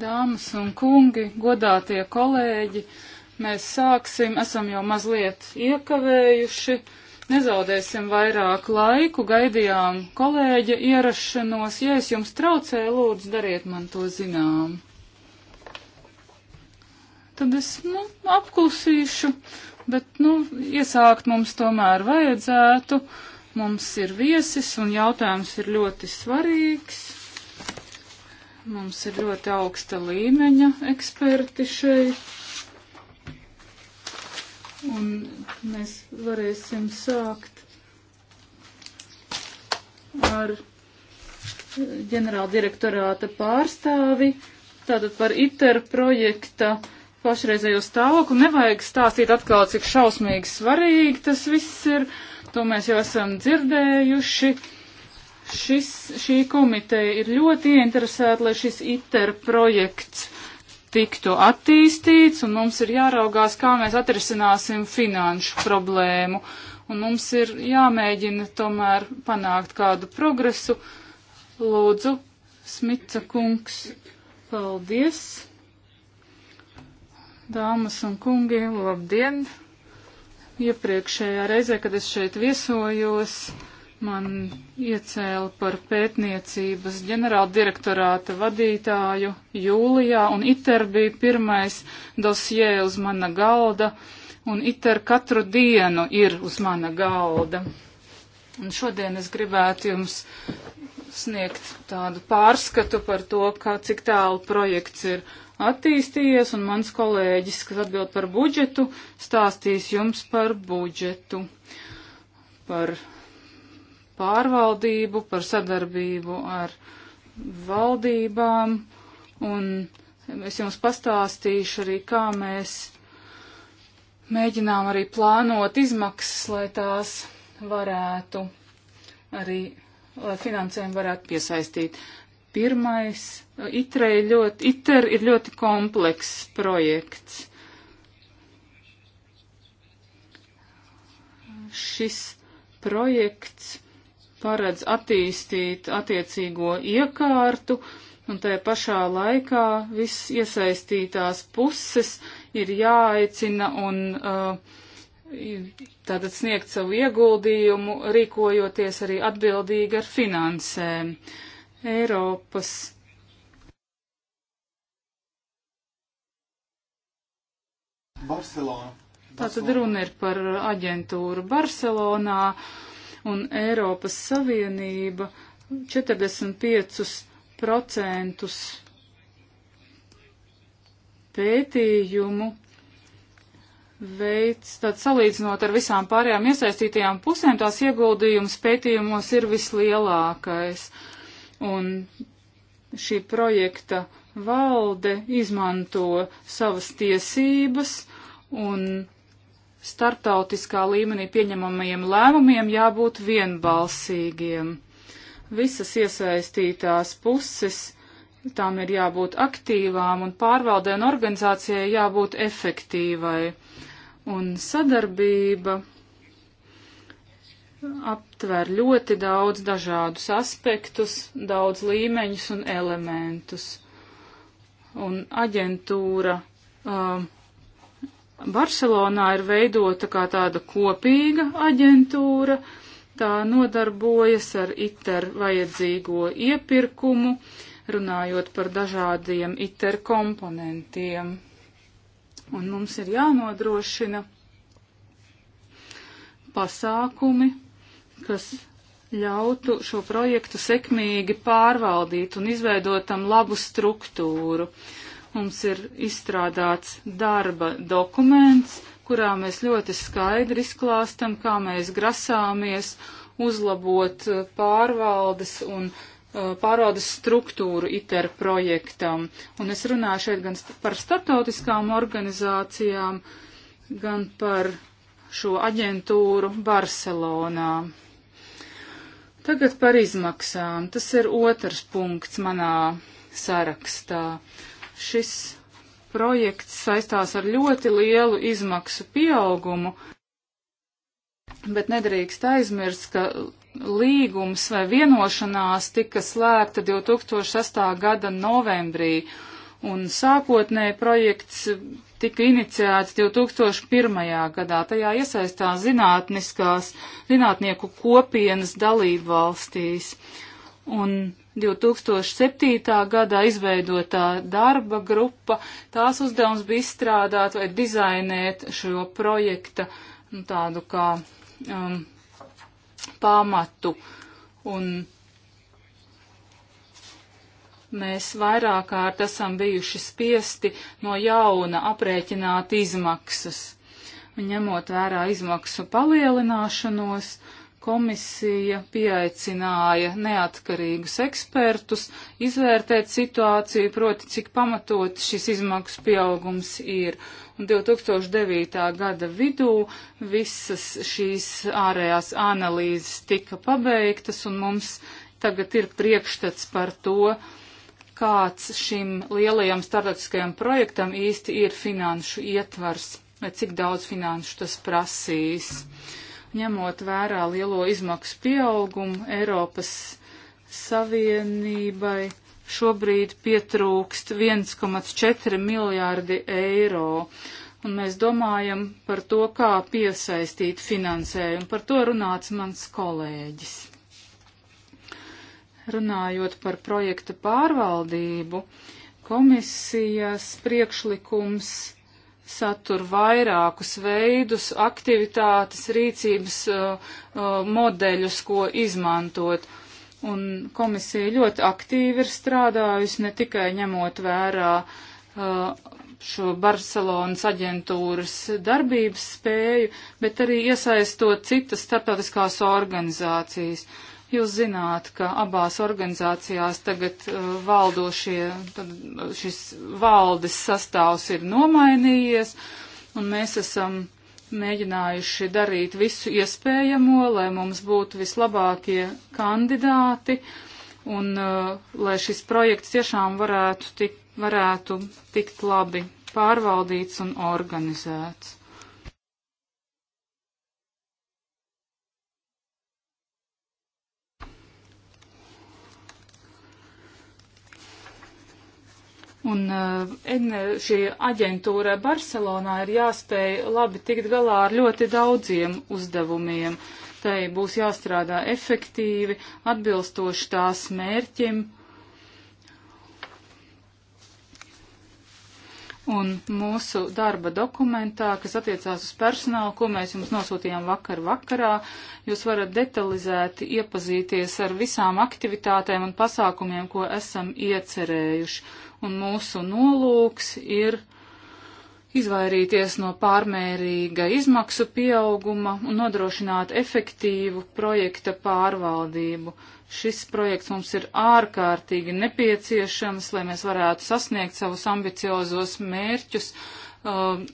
Dāmas un kungi, godātie kolēģi, mēs sāksim, esam jau mazliet iekavējuši, nezaudēsim vairāk laiku, gaidījām kolēģa ierašanos. Ja es jums traucēju, lūdzu, dariet man to zinām. Tad es, nu, apklusīšu, bet, nu, iesākt mums tomēr vajadzētu. Mums ir viesis un jautājums ir ļoti svarīgs. Mums ir ļoti augsta līmeņa eksperti šeit. Un mēs varēsim sākt ar ģenerāla direktorāta pārstāvi, tātad par ITER projekta pašreizējo stāvokli. Nevajag stāstīt atkal, cik šausmīgi svarīgi tas viss ir. To mēs jau esam dzirdējuši Šis, šī komiteja ir ļoti ieinteresēta, lai šis ITER projekts tiktu attīstīts, un mums ir jāraugās, kā mēs atrisināsim finanšu problēmu. Un mums ir jāmēģina tomēr panākt kādu progresu. Lūdzu, Smica kungs, paldies! Dāmas un kungi, labdien! Iepriekšējā reizē, kad es šeit viesojos, man iecēla par pētniecības ģenerāldirektorāta vadītāju jūlijā, un ITER bija pirmais dosie uz mana galda, un ITER katru dienu ir uz mana galda. Un šodien es gribētu jums sniegt tādu pārskatu par to, kā, cik tālu projekts ir attīstījies, un mans kolēģis, kas atbild par budžetu, stāstīs jums par budžetu. Par pārvaldību, par sadarbību ar valdībām, un es jums pastāstīšu arī, kā mēs mēģinām arī plānot izmaksas, lai tās varētu arī, lai finansējumu varētu piesaistīt. Pirmais, ITER ir ļoti, ITER ir ļoti komplekss projekts. Šis projekts paredz attīstīt attiecīgo iekārtu, un tajā pašā laikā viss iesaistītās puses ir jāaicina un uh, tātad sniegt savu ieguldījumu, rīkojoties arī atbildīgi ar finansēm. Eiropas. Barcelona. Tātad runa ir par aģentūru Barcelonā. Uh, un Eiropas Savienība 45% pētījumu veids, tad salīdzinot ar visām pārējām iesaistītajām pusēm, tās ieguldījums pētījumos ir vislielākais. Un šī projekta valde izmanto savas tiesības un starptautiskā līmenī pieņemamajiem lēmumiem jābūt vienbalsīgiem. Visas iesaistītās puses tām ir jābūt aktīvām un pārvaldē un organizācijai jābūt efektīvai. Un sadarbība aptver ļoti daudz dažādus aspektus, daudz līmeņus un elementus. Un aģentūra uh, um, Barcelonā ir veidota kā tāda kopīga aģentūra, tā nodarbojas ar ITER vajadzīgo iepirkumu, runājot par dažādiem ITER komponentiem. Un mums ir jānodrošina pasākumi, kas ļautu šo projektu sekmīgi pārvaldīt un izveidot tam labu struktūru. Uh, Mums ir izstrādāts darba dokuments, kurā mēs ļoti skaidri izklāstam, kā mēs grasāmies uzlabot eh, pārvaldes un eh, pārvaldes struktūru ITER projektam. Un es runāju šeit gan par startautiskām organizācijām, gan par šo aģentūru Barcelonā. Tagad par izmaksām. Tas ir otrs punkts manā sarakstā šis projekts saistās ar ļoti lielu izmaksu pieaugumu, bet nedrīkst aizmirst, ka līgums vai vienošanās tika slēgta 2008. gada novembrī, un sākotnēji projekts tika iniciēts 2001. gadā. Tajā iesaistās zinātniskās, zinātnieku kopienas dalību valstīs. Un 2007. gadā izveidotā darba grupa, tās uzdevums bija izstrādāt vai dizainēt šo projekta nu, tādu kā um, pamatu. Un mēs vairāk kārt esam bijuši spiesti no jauna aprēķināt izmaksas. Un ņemot vērā izmaksu palielināšanos, uh, komisija pieaicināja neatkarīgus ekspertus izvērtēt situāciju, proti, cik pamatot šis izmaksu pieaugums ir. Un 2009. gada vidū visas šīs ārējās analīzes tika pabeigtas, un mums tagad ir priekšstats par to, kāds šim lielajam starptautiskajam projektam īsti ir finanšu ietvars vai cik daudz finanšu tas prasīs. Uh, ņemot vērā lielo izmaksu pieaugumu Eiropas Savienībai šobrīd pietrūkst 1,4 miljārdi eiro. Un mēs domājam par to, kā piesaistīt finansējumu. Par to runāts mans kolēģis. Runājot par projekta pārvaldību, komisijas priekšlikums satur vairākus veidus, aktivitātes, rīcības uh, uh, modeļus, ko izmantot. Un komisija ļoti aktīvi ir strādājusi, ne tikai ņemot vērā uh, šo Barcelonas aģentūras darbības spēju, bet arī iesaistot citas starptautiskās organizācijas. Uh, Jūs zināt, ka abās organizācijās tagad uh, valdošie, tad uh, šis valdes sastāvs ir nomainījies, un mēs esam mēģinājuši darīt visu iespējamo, lai mums būtu vislabākie kandidāti, un uh, lai šis projekts tiešām varētu, tik, varētu tikt labi pārvaldīts un organizēts. Un eh, šī aģentūra Barcelonā ir jāspēj labi tikt galā ar ļoti daudziem uzdevumiem. Tai būs jāstrādā efektīvi, atbilstoši tās mērķim. Un mūsu darba dokumentā, kas attiecās uz personālu, ko mēs jums nosūtījām vakar vakarā, jūs varat detalizēti iepazīties ar visām aktivitātēm un pasākumiem, ko esam iecerējuši un mūsu nolūks ir izvairīties no pārmērīga izmaksu pieauguma un nodrošināt efektīvu projekta pārvaldību. Šis projekts mums ir ārkārtīgi nepieciešams, lai mēs varētu sasniegt savus ambiciozos mērķus um,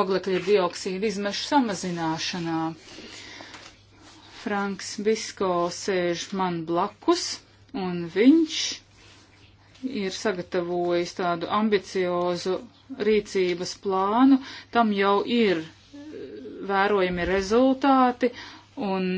oglekļa dioksīda izmešu samazināšanā. Franks Bisko sēž man blakus, un viņš ir sagatavojis tādu ambiciozu rīcības plānu, tam jau ir eh, vērojami rezultāti un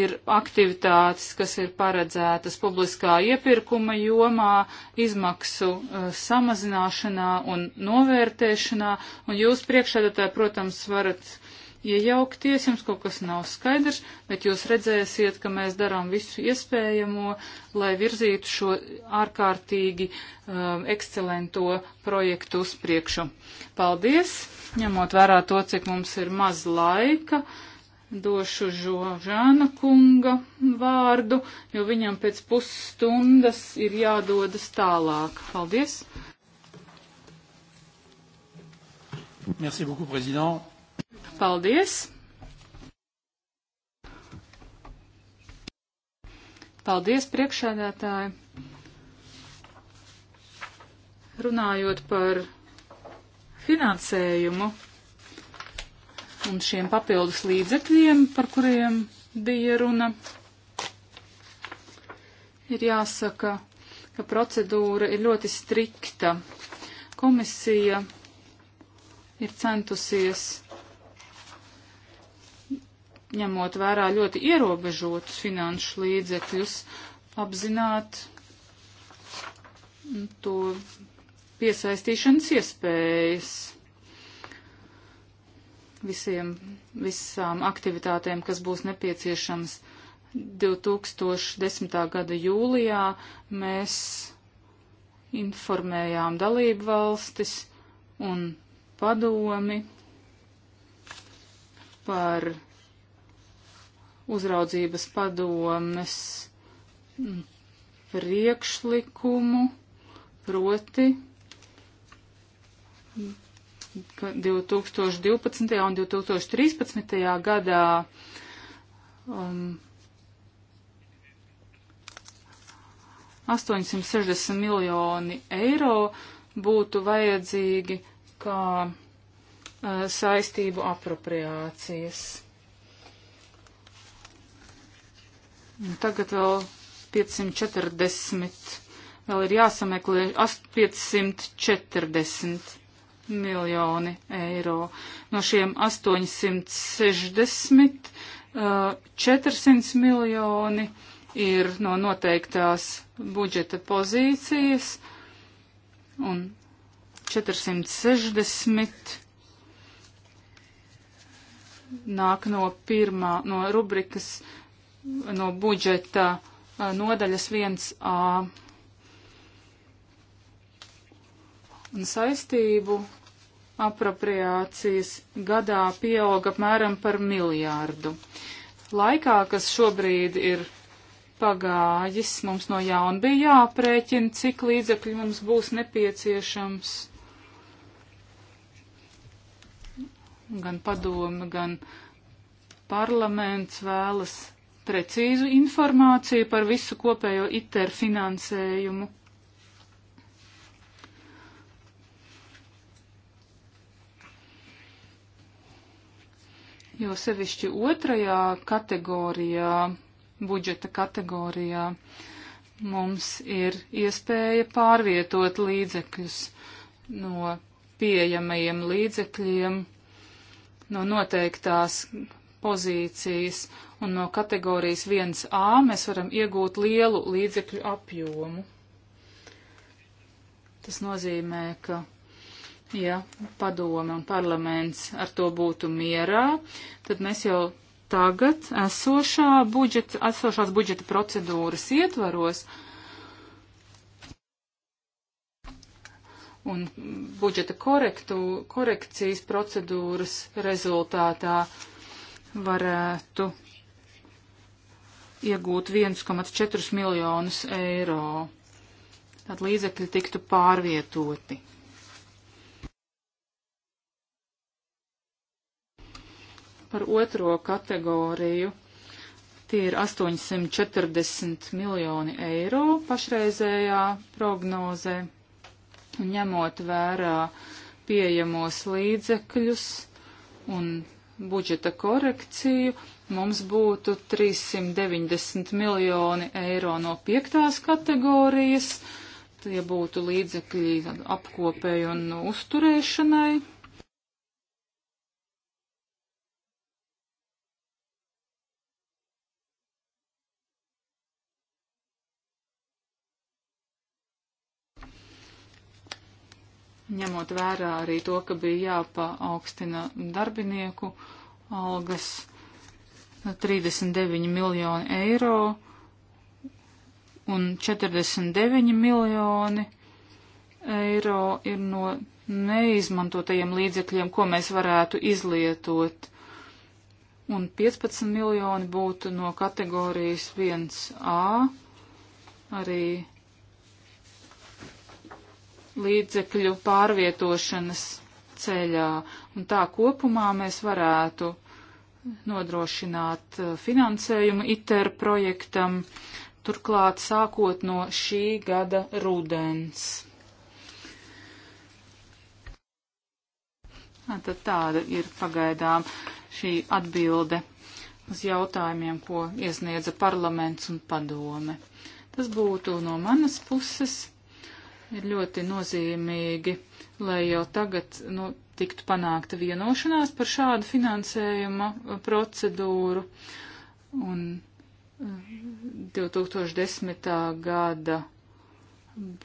ir aktivitātes, kas ir paredzētas publiskā iepirkuma jomā, izmaksu uh, samazināšanā un novērtēšanā, un jūs priekšādatā, protams, varat iejaukties, jums kaut kas nav skaidrs, bet jūs redzēsiet, ka mēs darām visu iespējamo, lai virzītu šo ārkārtīgi um, ekscelento projektu uz priekšu. Paldies! Ņemot vērā to, cik mums ir maz laika, došu Žožāna kunga vārdu, jo viņam pēc pusstundas ir jādodas tālāk. Paldies! Merci beaucoup, Président. Paldies! Paldies, priekšādātāji! Runājot par finansējumu un šiem papildus līdzekļiem, par kuriem bija runa, ir jāsaka, ka procedūra ir ļoti strikta. Komisija ir centusies ņemot vērā ļoti ierobežotus finanšu līdzekļus, apzināt to piesaistīšanas iespējas visiem, visām aktivitātēm, kas būs nepieciešams. 2010. gada jūlijā mēs informējām dalību valstis un padomi par uzraudzības padomes priekšlikumu, proti 2012. un 2013. gadā um, 860 miljoni eiro būtu vajadzīgi kā uh, saistību apropriācijas. Un tagad vēl 540. Vēl ir jāsameklē 540 miljoni eiro. No šiem 860 400 miljoni ir no noteiktās budžeta pozīcijas un 460 nāk no pirmā, no rubrikas no budžeta nodaļas 1A un saistību apropriācijas gadā pieauga apmēram par miljārdu. Laikā, kas šobrīd ir pagājis, mums no jauna bija jāprēķina, cik līdzekļu mums būs nepieciešams. Gan padomi, gan parlaments vēlas precīzu informāciju par visu kopējo ITER finansējumu. Jo sevišķi otrajā kategorijā, budžeta kategorijā, mums ir iespēja pārvietot līdzekļus no pieejamajiem līdzekļiem no noteiktās pozīcijas, un no kategorijas 1A mēs varam iegūt lielu līdzekļu apjomu. Tas nozīmē, ka ja padome un parlaments ar to būtu mierā, tad mēs jau tagad esošā budžeta, esošās budžeta procedūras ietvaros un budžeta korektu, korekcijas procedūras rezultātā uh, varētu iegūt 1,4 miljonus eiro. Tad līdzekļi tiktu pārvietoti. Par otro kategoriju tie ir 840 miljoni eiro pašreizējā prognozē. Ņemot vērā pieejamos līdzekļus un budžeta korekciju, mums būtu 390 miljoni eiro no piektās kategorijas, tie būtu līdzekļi apkopēji un uzturēšanai. ņemot vērā arī to, ka bija jāpaaugstina darbinieku algas 39 miljoni eiro un 49 miljoni eiro ir no neizmantotajiem līdzekļiem, ko mēs varētu izlietot. Un 15 miljoni būtu no kategorijas 1A arī līdzekļu pārvietošanas ceļā. Un tā kopumā mēs varētu nodrošināt eh, finansējumu ITER projektam, turklāt sākot no šī gada rudens. Tad tāda ir pagaidām šī atbilde uz jautājumiem, ko iesniedza parlaments un padome. Tas būtu no manas puses ir ļoti nozīmīgi, lai jau tagad nu, tiktu panākta vienošanās par šādu finansējuma uh, procedūru. Un 2010. Uh, gada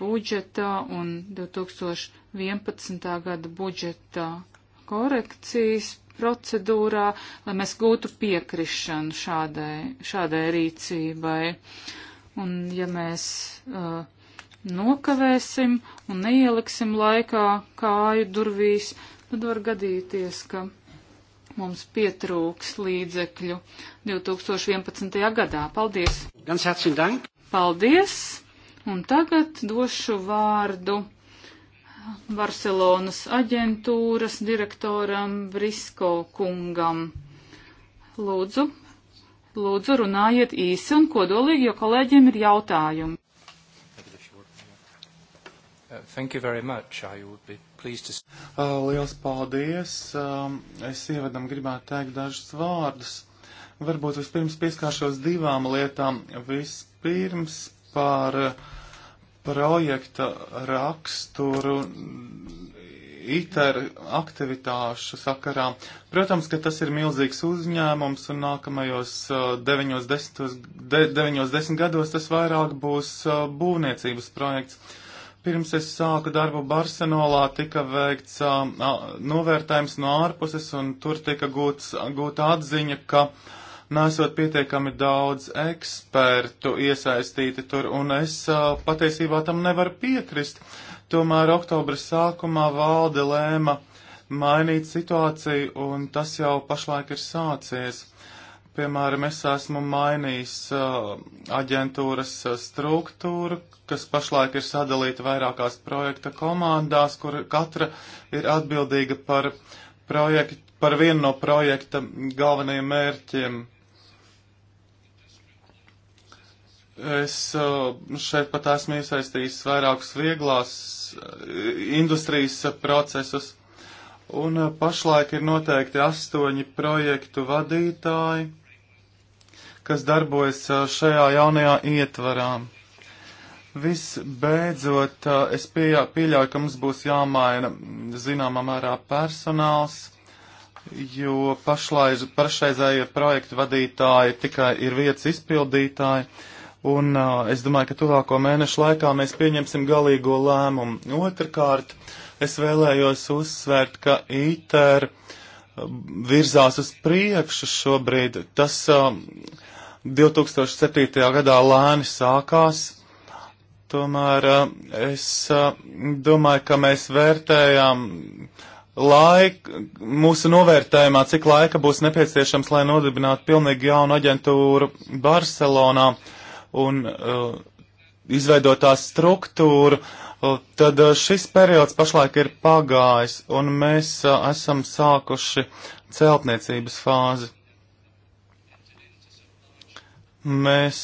budžetā un 2011. gada budžetā korekcijas procedūrā, lai mēs gūtu piekrišanu šādai, šādai rīcībai. Un ja mēs uh, nokavēsim un neieliksim laikā kāju durvīs, tad var gadīties, ka mums pietrūks līdzekļu 2011. gadā. Paldies! Ganz herzlichen Dank! Paldies! Un tagad došu vārdu Barcelonas aģentūras direktoram Brisko kungam. Lūdzu, lūdzu runājiet īsi un kodolīgi, jo kolēģiem ir jautājumi. Uh, thank you very much. I would be pleased to... Uh, liels paldies. Um, es ievadam gribētu teikt dažus vārdus. Varbūt vispirms pieskāršos divām lietām. Vispirms par uh, projekta raksturu ITER aktivitāšu sakarā. Protams, ka tas ir milzīgs uzņēmums un nākamajos 9-10 uh, de, gados tas vairāk būs uh, būvniecības projekts. Pirms es sāku darbu Barcelonā, tika veikts uh, novērtējums no ārpuses, un tur tika gūts, gūta atziņa, ka nesot pietiekami daudz ekspertu iesaistīti tur, un es uh, patiesībā tam nevaru piekrist. Tomēr oktobra sākumā valde lēma mainīt situāciju, un tas jau pašlaik ir sācies. Piemēram, es esmu mainījis uh, aģentūras uh, struktūru, kas pašlaik ir sadalīta vairākās projekta komandās, kur katra ir atbildīga par, projekt, par vienu no projekta galvenajiem mērķiem. Es uh, šeit pat esmu iesaistījis vairākus vieglās uh, industrijas uh, procesus, un uh, pašlaik ir noteikti astoņi projektu vadītāji kas darbojas šajā jaunajā ietvarā. Visbeidzot, es pieļauju, pieļauju, ka mums būs jāmaina zināmā mērā personāls, jo pašlaiz, pašreizējie projektu vadītāji tikai ir vietas izpildītāji, un uh, es domāju, ka tuvāko mēnešu laikā mēs pieņemsim galīgo lēmumu. Otrakārt, es vēlējos uzsvērt, ka ITER virzās uz priekšu šobrīd. Tas, uh, 2007. gadā lēni sākās. Tomēr eh, es eh, domāju, ka mēs vērtējām laiku, mūsu novērtējumā, cik laika būs nepieciešams, lai nodibinātu pilnīgi jaunu aģentūru Barcelonā un uh, eh, izveidotā struktūru, uh, tad uh, šis periods pašlaik ir pagājis un mēs esam sākuši celtniecības fāzi. Mēs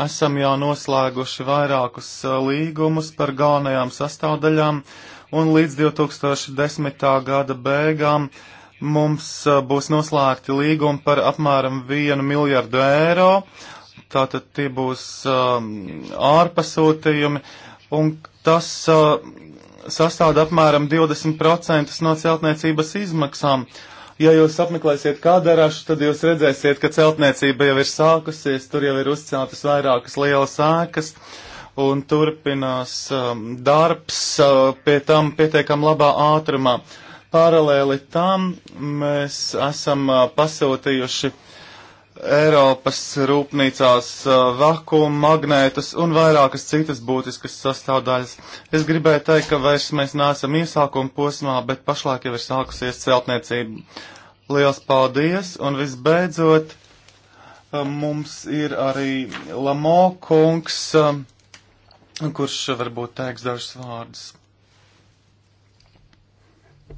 esam jau noslēguši vairākus uh, līgumus par galvenajām sastāvdaļām, un līdz 2010. gada beigām mums uh, būs noslēgti līgumi par apmēram 1 miljardu eiro. Tātad tie būs um, ārpasūtījumi, un tas uh, sastāda apmēram 20% no celtniecības izmaksām. Uh, Ja jūs apmeklēsiet kādarašu, tad jūs redzēsiet, ka celtniecība jau ir sākusies, tur jau ir uzceltas vairākas lielas ēkas un turpinās um, darbs uh, pie tam pietiekam labā ātrumā. Paralēli tam mēs esam uh, pasūtījuši uh, Eiropas rūpnīcās vakuma magnētus un vairākas citas būtiskas sastāvdaļas. Es gribēju teikt, ka vairs mēs neesam iesākuma posmā, bet pašlaik jau ir sākusies celtniecība. Liels paldies! Un visbeidzot, mums ir arī Lamo kungs, kurš varbūt teiks dažus vārdus.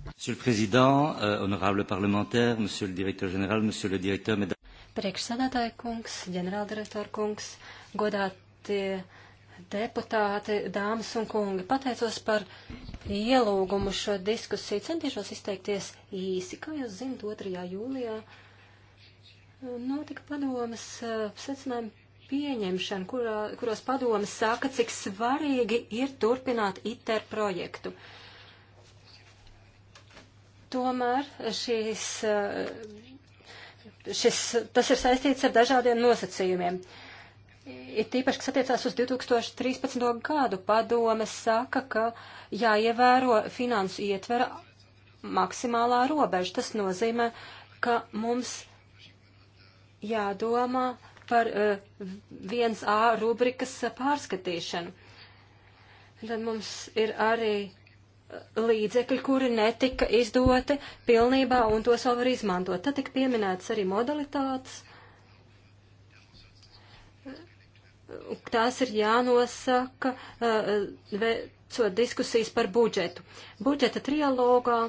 Monsieur le Président, euh, honorable parlementaire, Monsieur le Directeur général, Monsieur le Directeur, Mesdames. Priekšsēdētāja kungs, ģenerāldirektora kungs, godātie deputāti, dāmas un kungi, pateicos par ielūgumu šo diskusiju. Centīšos izteikties īsi, kā jūs zinat, 2. jūlijā uh, notika padomas uh, secinājuma pieņemšana, kurā, kuros padomas saka, cik svarīgi ir turpināt ITER projektu. Tomēr šīs uh, šis, tas ir saistīts ar dažādiem nosacījumiem. Ir tīpaši, kas attiecās uz 2013. gadu, padome saka, ka jāievēro finansu ietvera maksimālā robeža. Tas nozīmē, ka mums jādomā par 1A eh, rubrikas eh, pārskatīšanu. Tad mums ir arī līdzekļi, kuri netika izdoti pilnībā un tos vēl var izmantot. Tad tika pieminētas arī modalitātes. Tās ir jānosaka, eh, veicot diskusijas par budžetu. Budžeta trialogā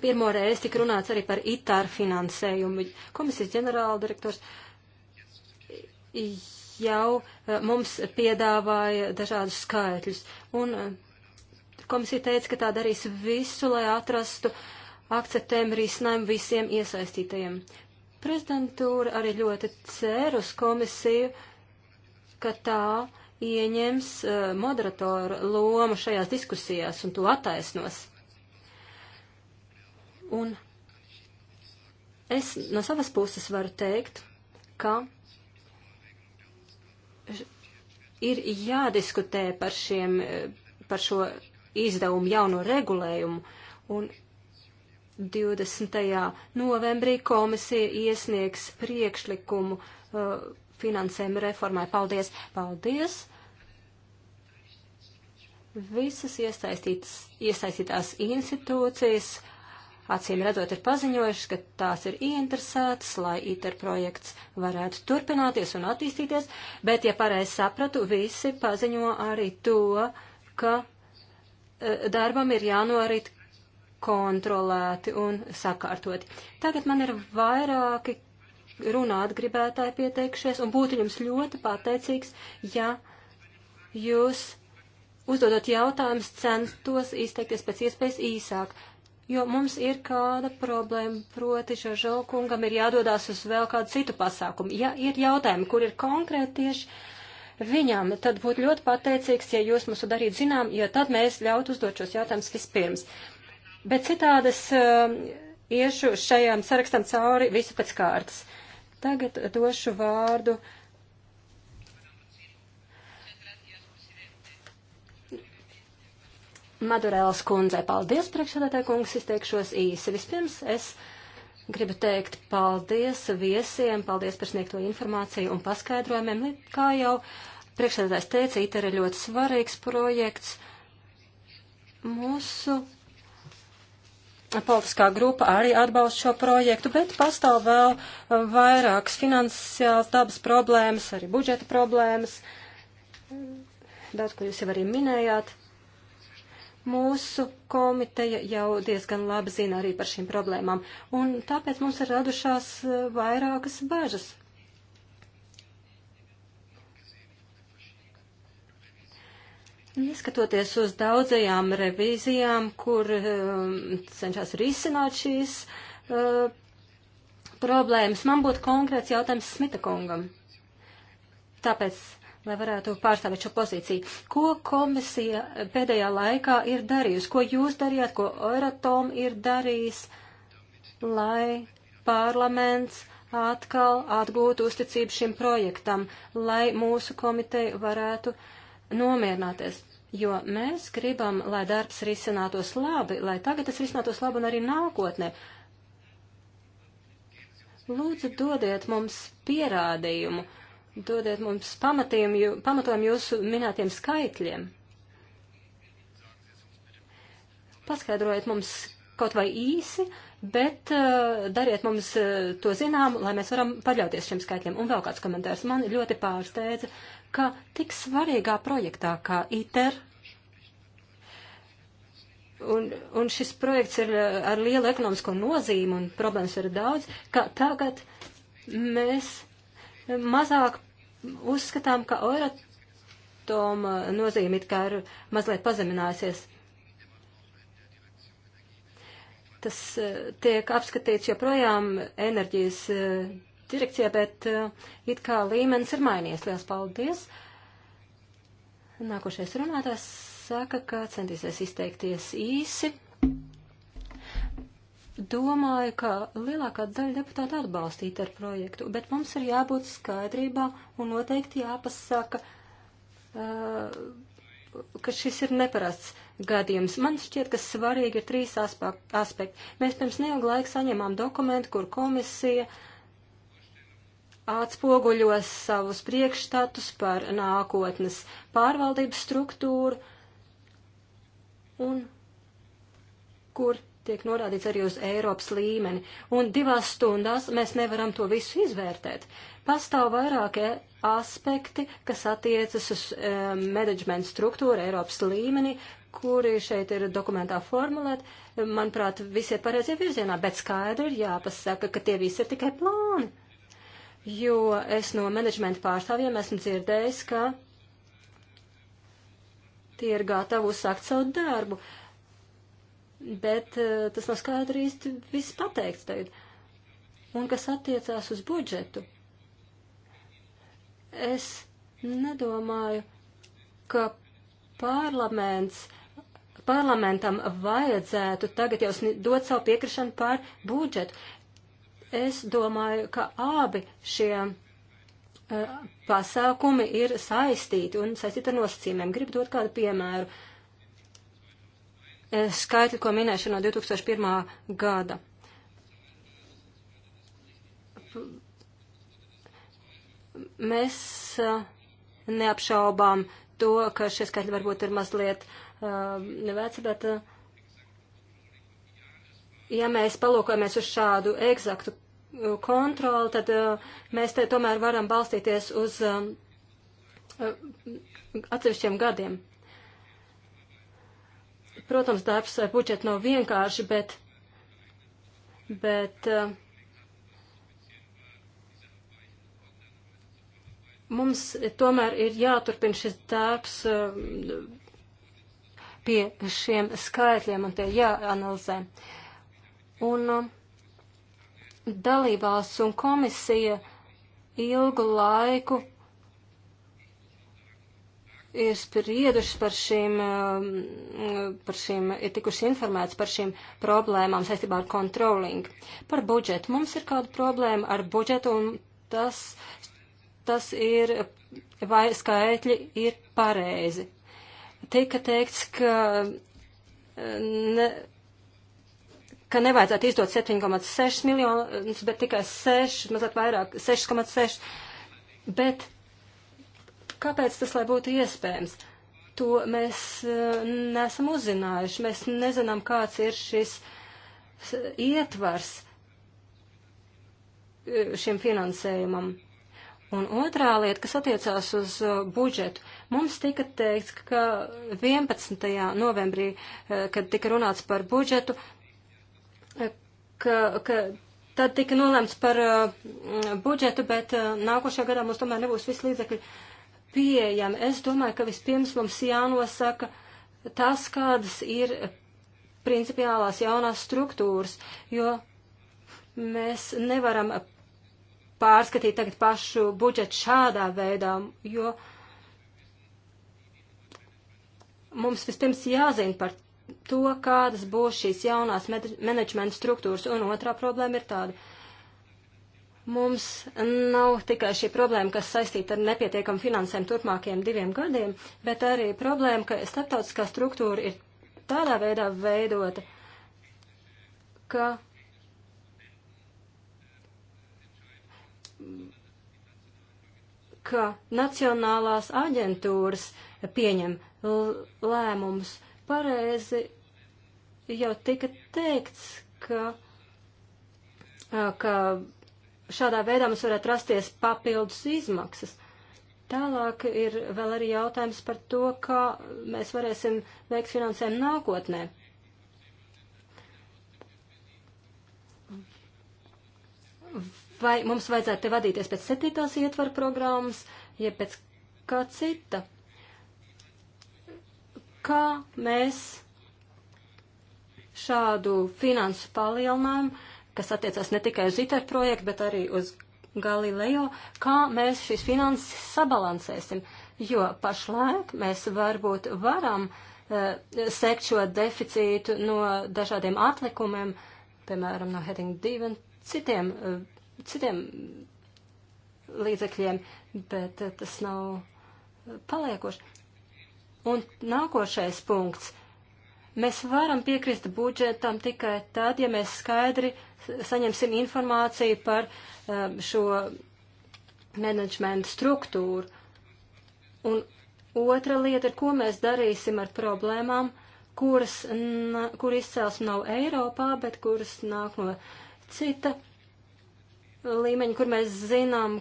pirmo reizi tika runāts arī par ITAR finansējumu. Komisijas ģenerāldirektors jau eh, mums piedāvāja dažādus skaitļus. Un eh, Komisija teica, ka tā darīs visu, lai atrastu akceptējumu risinājumu visiem iesaistītajiem. Prezidentūra arī ļoti cer uz komisiju, ka tā ieņems uh, moderatoru lomu šajās diskusijās un to attaisnos. Un es no savas puses varu teikt, ka ir jādiskutē par, šiem, par šo izdevumu jauno regulējumu. Un 20. novembrī komisija iesniegs priekšlikumu uh, finansējuma reformai. Paldies! Paldies! Visas iesaistītās institūcijas acīm redzot ir paziņojušas, ka tās ir ieinteresētas, lai ITER projekts varētu turpināties un attīstīties, bet, ja pareizi sapratu, visi paziņo arī to, ka Eh, darbam ir jānorit kontrolēti un sakārtoti. Tagad man ir vairāki runāt gribētāji pieteikšies, un būtu jums ļoti pateicīgs, ja jūs uzdodot jautājumus centos izteikties pēc iespējas īsāk, jo mums ir kāda problēma, proti Žažo kungam ir jādodās uz vēl kādu citu pasākumu. Ja ir jautājumi, kur ir konkrēti tieši viņam, tad būtu ļoti pateicīgs, ja jūs mums to darītu zinām, jo tad mēs ļautu uzdot šos jautājumus vispirms. Bet citādi es uh, um, iešu šajām sarakstam cauri visu pēc kārtas. Tagad došu vārdu. Madurēlas kundzei paldies, priekšsēdētāji kungs, izteikšos īsi. Vispirms es uh, Gribu teikt paldies viesiem, paldies par sniegto informāciju un paskaidrojumiem. Kā jau priekšsēdētājs teica, ITER ir ļoti svarīgs projekts. Mūsu politiskā grupa arī atbalsta šo projektu, bet pastāv vēl vairākas finansiāls dabas problēmas, arī budžeta problēmas. Daudz, ko jūs jau arī minējāt. Mūsu komiteja jau diezgan labi zina arī par šīm problēmām, un tāpēc mums ir radušās e, vairākas bažas. Neskatoties uz daudzajām revīzijām, kur um, cenšas risināt šīs uh, problēmas, man būtu konkrēts jautājums Smita kungam. Tāpēc lai varētu pārstāvēt šo pozīciju. Ko komisija pēdējā laikā ir darījusi? Ko jūs darījāt, ko Euratom ir darījis, lai parlaments atkal atgūtu uzticību šim projektam, lai mūsu komiteja varētu nomierināties? Jo mēs gribam, lai darbs risinātos labi, lai tagad tas risinātos labi un arī nākotnē. Lūdzu, dodiet mums pierādījumu, uh, dodiet mums pamatījumu, pamatojumu jūsu minētiem skaitļiem. Paskaidrojiet mums kaut vai īsi, bet uh, dariet mums uh, to zinām, lai mēs varam paļauties šiem skaitļiem. Un vēl kāds komentārs man ļoti pārsteidza, ka tik svarīgā projektā kā ITER, un, un šis projekts ir eh, ar lielu ekonomisko nozīmi un problēmas ir daudz, ka tagad mēs mazāk uzskatām, ka Euratoma uh, nozīme it kā ir mazliet pazeminājusies. Tas uh, tiek apskatīts joprojām enerģijas uh, direkcijā, bet it kā līmenis ir mainījies. Lielas paldies! Nākošais runātājs saka, ka centīsies izteikties īsi domāju, ka lielākā daļa deputāta atbalstītu ar projektu, bet mums ir jābūt skaidrībā un noteikti jāpasaka, ka šis ir neparasts gadījums. Man šķiet, ka svarīgi ir trīs aspekti. Mēs pirms neilga laika saņemām dokumentu, kur komisija atspoguļos savus priekšstatus par nākotnes pārvaldības struktūru un kur tiek norādīts arī uz Eiropas līmeni, un divās stundās mēs nevaram to visu izvērtēt. Pastāv vairākie aspekti, kas attiecas uz e, menedžmenta struktūru Eiropas līmenī, kuri šeit ir dokumentā formulēti, manuprāt, visi ir pareizie virzienā, bet skaidri ir jāpasaka, ka tie visi ir tikai plāni. Jo es no menedžmenta pārstāvjiem esmu dzirdējis, ka tie ir gatavi uzsākt savu darbu. Uh, bet eh, tas nav skaidri īsti viss pateikts tagad. Un kas attiecās uz budžetu, es nedomāju, ka parlaments, parlamentam vajadzētu tagad jau dot savu piekrišanu par budžetu. Es domāju, ka abi šie eh, pasākumi ir saistīti un saistīti ar nosacījumiem. Gribu dot kādu piemēru. Uh, E, skaitļi, ko minēšu no 2001. gada. Mēs e, neapšaubām to, ka šie skaitļi varbūt ir mazliet e, neveci, bet ja mēs palūkojamies uz šādu eksaktu kontroli, tad mēs te tomēr varam balstīties uz atsevišķiem gadiem. Protams, darbs vai eh, budžeti nav vienkārši, bet, bet eh, mums tomēr ir jāturpina šis darbs eh, pie šiem skaitļiem un tie jāanalizē. Un dalībās un komisija ilgu laiku ir spriedušas par šīm, um, par šīm, ir tikuši informēts par šīm problēmām saistībā ar controlling. Par budžetu. Mums ir kāda problēma ar budžetu un tas, tas ir, vai skaitļi ir pareizi. Tika teikts, ka, ne, ka nevajadzētu izdot 7,6 miljonus, bet tikai 6, mazliet vairāk, 6,6. Bet Kāpēc tas, lai būtu iespējams? To mēs eh, nesam uzzinājuši. Mēs nezinām, kāds ir šis ietvars eh, šim finansējumam. Un otrā lieta, kas attiecās uz eh, budžetu, mums tika teikts, ka 11. novembrī, kad tika runāts par budžetu, ka, ka tad tika nolēmts par budžetu, bet nākošajā gadā mums tomēr nebūs visi līdzekļi pieejami. Es domāju, ka vispirms mums jānosaka tas, kādas ir principiālās jaunās struktūras, jo mēs nevaram pārskatīt tagad pašu budžetu šādā veidā, jo mums vispirms jāzina par to, kādas būs šīs jaunās menedžmenta struktūras, un otrā problēma ir tāda. Mums nav tikai šī problēma, kas saistīta ar nepietiekam finansēm turpmākajiem diviem gadiem, bet arī problēma, ka starptautiskā struktūra ir tādā veidā veidota, ka ka nacionālās aģentūras pieņem lēmumus. Pareizi jau tika teikts, ka, ka šādā veidā mums varētu rasties papildus izmaksas. Tālāk ir vēl arī jautājums par to, kā mēs varēsim veikt finansējumu nākotnē. Vai mums vajadzētu te vadīties pēc septītās ietvaru programmas, jeb pēc kā cita? Kā mēs šādu finansu palielinājumu kas attiecas ne tikai uz ITER projektu, bet arī uz Galileo, kā mēs šīs finanses sabalansēsim, jo pašlaik mēs varbūt varam uh, sekt šo deficītu no dažādiem atlikumiem, piemēram, no Heading 2 un citiem, uh, citiem līdzekļiem, bet uh, tas nav paliekoši. Un nākošais punkts Mēs varam piekrist budžetam tikai tad, ja mēs skaidri saņemsim informāciju par um, šo menedžmenta struktūru. Un otra lieta ir, ko mēs darīsim ar problēmām, kuras, kur izcelsme nav Eiropā, bet kuras nāk no cita līmeņa, kur mēs zinām,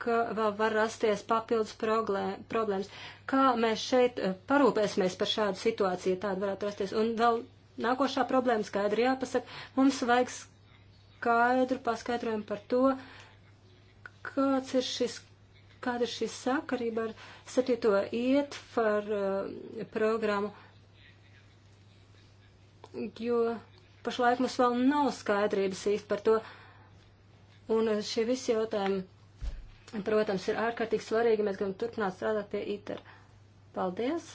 ka vēl var rasties papildus problēmas. Kā mēs šeit eh, parūpēsimies par šādu situāciju, ja tāda varētu rasties? Un vēl nākošā problēma skaidri jāpasaka. Mums vajag skaidru paskaidrojumu par to, kāds ir šis, kāda ir šī sakarība ar 7. ietvaru uh, programmu, jo pašlaik mums vēl nav skaidrības īsti par to, un šie visi jautājumi protams, ir ārkārtīgi svarīgi, mēs gribam turpināt strādāt pie ITER. Paldies!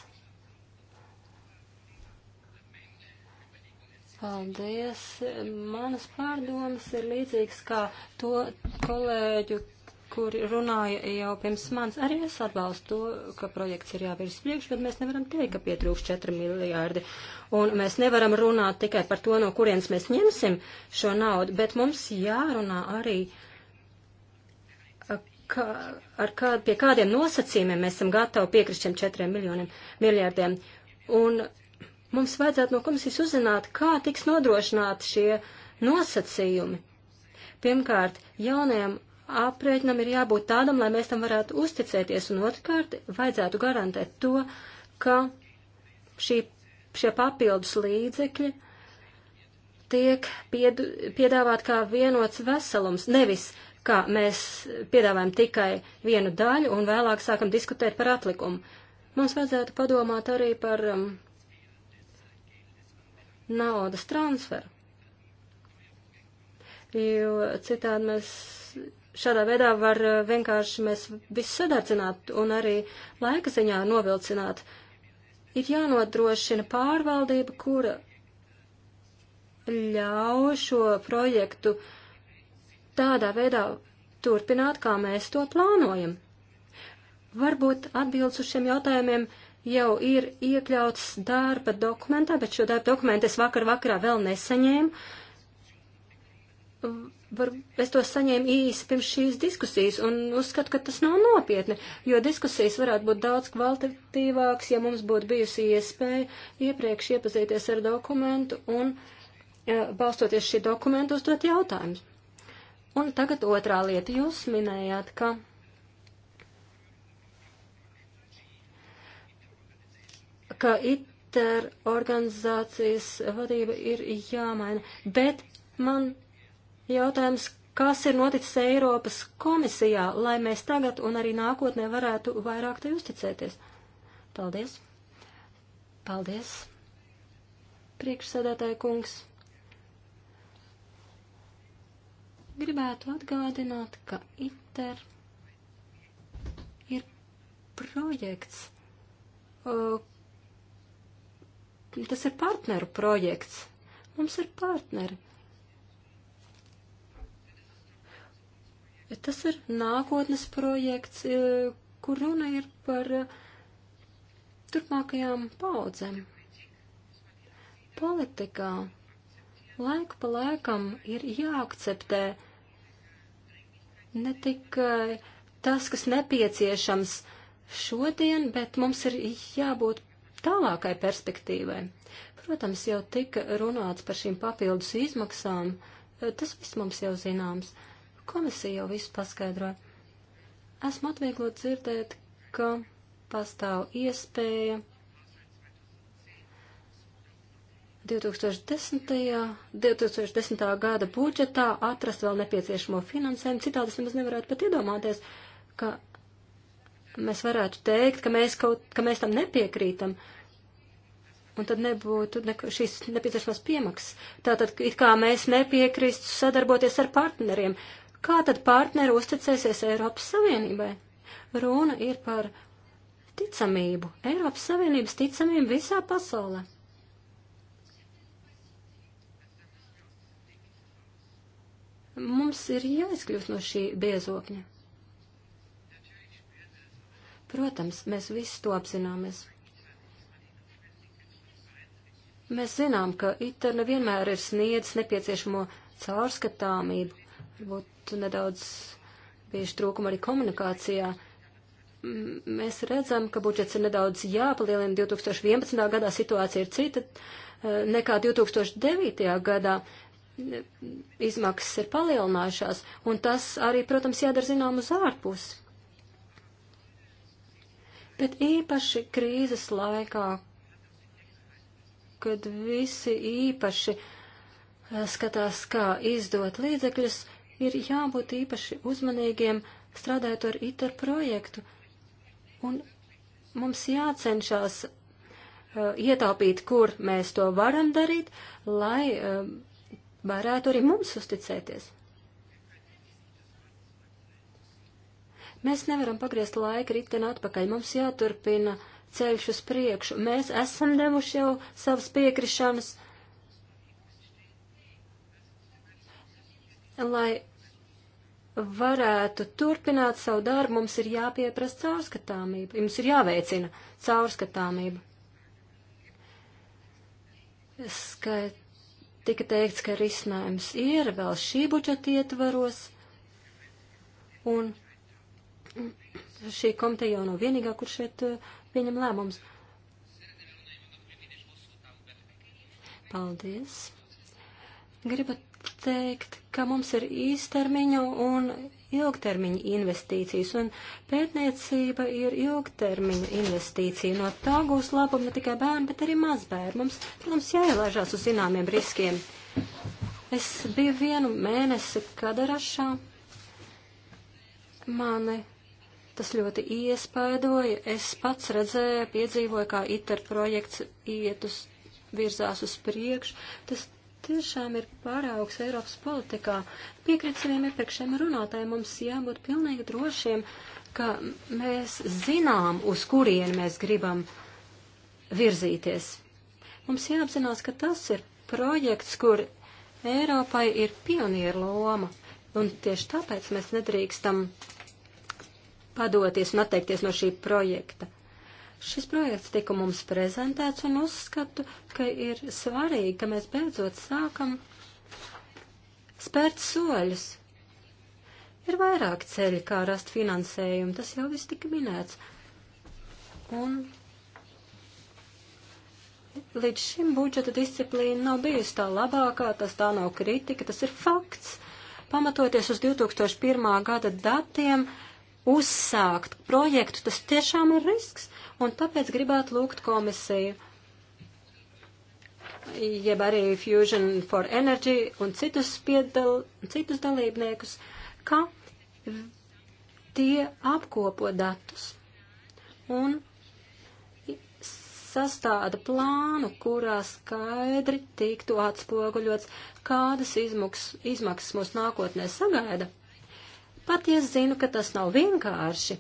Paldies! Manas pārdomas ir līdzīgas kā to kolēģu, kuri runāja jau pirms manis. Arī es atbalstu to, ka projekts ir jāvirs priekš, bet mēs nevaram teikt, ka pietrūks 4 miljārdi. Un mēs nevaram runāt tikai par to, no kurienes mēs ņemsim šo naudu, bet mums jārunā arī. Uh, kā, ar kā, pie kādiem nosacījumiem mēs esam gatavi piekrist šiem četriem miljoniem, miljardiem. Un mums vajadzētu no komisijas uzzināt, kā tiks nodrošināti šie nosacījumi. Pirmkārt, jaunajam aprēķinam ir jābūt tādam, lai mēs tam varētu uzticēties, un otrkārt, vajadzētu garantēt to, ka šī, šie papildus līdzekļi tiek pied, piedāvāt kā vienots veselums, nevis ka mēs piedāvājam tikai vienu daļu un vēlāk sākam diskutēt par atlikumu. Mums vajadzētu padomāt arī par um, naudas transferu, jo citādi mēs šādā veidā var uh, vienkārši mēs visu sadarcināt un arī laika ziņā novilcināt. Ir jānodrošina pārvaldība, kura ļauj šo projektu uh, tādā veidā turpināt, kā mēs to plānojam. Varbūt atbildes uz šiem jautājumiem jau ir iekļauts darba dokumentā, bet šo darba dokumentu es vakar vakarā vēl nesaņēmu. Var, es to saņēmu īsi pirms šīs diskusijas un uzskatu, ka tas nav nopietni, jo diskusijas varētu būt daudz kvalitatīvāks, ja mums būtu bijusi iespēja iepriekš iepazīties ar dokumentu un eh, balstoties šī dokumentu uzdot jautājumus. Un tagad otrā lieta. Jūs minējāt, ka ka ITER organizācijas vadība ir jāmaina. Bet man jautājums, kas ir noticis Eiropas komisijā, lai mēs tagad un arī nākotnē varētu vairāk te uzticēties? Paldies. Paldies. Priekšsēdētāja kungs. gribētu atgādināt, ka ITER ir projekts, tas ir partneru projekts. Mums ir partneri. Tas ir nākotnes projekts, e, kur runa ir par e, turpmākajām paudzēm. Politikā Laiku pa laikam ir jāakceptē ne tikai eh, tas, kas nepieciešams šodien, bet mums ir jābūt tālākai perspektīvai. Protams, jau tika runāts par šīm papildus izmaksām, eh, tas viss mums jau zināms. Komisija jau visu paskaidroja. Esmu atvieglot dzirdēt, ka pastāv iespēja 2010. 2010. gada budžetā atrast vēl nepieciešamo finansējumu. Citādi es nemaz nevarētu pat iedomāties, ka mēs varētu teikt, ka mēs, kaut, ka mēs tam nepiekrītam. Un tad nebūtu ne, šīs nepieciešamās piemaksas. Tātad, it kā mēs nepiekristu sadarboties ar partneriem. Kā tad partneri uzticēsies Eiropas Savienībai? Runa ir par ticamību. Eiropas Savienības ticamību visā pasaulē. Mums ir jāizkļūst no šī biezokļa. Protams, mēs visi to apzināmies. Mēs zinām, ka ITER nevienmēr ir sniedzis nepieciešamo caurskatāmību, varbūt nedaudz bieži trūkuma arī komunikācijā. M mēs redzam, ka budžets ir nedaudz jāpalielina. 2011. gadā situācija ir cita eh, nekā 2009. gadā, izmaksas ir palielinājušās, un tas arī, protams, jādara zinām uz ārpusi. Bet īpaši krīzes laikā, kad visi īpaši eh, skatās, kā izdot līdzekļus, ir jābūt īpaši uzmanīgiem strādājot ar ITER projektu. Un mums jācenšas uh, ietaupīt, kur mēs to varam darīt, lai uh, varētu arī mums uzticēties. Mēs nevaram pagriezt laika riteni atpakaļ, mums jāturpina ceļš uz priekšu. Mēs esam devuši jau savas piekrišanas, lai varētu turpināt savu darbu, mums ir jāpieprasa caurskatāmība, mums ir jāveicina caurskatāmība. Skait tika teikts, ka risinājums ir vēl šī budžeta ietvaros, un šī komiteja jau nav no vienīgā, kur šeit eh, pieņem lēmums. Paldies. Gribu teikt, ka mums ir īstermiņa un ilgtermiņa investīcijas, un pētniecība ir ilgtermiņa investīcija. No tā gūs labumu ne tikai bērni, bet arī mazbērni. Mums, protams, jāielaižās uz zināmiem riskiem. Es biju vienu mēnesi Kadarašā. Mani tas ļoti iespaidoja. Es pats redzēju, piedzīvoju, kā ITER projekts iet uz virzās uz priekšu. Tas tiešām ir pāraugs Eiropas politikā. Piekrīt saviem iepriekšējiem runātājiem, mums jābūt pilnīgi drošiem, ka mēs zinām, uz kurieni mēs gribam virzīties. Mums jāapzinās, ka tas ir projekts, kur Eiropai ir pionieru loma, un tieši tāpēc mēs nedrīkstam padoties un atteikties no šī projekta. Šis projekts tika mums prezentēts un uzskatu, ka ir svarīgi, ka mēs beidzot sākam spērt soļus. Ir vairāk ceļi, kā rast finansējumu, tas jau viss tika minēts. Un līdz šim budžeta disciplīna nav bijusi tā labākā, tas tā nav kritika, tas ir fakts. Pamatoties uz 2001. gada datiem, uzsākt projektu, tas tiešām ir risks un tāpēc gribētu lūgt komisiju, jeb arī Fusion for Energy un citus, piedal, citus dalībniekus, ka tie apkopo datus un sastāda plānu, kurā skaidri tiktu atspoguļots, kādas izmuks, izmaksas mūs nākotnē sagaida. Pat ja zinu, ka tas nav vienkārši,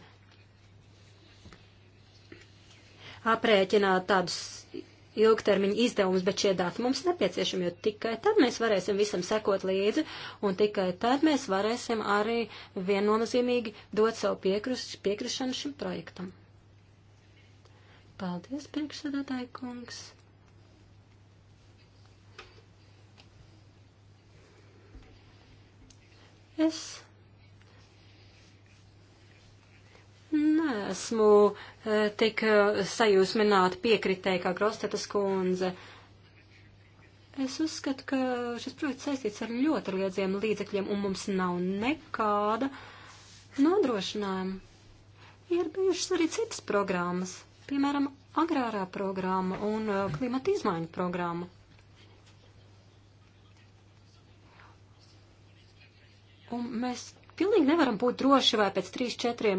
aprēķināt tādus ilgtermiņa izdevumus, bet šie dati mums nepieciešami, jo tikai tad mēs varēsim visam sekot līdzi, un tikai tad mēs varēsim arī viennozīmīgi dot savu piekruš, piekrišanu šim projektam. Paldies, priekšsēdētāji kungs! Es Nesmu e, tik e, sajūsmināta piekritēji kā Grostetas kundze. Es uzskatu, ka šis projekts saistīts ar ļoti liedziem līdzekļiem, un mums nav nekāda nodrošinājuma. Ir bijušas arī citas programmas, piemēram, agrārā programma un e, klimata izmaiņu programma. Un mēs pilnīgi nevaram būt droši, vai pēc 3-4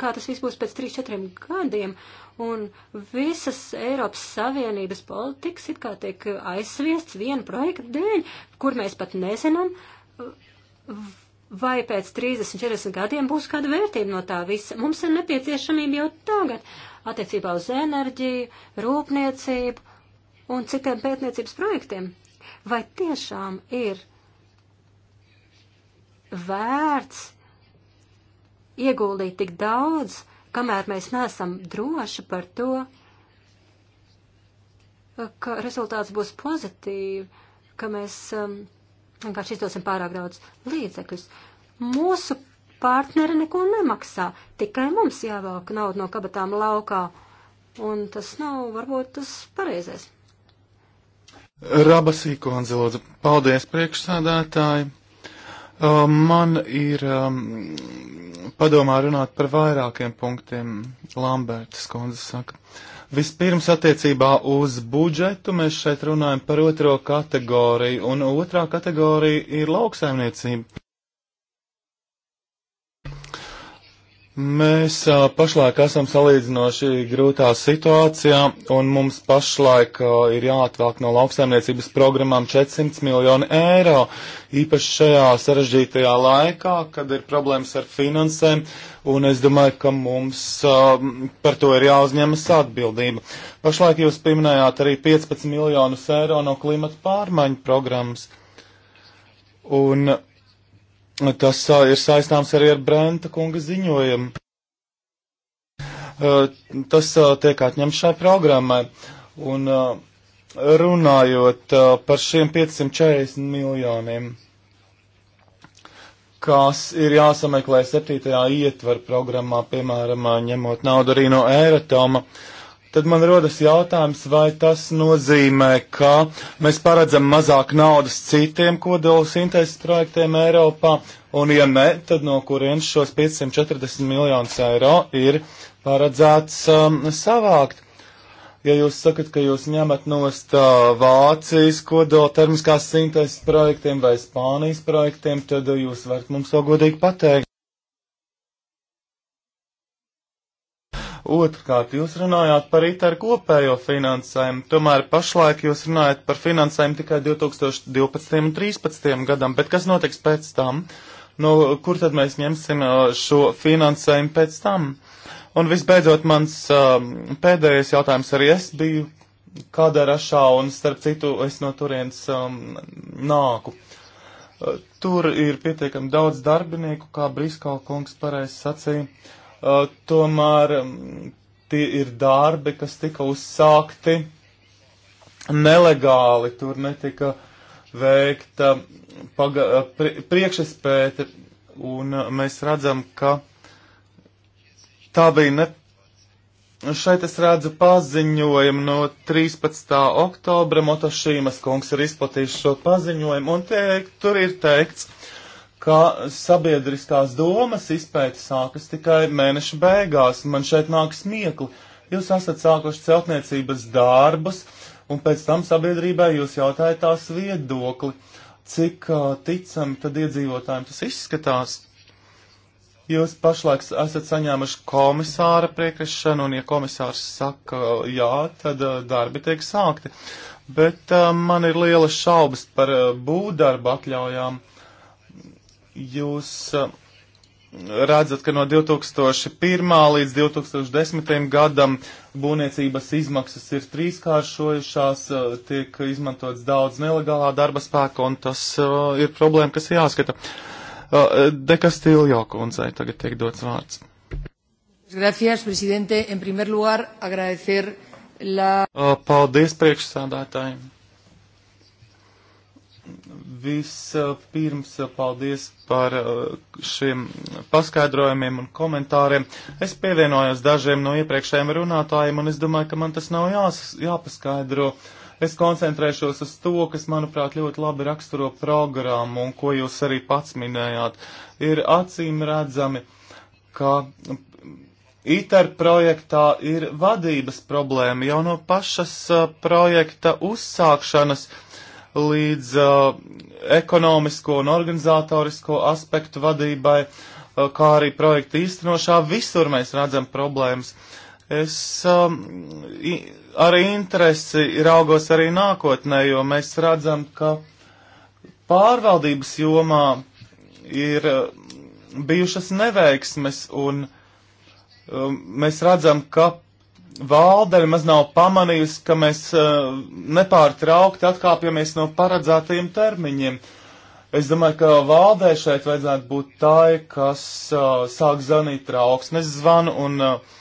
kā tas viss būs pēc 3-4 gadiem, un visas Eiropas Savienības politikas it kā tiek aizsviests vienu projektu dēļ, kur mēs pat nezinām, vai pēc 30-40 gadiem būs kāda vērtība no tā visa. Mums ir nepieciešamība jau tagad attiecībā uz enerģiju, rūpniecību un citiem pētniecības projektiem. Vai tiešām ir vērts ieguldīt tik daudz, kamēr mēs neesam droši par to, ka rezultāts būs pozitīvi, ka mēs um, vienkārši izdosim pārāk daudz līdzekļus. Mūsu partneri neko nemaksā, tikai mums jāvelk naudu no kabatām laukā, un tas nav varbūt tas pareizais. Rabasīko, Anzelodze, paldies priekšsādātāji! Uh, man ir um, padomā runāt par vairākiem punktiem. Lambertas kundze saka. Vispirms attiecībā uz budžetu mēs šeit runājam par otro kategoriju, un otrā kategorija ir lauksaimniecība. Mēs a, pašlaik esam salīdzinoši grūtā situācijā, un mums pašlaik a, ir jāatvelk no lauksaimniecības programmām 400 miljoni eiro, īpaši šajā sarežģītajā laikā, kad ir problēmas ar finansēm, un es domāju, ka mums a, par to ir jāuzņemas atbildība. Pašlaik jūs pieminējāt arī 15 miljonus eiro no klimata pārmaiņu programmas. Un, uh, Tas uh, ir saistāms arī ar Brenta kunga ziņojumu. Uh, tas uh, tiek atņemts šai programmai. Un runājot par šiem 540 miljoniem, kas ir jāsameklē 7. ietvaru programmā, piemēram, ņemot naudu arī no Eiratoma, uh, tad man rodas jautājums, vai tas nozīmē, ka mēs paredzam mazāk naudas citiem kodolu sintēzes projektiem Eiropā, un ja ne, tad no kurienes šos 540 miljonus eiro ir paredzēts um, savākt. Ja jūs sakat, ka jūs ņemat nost uh, Vācijas kodola termiskās sintēzes projektiem vai Spānijas projektiem, tad jūs varat mums to godīgi pateikt. Otrkārt, jūs runājāt par ITER kopējo finansējumu, tomēr pašlaik jūs runājat par finansējumu tikai 2012. un 2013. gadam, bet kas notiks pēc tam? Nu, kur tad mēs ņemsim šo finansējumu pēc tam? Un visbeidzot, mans um, pēdējais jautājums arī es biju kādā rašā, un starp citu, es no turienes um, nāku. Tur ir pietiekami daudz darbinieku, kā Briskau kungs pareizi sacīja Uh, tomēr tie ir darbi, kas tika uzsākti nelegāli, tur netika veikta paga, pri, priekšespēte, un mēs redzam, ka tā bija ne. Šeit es redzu paziņojumu no 13. oktobra. Motošīmas kungs ir izplatījis šo paziņojumu, un tiek, tur ir teikts, ka sabiedriskās domas izpēta sākas tikai mēneša beigās, un man šeit nāk smiekli. Jūs esat sākuši celtniecības darbus, un pēc tam sabiedrībai jūs jautājat tās viedokli, cik uh, ticami tad iedzīvotājiem tas izskatās. Jūs pašlaik esat saņēmuši komisāra priekrišanu, un ja komisārs saka jā, tad uh, darbi tiek sākti. Bet uh, man ir lielas šaubas par uh, būvdarba atļaujām. Uh, jūs uh, redzat, ka no 2001. līdz 2010. gadam būvniecības izmaksas ir trīskāršojušās, uh, tiek izmantots daudz nelegālā darba spēka, un tas uh, ir problēma, kas jāskata. Dekastīljo kundzei tagad tiek dots vārds. Gracias, presidente. En primer lugar, agradecer la. Paldies priekšsādātājiem. Vispirms eh, paldies par eh, šiem paskaidrojumiem un komentāriem. Es pievienojos dažiem no iepriekšējiem runātājiem, un es domāju, ka man tas nav jās, jāpaskaidro. Es koncentrēšos uz to, kas, manuprāt, ļoti labi raksturo programmu un ko jūs arī pats minējāt. Ir acīm redzami, ka ITER projektā ir vadības problēma jau no pašas eh, projekta uzsākšanas. Uh, līdz uh, ekonomisko un organizatorisko aspektu vadībai, uh, kā arī projekta īstenošā. Visur mēs redzam problēmas. Es um, i, ar interesi raugos arī nākotnē, jo mēs redzam, ka pārvaldības jomā ir uh, bijušas neveiksmes un um, mēs redzam, ka valde nemaz nav pamanījusi, ka mēs uh, nepārtraukti atkāpjamies no paredzētajiem termiņiem. Es domāju, ka valdē šeit vajadzētu būt tai, kas uh, sāk zvanīt trauksmes zvanu un uh,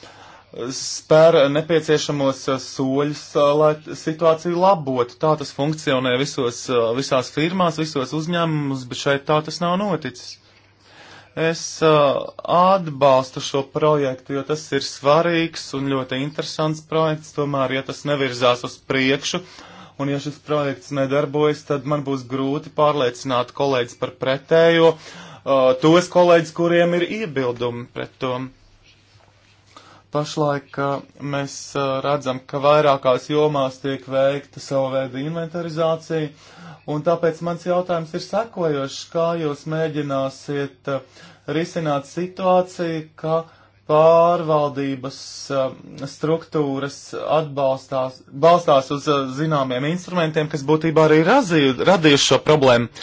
spēr nepieciešamos soļus, lai situāciju labotu. Tā tas funkcionē visos, visās firmās, visos uzņēmumus, bet šeit tā tas nav noticis. Es uh, atbalstu šo projektu, jo tas ir svarīgs un ļoti interesants projekts. Tomēr, ja tas nevirzās uz priekšu un ja šis projekts nedarbojas, tad man būs grūti pārliecināt kolēģis par pretējo, uh, tos kolēģis, kuriem ir iebildumi pret to. Pašlaik mēs redzam, ka vairākās jomās tiek veikta savu veidu inventarizācija, un tāpēc mans jautājums ir sekojošs, kā jūs mēģināsiet risināt situāciju, ka pārvaldības struktūras atbalstās, balstās uz zināmiem instrumentiem, kas būtībā arī radījuši šo problēmu.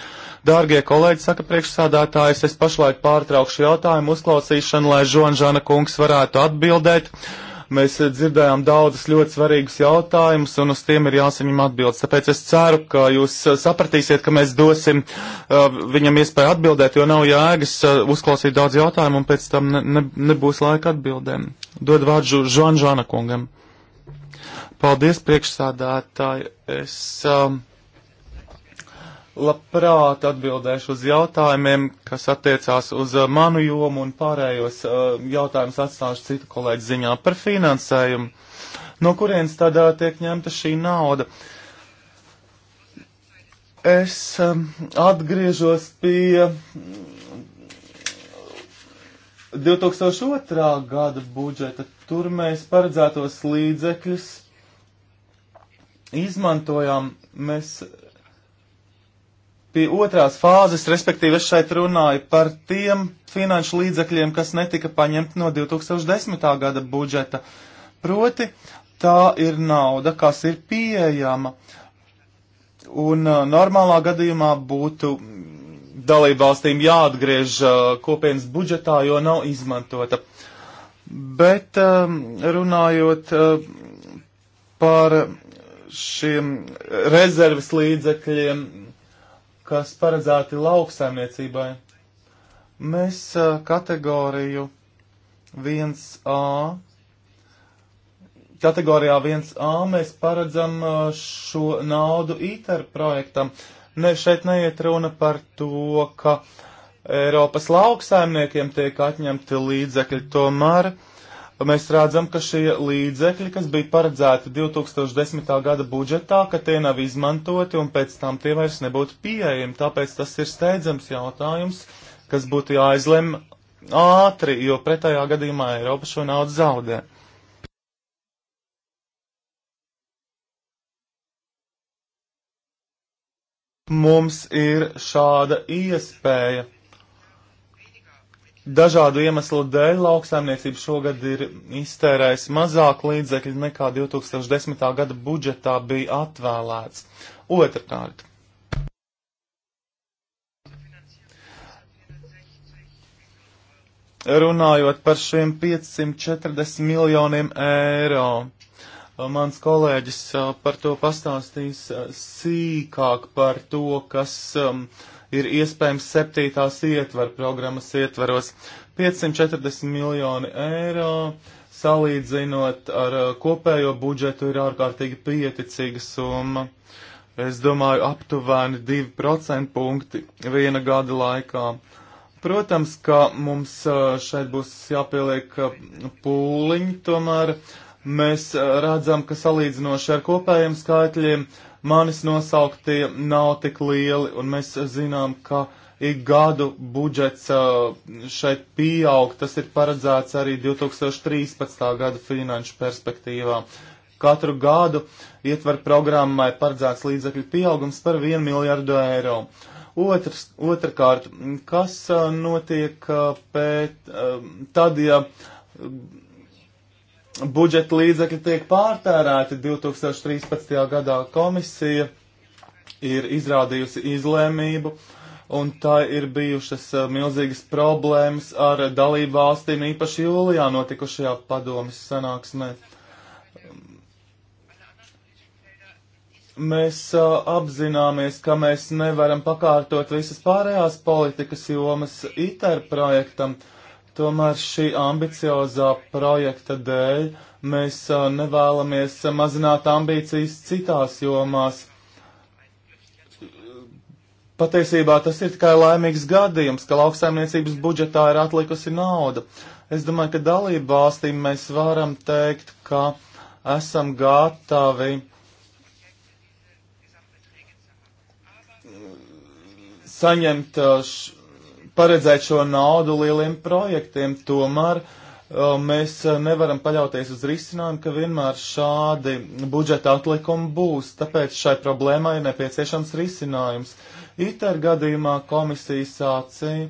Dārgie kolēģi, saka priekšsādātājs, es pašlaik pārtraukšu jautājumu uzklausīšanu, lai Žonžana kungs varētu atbildēt. Mēs dzirdējām daudzus ļoti svarīgus jautājumus, un uz tiem ir jāsaņem atbildes. Tāpēc es ceru, ka jūs uh, sapratīsiet, ka mēs dosim uh, viņam iespēju atbildēt, jo nav jēgas uh, uzklausīt daudz jautājumu, un pēc tam ne, ne, nebūs laika atbildēm. Dod vārdu Žonžana kungam. Paldies, priekšsādātāji. Es um, labprāt atbildēšu uz jautājumiem, kas attiecās uz uh, manu jomu un pārējos uh, jautājumus atstāšu citu kolēģu ziņā par finansējumu. No kurienes tad uh, tiek ņemta šī nauda? Es um, atgriežos pie 2002. Mm, gada budžeta. Tur mēs paredzētos līdzekļus izmantojām. Mēs pie otrās fāzes, respektīvi es šeit runāju par tiem finanšu līdzekļiem, kas netika paņemti no 2010. gada budžeta. Proti, tā ir nauda, kas ir pieejama. Un uh, normālā gadījumā būtu dalībvalstīm jāatgriež uh, kopienas budžetā, jo nav izmantota. Bet um, uh, runājot par šiem rezerves līdzekļiem, kas paredzēti lauksaimniecībai. Mēs kategoriju 1A, kategorijā 1A mēs paredzam šo naudu ITER projektam. Ne, šeit neiet runa par to, ka Eiropas lauksaimniekiem tiek atņemti līdzekļi, tomēr uh, mēs redzam, ka šie līdzekļi, kas bija paredzēti 2010. gada budžetā, ka tie nav izmantoti un pēc tam tie vairs nebūtu pieejami. Tāpēc tas ir steidzams jautājums, kas būtu jāizlem ātri, jo pretējā gadījumā Eiropa šo naudu zaudē. Mums ir šāda iespēja Dažādu iemeslu dēļ lauksaimniecība šogad ir iztērējusi mazāk līdzekļu nekā 2010. gada budžetā bija atvēlēts. Otrakārt. Runājot par šiem 540 miljoniem eiro, mans kolēģis uh, par to pastāstīs uh, sīkāk par to, kas um, ir iespējams septītās ietvaru programmas ietvaros. 540 miljoni eiro salīdzinot ar uh, kopējo budžetu ir ārkārtīgi pieticīga summa. Es domāju, aptuveni 2% punkti viena gada laikā. Protams, ka mums uh, šeit būs jāpieliek uh, pūliņi, tomēr mēs redzam, ka salīdzinoši ar kopējiem skaitļiem uh, manis nosauktie nav tik lieli, un mēs zinām, ka ik gadu budžets šeit pieaug, tas ir paredzēts arī 2013. gada finanšu perspektīvā. Katru gadu ietver programmai paredzēts līdzekļu pieaugums par 1 miljardu eiro. Otrs, otrkārt, kas notiek pēc tad, ja budžeta līdzekļi tiek pārtērēti. 2013. gadā komisija ir izrādījusi izlēmību, un tā ir bijušas eh, milzīgas problēmas ar dalību valstīm, īpaši jūlijā notikušajā padomis sanāksmē. Mēs a, eh, apzināmies, ka mēs nevaram pakārtot visas pārējās politikas jomas ITER projektam. Uh, Tomēr šī ambiciozā projekta dēļ mēs a, nevēlamies a, mazināt ambīcijas citās jomās. Patiesībā tas ir tikai laimīgs gadījums, ka lauksaimniecības budžetā ir atlikusi nauda. Es domāju, ka dalību valstīm mēs varam teikt, ka esam gatavi saņemt š, paredzēt šo naudu lieliem projektiem, tomēr uh, mēs uh, nevaram paļauties uz risinājumu, ka vienmēr šādi budžeta atlikumi būs, tāpēc šai problēmai ir nepieciešams risinājums. ITER gadījumā komisija sācīja,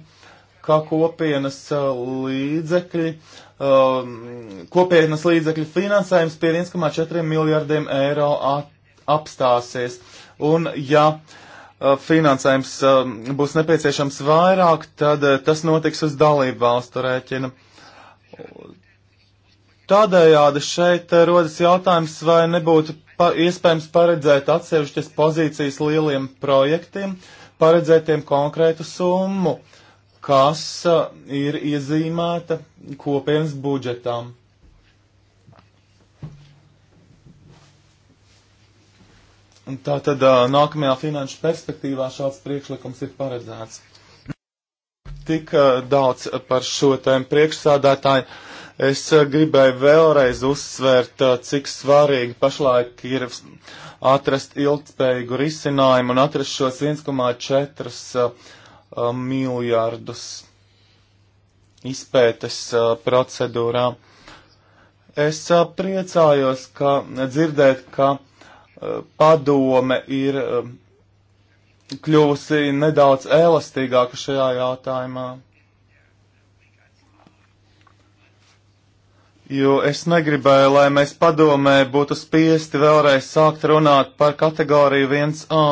ka kopienas uh, līdzekļi, um, kopienas līdzekļu finansējums pie 1,4 miljardiem eiro at, apstāsies. Un ja uh, Uh, finansējums um, būs nepieciešams vairāk, tad uh, tas notiks uz dalību valstu rēķina. Tādējādi šeit uh, rodas jautājums, vai nebūtu pa, iespējams paredzēt atsevišķas pozīcijas lieliem projektiem, paredzētiem konkrētu summu, kas ir iezīmēta kopienas budžetām. Tātad nākamajā finanšu perspektīvā šāds priekšlikums ir paredzēts. Tik daudz par šo tēmu priekšsādātāju. Es gribēju vēlreiz uzsvērt, cik svarīgi pašlaik ir atrast ilgspējīgu risinājumu un atrast šos 1,4 miljārdus izpētes procedūrā. Es priecājos, ka dzirdēt, ka padome ir um, kļuvusi nedaudz elastīgāka šajā jautājumā. Jo es negribēju, lai mēs padomē būtu spiesti vēlreiz sākt runāt par kategoriju 1A.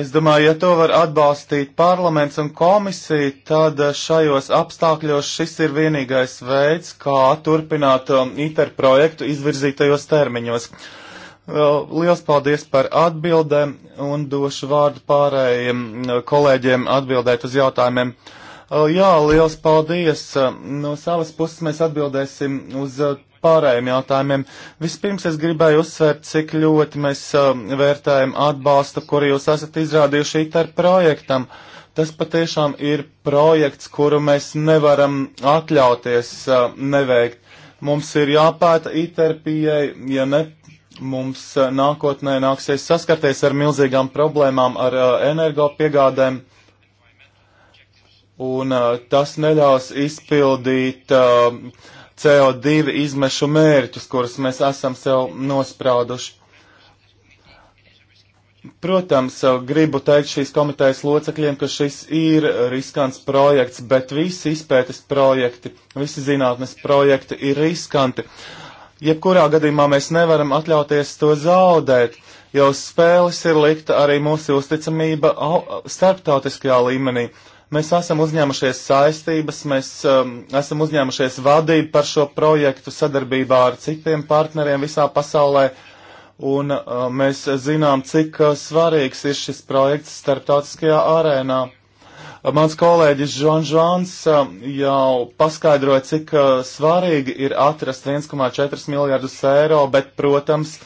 Es domāju, ja to var atbalstīt parlaments un komisija, tad šajos apstākļos šis ir vienīgais veids, kā turpināt um, ITER projektu izvirzītajos termiņos. Uh, Liels paldies par atbildēm un došu vārdu pārējiem kolēģiem atbildēt uz jautājumiem. Jā, liels paldies. No savas puses mēs atbildēsim uz pārējiem jautājumiem. Vispirms es gribēju uzsvērt, cik ļoti mēs vērtējam atbalstu, kuru jūs esat izrādījuši ITER projektam. Tas patiešām ir projekts, kuru mēs nevaram atļauties neveikt. Mums ir jāpēta ITER pieeja, ja ne mums eh, nākotnē nāksies saskarties ar milzīgām problēmām ar eh, energopiegādēm, un eh, tas neļaus izpildīt CO2 izmešu mērķus, kurus mēs esam sev nosprauduši. Protams, gribu teikt šīs komitejas locekļiem, ka šis ir riskants projekts, bet visi izpētes projekti, visi zinātnes projekti ir riskanti. Uh, Jebkurā gadījumā mēs nevaram atļauties to zaudēt, jo spēles ir likta arī mūsu uzticamība starptautiskajā līmenī. Mēs esam uzņēmušies saistības, mēs um, esam uzņēmušies vadību par šo projektu sadarbībā ar citiem partneriem visā pasaulē, un uh, mēs zinām, cik uh, svarīgs ir šis projekts starptautiskajā arēnā. Mans kolēģis Žons Žons um, jau paskaidroja, cik uh, svarīgi ir atrast 1,4 miljardus eiro, bet, protams,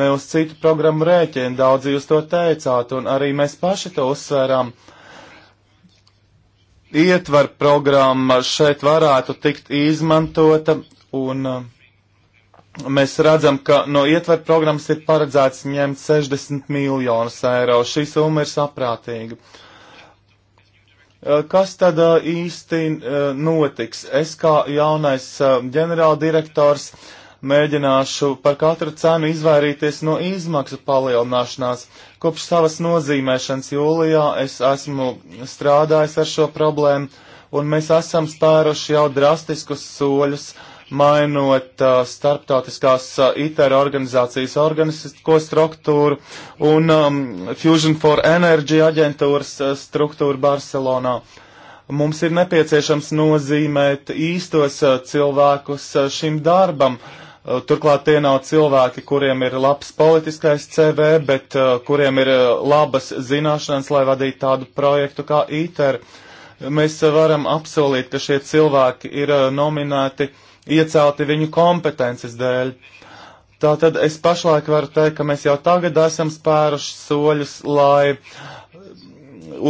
ne uz citu programmu rēķinu. Daudz jūs to teicāt, un arī mēs paši to uzsvērām. Ietver programma šeit varētu tikt izmantota, un uh, mēs redzam, ka no ietver programmas ir paredzēts ņemt 60 miljonus eiro. Šī summa ir saprātīga. Eh, kas tad eh, īsti eh, notiks? Es kā jaunais ģenerāldirektors mēģināšu par katru cenu izvairīties no izmaksu palielināšanās. Kopš savas nozīmēšanas jūlijā es esmu strādājis ar šo problēmu, un mēs esam spēruši jau drastiskus soļus, uh, mainot uh, starptautiskās uh, ITER organizācijas organisko struktūru un um, Fusion for Energy aģentūras uh, struktūru Barcelonā. Mums ir nepieciešams nozīmēt īstos uh, cilvēkus uh, šim darbam. Uh, turklāt tie nav cilvēki, kuriem ir labs politiskais CV, bet uh, kuriem ir uh, labas zināšanas, lai vadītu tādu projektu kā ITER. Mēs varam apsolīt, ka šie cilvēki ir nominēti uh, iecelti viņu kompetences dēļ. Tātad es pašlaik varu teikt, ka mēs jau tagad esam spēruši soļus, lai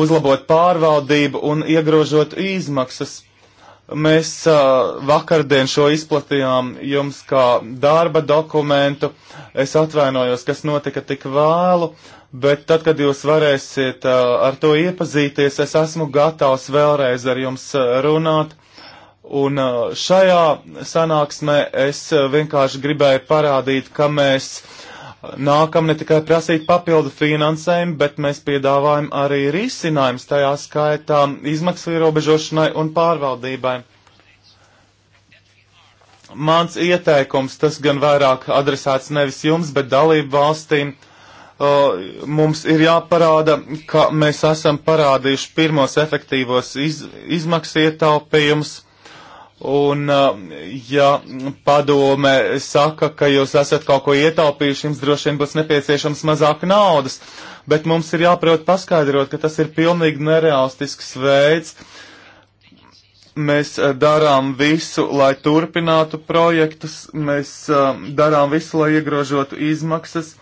uzlabot pārvaldību un iegrožot izmaksas. Mēs uh, vakardien šo izplatījām jums kā darba dokumentu. Es atvainojos, kas notika tik vēlu, bet tad, kad jūs varēsiet uh, ar to iepazīties, es esmu gatavs vēlreiz ar jums runāt Un uh, šajā sanāksmē es uh, vienkārši gribēju parādīt, ka mēs uh, nākam ne tikai prasīt papildu finansējumu, bet mēs piedāvājam arī risinājums tajā skaitā izmaksu ierobežošanai un pārvaldībai. Mans ieteikums, tas gan vairāk adresēts nevis jums, bet dalību valstīm, uh, mums ir jāparāda, ka mēs esam parādījuši pirmos efektīvos iz, izmaksu ietaupījumus Un, uh, ja padome saka, ka jūs esat kaut ko ietaupījuši, jums droši vien būs nepieciešams mazāk naudas, bet mums ir jāprot paskaidrot, ka tas ir pilnīgi nerealistisks veids. Mēs uh, darām visu, lai turpinātu projektus, mēs uh, darām visu, lai iegrožotu izmaksas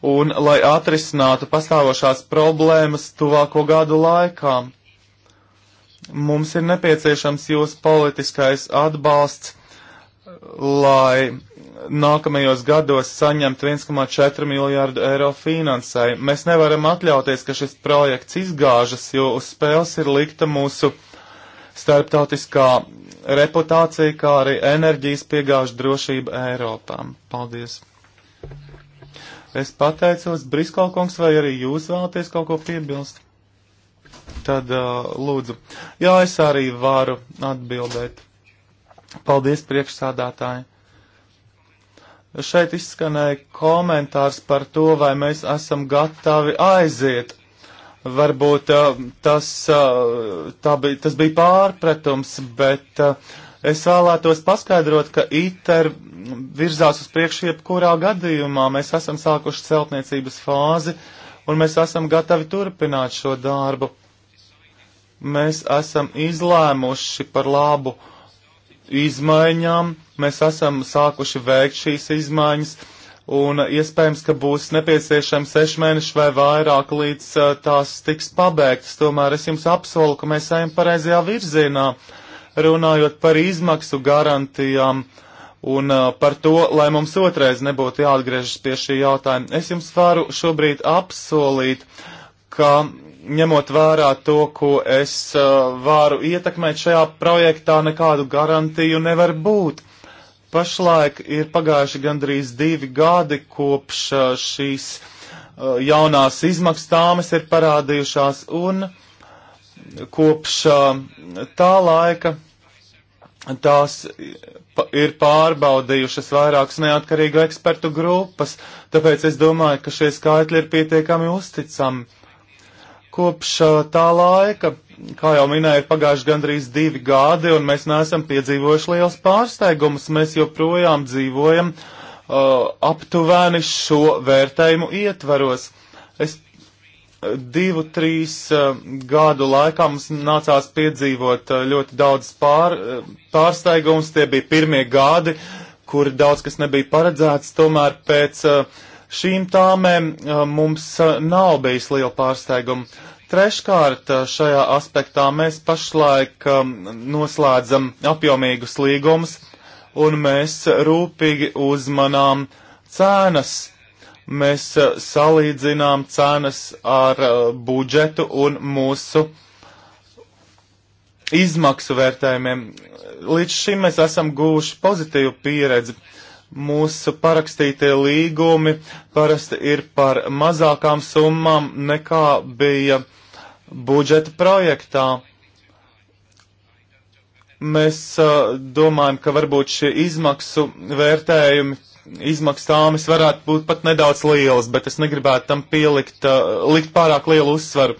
un lai atrisinātu pastāvošās problēmas tuvāko gadu laikā Mums ir nepieciešams jūsu politiskais atbalsts, lai nākamajos gados saņemt 1,4 miljārdu eiro finansai. Mēs nevaram atļauties, ka šis projekts izgāžas, jo uz spēles ir likta mūsu starptautiskā reputācija, kā arī enerģijas piegāžu drošība Eiropā. Paldies! Es pateicos, Brisko kungs, vai arī jūs vēlaties kaut ko piebilst? tad uh, lūdzu. Jā, es arī varu atbildēt. Paldies priekšsādātāji. Šeit izskanēja komentārs par to, vai mēs esam gatavi aiziet. Varbūt uh, tas, uh, tā bija, tas bija pārpratums, bet uh, es vēlētos paskaidrot, ka ITER virzās uz priekšu jebkurā gadījumā. Mēs esam sākuši celtniecības fāzi un mēs esam gatavi turpināt šo darbu mēs esam izlēmuši par labu izmaiņām, mēs esam sākuši veikt šīs izmaiņas, un iespējams, ka būs nepieciešami seši mēneši vai vairāk, līdz uh, tās tiks pabeigtas. Tomēr es jums apsolu, ka mēs ejam pareizajā virzienā, runājot par izmaksu garantijām. Un uh, par to, lai mums otrais nebūtu jāatgriežas pie šī jautājuma, es jums varu šobrīd apsolīt, ka ņemot vērā to, ko es uh, varu ietekmēt šajā projektā, nekādu garantiju nevar būt. Pašlaik ir pagājuši gandrīz divi gadi kopš uh, šīs uh, jaunās izmakstāmas ir parādījušās un kopš uh, tā laika tās ir pārbaudījušas vairākas neatkarīgu ekspertu grupas, tāpēc es domāju, ka šie skaitļi ir pietiekami uzticami Kopš tā laika, kā jau minēju, ir pagājuši gandrīz divi gadi, un mēs neesam piedzīvojuši liels pārsteigums. Mēs joprojām dzīvojam uh, aptuveni šo vērtējumu ietvaros. Es divu, trīs uh, gadu laikā mums nācās piedzīvot uh, ļoti daudz pār, pārsteigums. Tie bija pirmie gadi, kur daudz kas nebija paredzēts. Tomēr pēc uh, Šīm tāmēm eh, mums eh, nav bijis liela pārsteiguma. Treškārt, eh, šajā aspektā mēs pašlaik noslēdzam apjomīgus līgumus un mēs rūpīgi uzmanām cenas. Mēs salīdzinām cenas ar budžetu un mūsu izmaksu vērtējumiem. Līdz šim mēs esam gūši pozitīvu pieredzi. Uh, mūsu parakstītie līgumi parasti ir par mazākām summām nekā bija budžeta projektā. Mēs uh, domājam, ka varbūt šie izmaksu vērtējumi, izmaksu tāmas varētu būt pat nedaudz lielas, bet es negribētu tam pielikt, uh, likt pārāk lielu uzsvaru.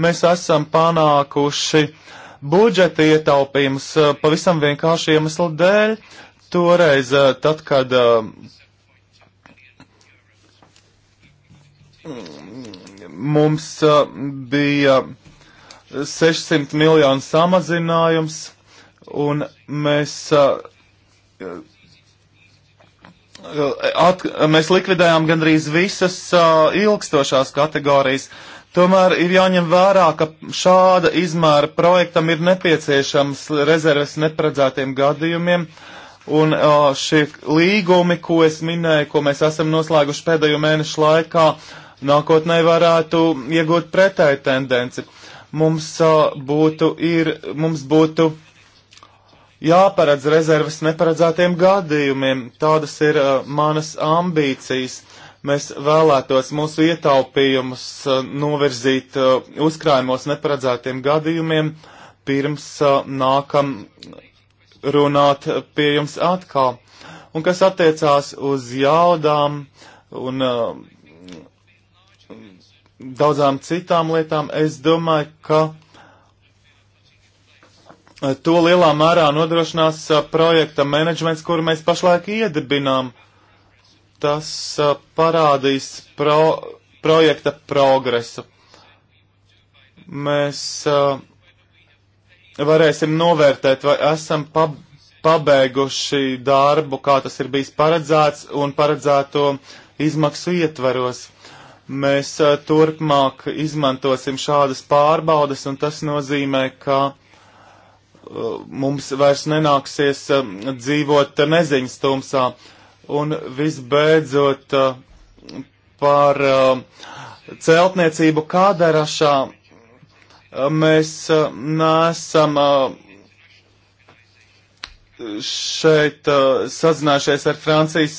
Mēs esam panākuši budžeta ietaupījumus uh, pavisam vienkārši iemeslu dēļ. Uh, toreiz, eh, tad, kad eh, mums eh, bija 600 miljonu samazinājums, un mēs at, mēs likvidējām gandrīz visas uh, ilgstošās kategorijas. Tomēr ir jāņem vērā, ka šāda izmēra projektam ir nepieciešams rezerves neparedzētiem gadījumiem, uh, Un šie līgumi, ko es minēju, ko mēs esam noslēguši pēdējo mēnešu laikā, nākotnē varētu iegūt pretēju tendenci. Mums būtu, ir, mums būtu jāparedz rezerves neparedzētiem gadījumiem. Tādas ir manas ambīcijas. Mēs vēlētos mūsu ietaupījumus novirzīt uzkrājumos neparedzētiem gadījumiem pirms nākam runāt pie jums atkal. Un kas attiecās uz jaudām un uh, daudzām citām lietām, es domāju, ka uh, to lielā mērā nodrošinās uh, projekta menedžments, kuru mēs pašlaik iedibinām. Tas uh, parādīs pro, projekta progresu. Mēs uh, varēsim novērtēt, vai esam pab pabeiguši darbu, kā tas ir bijis paredzēts un paredzēto izmaksu ietveros. Mēs a, turpmāk izmantosim šādas pārbaudas, un tas nozīmē, ka a, mums vairs nenāksies a, dzīvot neziņas tumsā. Un visbeidzot par celtniecību Kādarašā Mēs nesam šeit sazinājušies ar Francijas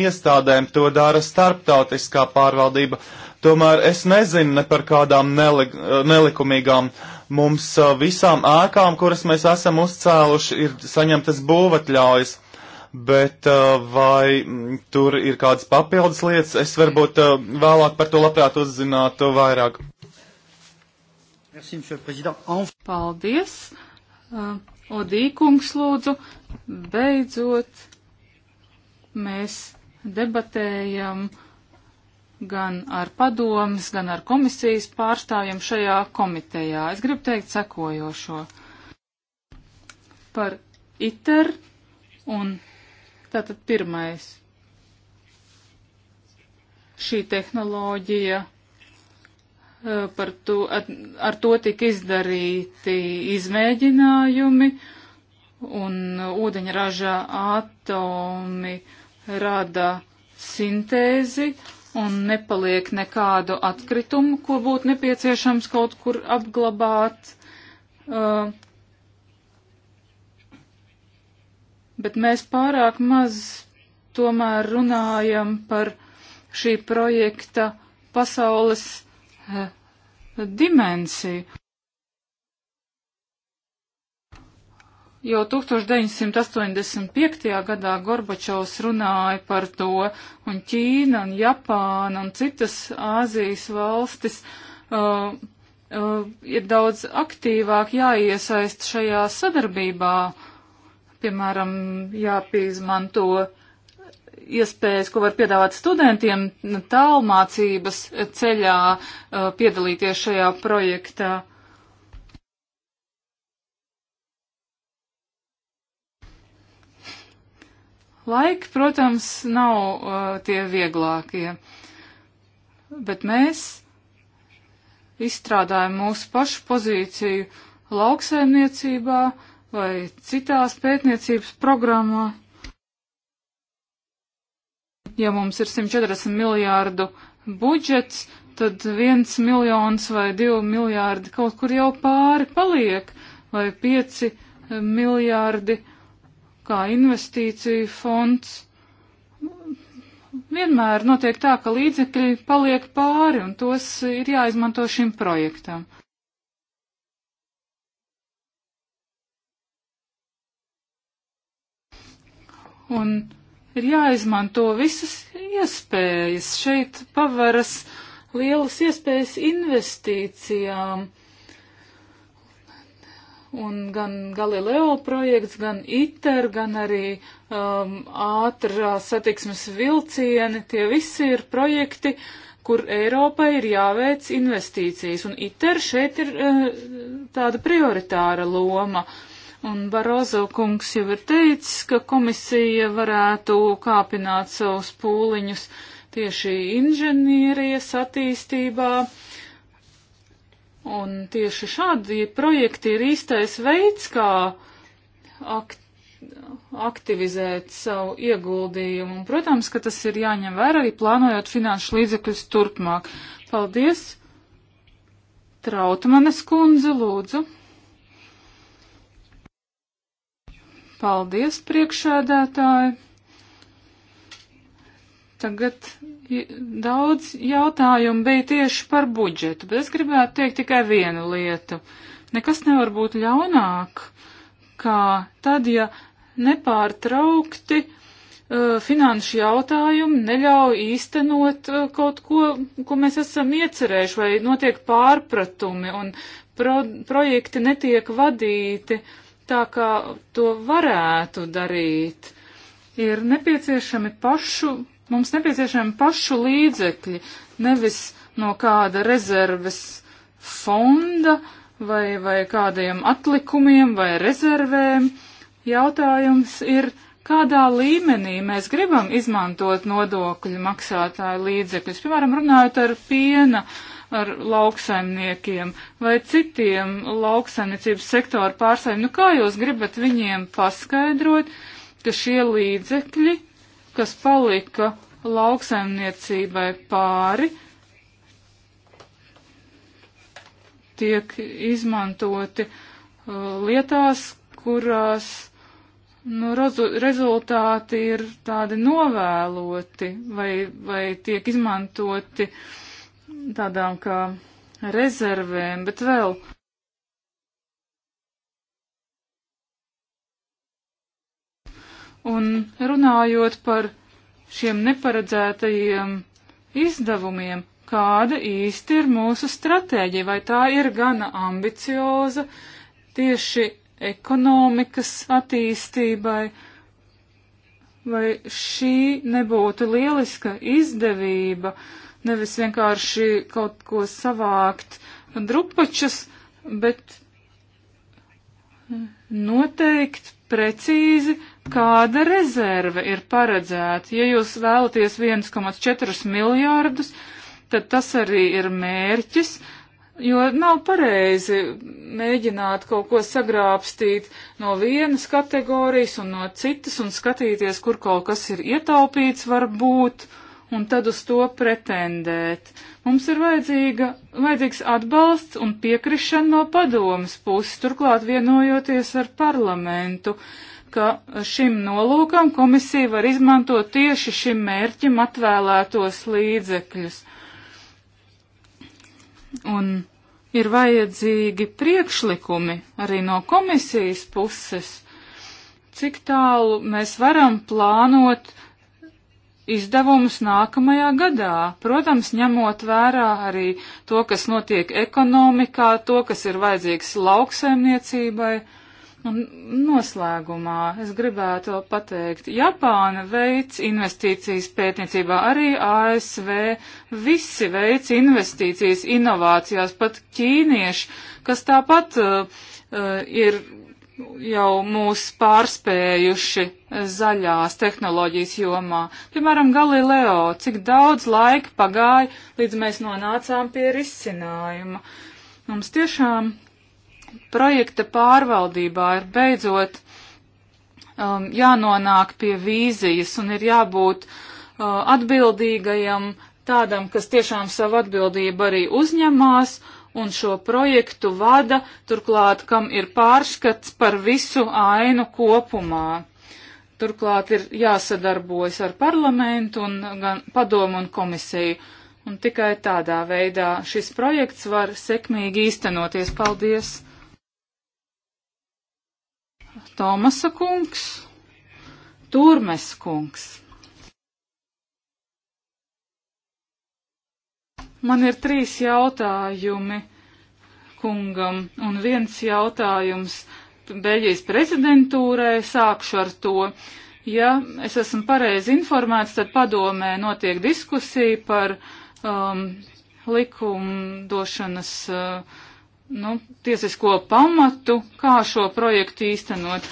iestādēm, to dara starptautiskā pārvaldība. Tomēr es nezinu ne par kādām nelik nelikumīgām mums visām ēkām, kuras mēs esam uzcēluši, ir saņemtas būvatļaujas. Bet vai tur ir kādas papildus lietas, es varbūt vēlāk par to labprāt uzzinātu vairāk. Paldies! Uh, Odīkungs lūdzu, beidzot mēs debatējam gan ar padomas, gan ar komisijas pārstāvjiem šajā komitejā. Es gribu teikt sekojošo par ITER un tātad pirmais šī tehnoloģija par to, ar, ar to tika izdarīti izmēģinājumi, un ūdeņraža atomi rada sintēzi, un nepaliek nekādu atkritumu, ko būtu nepieciešams kaut kur apglabāt. Uh, bet mēs pārāk maz tomēr runājam par šī projekta pasaules eh, dimensiju. Jau 1985. gadā Gorbačovs runāja par to, un Ķīna un Japāna un citas Āzijas valstis uh, uh, ir daudz aktīvāk jāiesaist šajā sadarbībā. Piemēram, jāpīzmanto iespējas, ko var piedāvāt studentiem tālmācības ceļā uh, piedalīties šajā projektā. Laiki, protams, nav uh, tie vieglākie, bet mēs izstrādājam mūsu pašu pozīciju lauksaimniecībā vai citās pētniecības programmā ja mums ir 140 miljārdu budžets, tad viens miljons vai divi miljārdi kaut kur jau pāri paliek, vai pieci miljārdi kā investīciju fonds. Vienmēr notiek tā, ka līdzekļi paliek pāri un tos ir jāizmanto šim projektam. Un ir jāizmanto visas iespējas. Šeit pavaras lielas iespējas investīcijām. Un gan Galileo projekts, gan ITER, gan arī um, ātrā satiksmes vilcieni, tie visi ir projekti, kur Eiropai ir jāveic investīcijas. Un ITER šeit ir uh, tāda prioritāra loma. Uh, Un Barozo kungs jau ir teicis, ka komisija varētu kāpināt savus pūliņus tieši inženierijas attīstībā. Un tieši šādi projekti ir īstais veids, kā akt aktivizēt savu ieguldījumu. Un, protams, ka tas ir jāņem vērā arī plānojot finanšu līdzekļus turpmāk. Paldies! Trautmanes kundze, lūdzu! Paldies, priekšēdētāji! Tagad daudz jautājumu bija tieši par budžetu, bet es gribētu teikt tikai vienu lietu. Nekas nevar būt ļaunāk, kā tad, ja nepārtraukti uh, finanšu jautājumi neļauj īstenot uh, kaut ko, ko mēs esam iecerējuši, vai notiek pārpratumi un pro projekti netiek vadīti. Uh, tā kā to varētu darīt. Ir nepieciešami pašu, mums nepieciešami pašu līdzekļi, nevis no kāda rezerves fonda vai, vai kādiem atlikumiem vai rezervēm. Jautājums ir, kādā līmenī mēs gribam izmantot nodokļu maksātāju līdzekļus. Piemēram, runājot ar piena uh, ar lauksaimniekiem vai citiem lauksaimniecības sektoru pārstāvjiem. Nu, kā jūs gribat viņiem paskaidrot, ka šie līdzekļi, kas palika lauksaimniecībai pāri, tiek izmantoti uh, lietās, kurās nu, rezultāti ir tādi novēloti vai, vai tiek izmantoti uh, tādām kā rezervēm, bet vēl. Un runājot par šiem neparedzētajiem izdevumiem, kāda īsti ir mūsu stratēģija, vai tā ir gana ambicioza tieši ekonomikas attīstībai, vai šī nebūtu lieliska izdevība, uh, nevis vienkārši kaut ko savākt drupačus, bet noteikt precīzi, kāda rezerve ir paredzēta. Ja jūs vēlaties 1,4 miljārdus, tad tas arī ir mērķis, jo nav pareizi mēģināt kaut ko sagrābstīt no vienas kategorijas un no citas un skatīties, kur kaut kas ir ietaupīts varbūt. būt un tad uz to pretendēt. Mums ir vajadzīga, vajadzīgs atbalsts un piekrišana no padomas puses, turklāt vienojoties ar parlamentu, ka šim nolūkam komisija var izmantot tieši šim mērķim atvēlētos līdzekļus. Un ir vajadzīgi priekšlikumi arī no komisijas puses, cik tālu mēs varam plānot, uh, izdevumus nākamajā gadā. Protams, ņemot vērā arī to, kas notiek ekonomikā, to, kas ir vajadzīgs lauksaimniecībai. Un noslēgumā es gribētu vēl pateikt, Japāna veic investīcijas pētniecībā, arī ASV visi veic investīcijas inovācijās, pat ķīnieši, kas tāpat uh, uh ir jau mūs pārspējuši zaļās tehnoloģijas jomā. Piemēram, Galileo, cik daudz laika pagāja, līdz mēs nonācām pie risinājuma. Mums tiešām projekta pārvaldībā ir beidzot um, jānonāk pie vīzijas un ir jābūt uh, atbildīgajam tādam, kas tiešām savu atbildību arī uzņemās. Uh, un šo projektu vada, turklāt, kam ir pārskats par visu ainu kopumā. Turklāt ir jāsadarbojas ar parlamentu un gan padomu un komisiju, un tikai tādā veidā šis projekts var sekmīgi īstenoties. Paldies! Tomasa kungs, Turmes kungs. Man ir trīs jautājumi kungam un viens jautājums Beļģijas prezidentūrai. Sākšu ar to. Ja es esmu pareizi informēts, tad padomē notiek diskusija par um, likumdošanas uh, nu, tiesisko pamatu, kā šo projektu īstenot.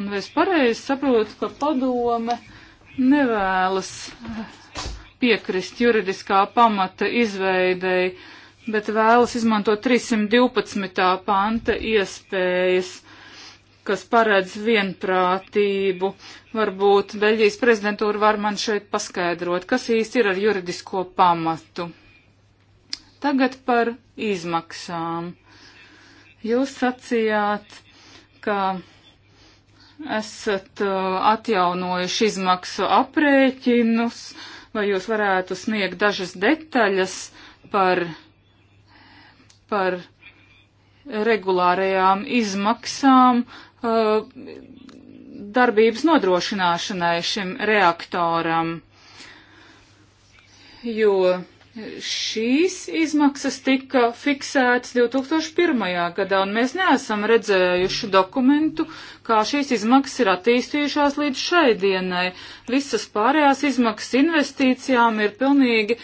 Un es pareizi saprotu, ka padome nevēlas piekrist juridiskā pamata izveidei, bet vēlas izmantot 312. panta iespējas, kas paredz vienprātību. Varbūt Beļģijas prezidentūra var man šeit paskaidrot, kas īsti ir ar juridisko pamatu. Tagad par izmaksām. Jūs sacījāt, ka esat uh, atjaunojuši izmaksu aprēķinus, uh, Vai jūs varētu sniegt dažas detaļas par, par regulārajām izmaksām uh, darbības nodrošināšanai šim reaktoram? Jo Šīs izmaksas tika fiksētas 2001. gadā, un mēs neesam redzējuši dokumentu, kā šīs izmaksas ir attīstījušās līdz šai dienai. Visas pārējās izmaksas investīcijām ir pilnīgi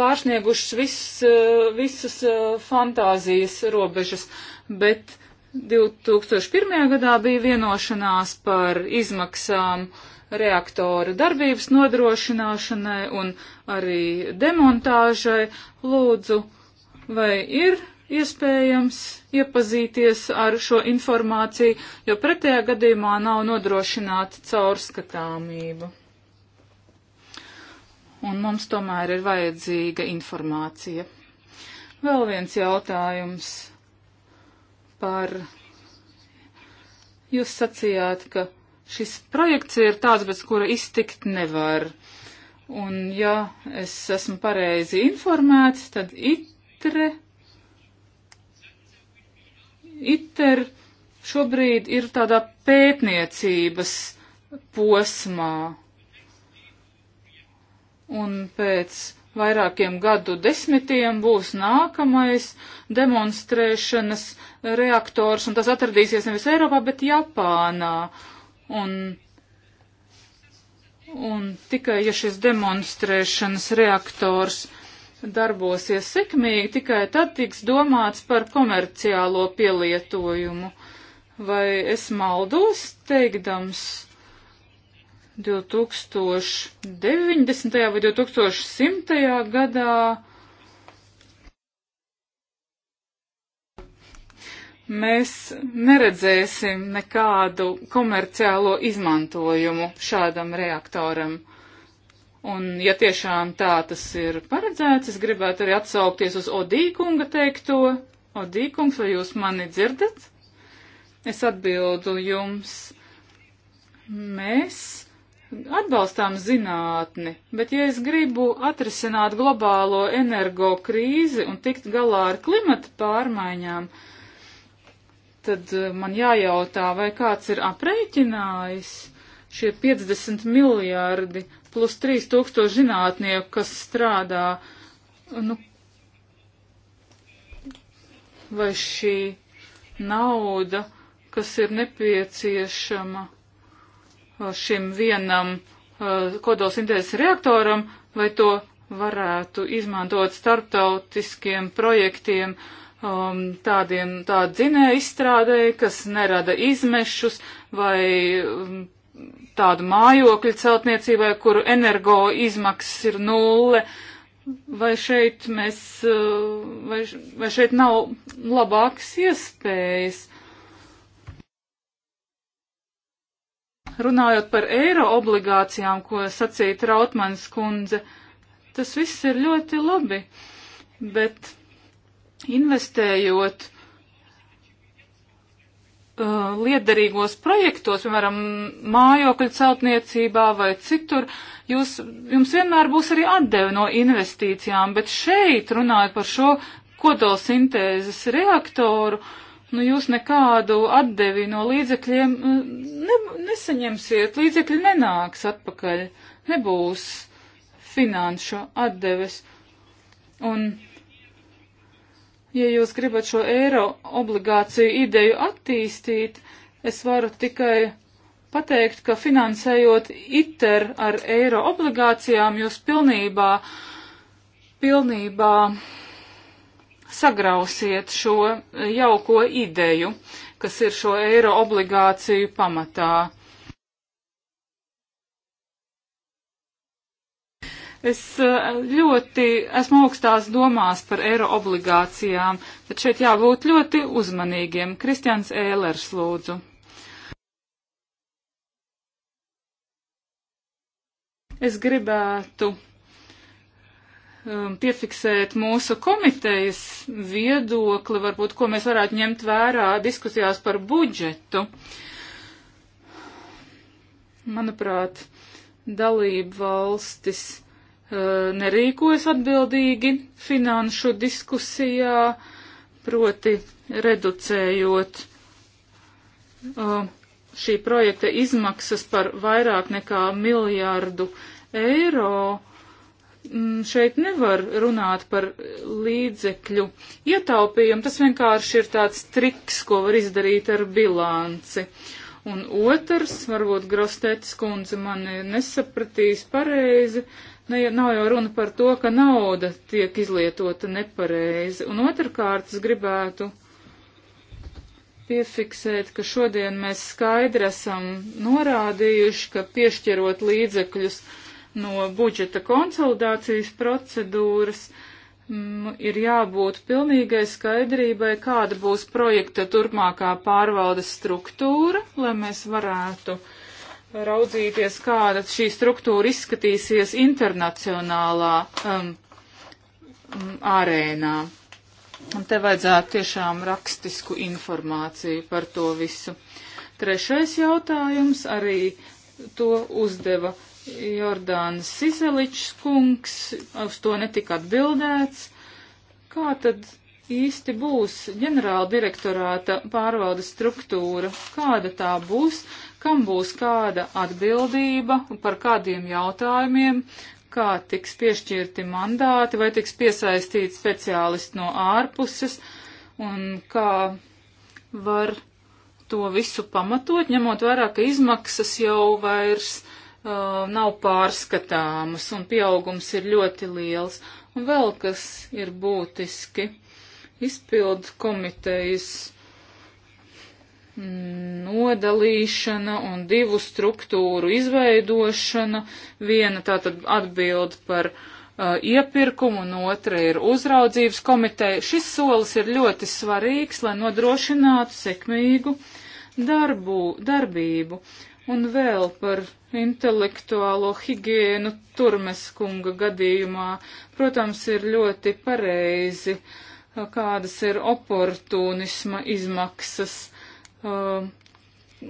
pārsniegušas viss, eh, visas eh, fantāzijas robežas, bet 2001. gadā bija vienošanās par izmaksām uh, reaktoru darbības nodrošināšanai un arī demontāžai. Lūdzu, vai ir iespējams iepazīties ar šo informāciju, jo pretējā gadījumā nav nodrošināta caurskatāmība. Un mums tomēr ir vajadzīga informācija. Vēl viens jautājums par. Jūs sacījāt, ka šis projekts ir tāds, bez kura iztikt nevar. Un, ja es esmu pareizi informēts, tad itre, iter šobrīd ir tādā pētniecības posmā. Un pēc vairākiem gadu desmitiem būs nākamais demonstrēšanas reaktors, un tas atradīsies nevis Eiropā, bet Japānā. Uh, un, un tikai, ja šis demonstrēšanas reaktors darbosies sekmīgi, tikai tad tiks domāts par komerciālo pielietojumu. Vai es maldos teikdams? 2090. vai 2100. gadā mēs neredzēsim nekādu komerciālo izmantojumu šādam reaktoram. Un, ja tiešām tā tas ir paredzēts, es gribētu arī atsaukties uz Odīkunga teikto. Odīkungs, vai jūs mani dzirdat? Es atbildu jums. Mēs atbalstām zinātni, bet ja es gribu atrisināt globālo energo krīzi un tikt galā ar klimata pārmaiņām, uh, tad eh, man jājautā, vai kāds ir aprēķinājis šie 50 miljārdi plus 3000 zinātnieku, kas strādā, nu, vai šī nauda, kas ir nepieciešama eh, šim vienam eh, kodolsintēzes reaktoram, vai to varētu izmantot starptautiskiem projektiem, uh, um, tādiem tādu dzinēju izstrādēju, kas nerada izmešus vai um, tādu mājokļu celtniecībai, kuru energo izmaksas ir nulle. Vai šeit mēs, uh, vai, vai šeit nav labākas iespējas? Runājot par eiro obligācijām, ko sacīja Trautmanis kundze, tas viss ir ļoti labi, bet investējot uh, liederīgos projektos, piemēram, mājokļu celtniecībā vai citur, jūs, jums vienmēr būs arī atdeve no investīcijām, bet šeit runājot par šo kodolsintēzes reaktoru, nu jūs nekādu atdevi no līdzekļiem uh, ne, nesaņemsiet, līdzekļi nenāks atpakaļ, nebūs finanšu atdeves. Un Ja jūs gribat šo eiro obligāciju ideju attīstīt, es varu tikai pateikt, ka finansējot ITER ar eiro obligācijām, jūs pilnībā, pilnībā sagrausiet šo jauko ideju, kas ir šo eiro obligāciju pamatā. Es eh, ļoti esmu augstās domās par eiro obligācijām, bet šeit jābūt ļoti uzmanīgiem. Kristians Ēlers lūdzu. Es gribētu um, piefiksēt mūsu komitejas viedokli, varbūt, ko mēs varētu ņemt vērā diskusijās par budžetu. Manuprāt, dalību valstis Eh, nerīkojas atbildīgi finanšu diskusijā, proti reducējot eh, šī projekta izmaksas par vairāk nekā miljārdu eiro. Mm, šeit nevar runāt par līdzekļu ietaupījumu, tas vienkārši ir tāds triks, ko var izdarīt ar bilanci. Un otrs, varbūt Grostētas kundze mani nesapratīs pareizi, uh, ne, nu, nav jau runa par to, ka nauda tiek izlietota nepareizi. Un otrkārt, es gribētu piefiksēt, ka šodien mēs skaidri esam norādījuši, ka piešķirot līdzekļus no budžeta konsolidācijas procedūras m, mm, ir jābūt pilnīgai skaidrībai, kāda būs projekta turpmākā pārvaldes struktūra, lai mēs varētu uh, raudzīties, kāda šī struktūra izskatīsies internacionālā um, arēnā. Un te vajadzētu tiešām rakstisku informāciju par to visu. Trešais jautājums arī to uzdeva Jordāns Siseličs kungs, uz to netika atbildēts. Kā tad īsti būs ģenerāla direktorāta pārvaldes struktūra? Kāda tā būs? kam būs kāda atbildība un par kādiem jautājumiem, kā tiks piešķirti mandāti, vai tiks piesaistīti speciālisti no ārpuses, un kā var to visu pamatot, ņemot vērā, ka izmaksas jau vairs uh, nav pārskatāmas, un pieaugums ir ļoti liels. Un vēl kas ir būtiski, izpildu komitejas nodalīšana un divu struktūru izveidošana. Viena tātad atbild par uh, iepirkumu un otra ir uzraudzības komiteja. Šis solis ir ļoti svarīgs, lai nodrošinātu sekmīgu darbu, darbību. Un vēl par intelektuālo higienu Turmeskunga gadījumā, protams, ir ļoti pareizi, uh, kādas ir oportunisma izmaksas Uh,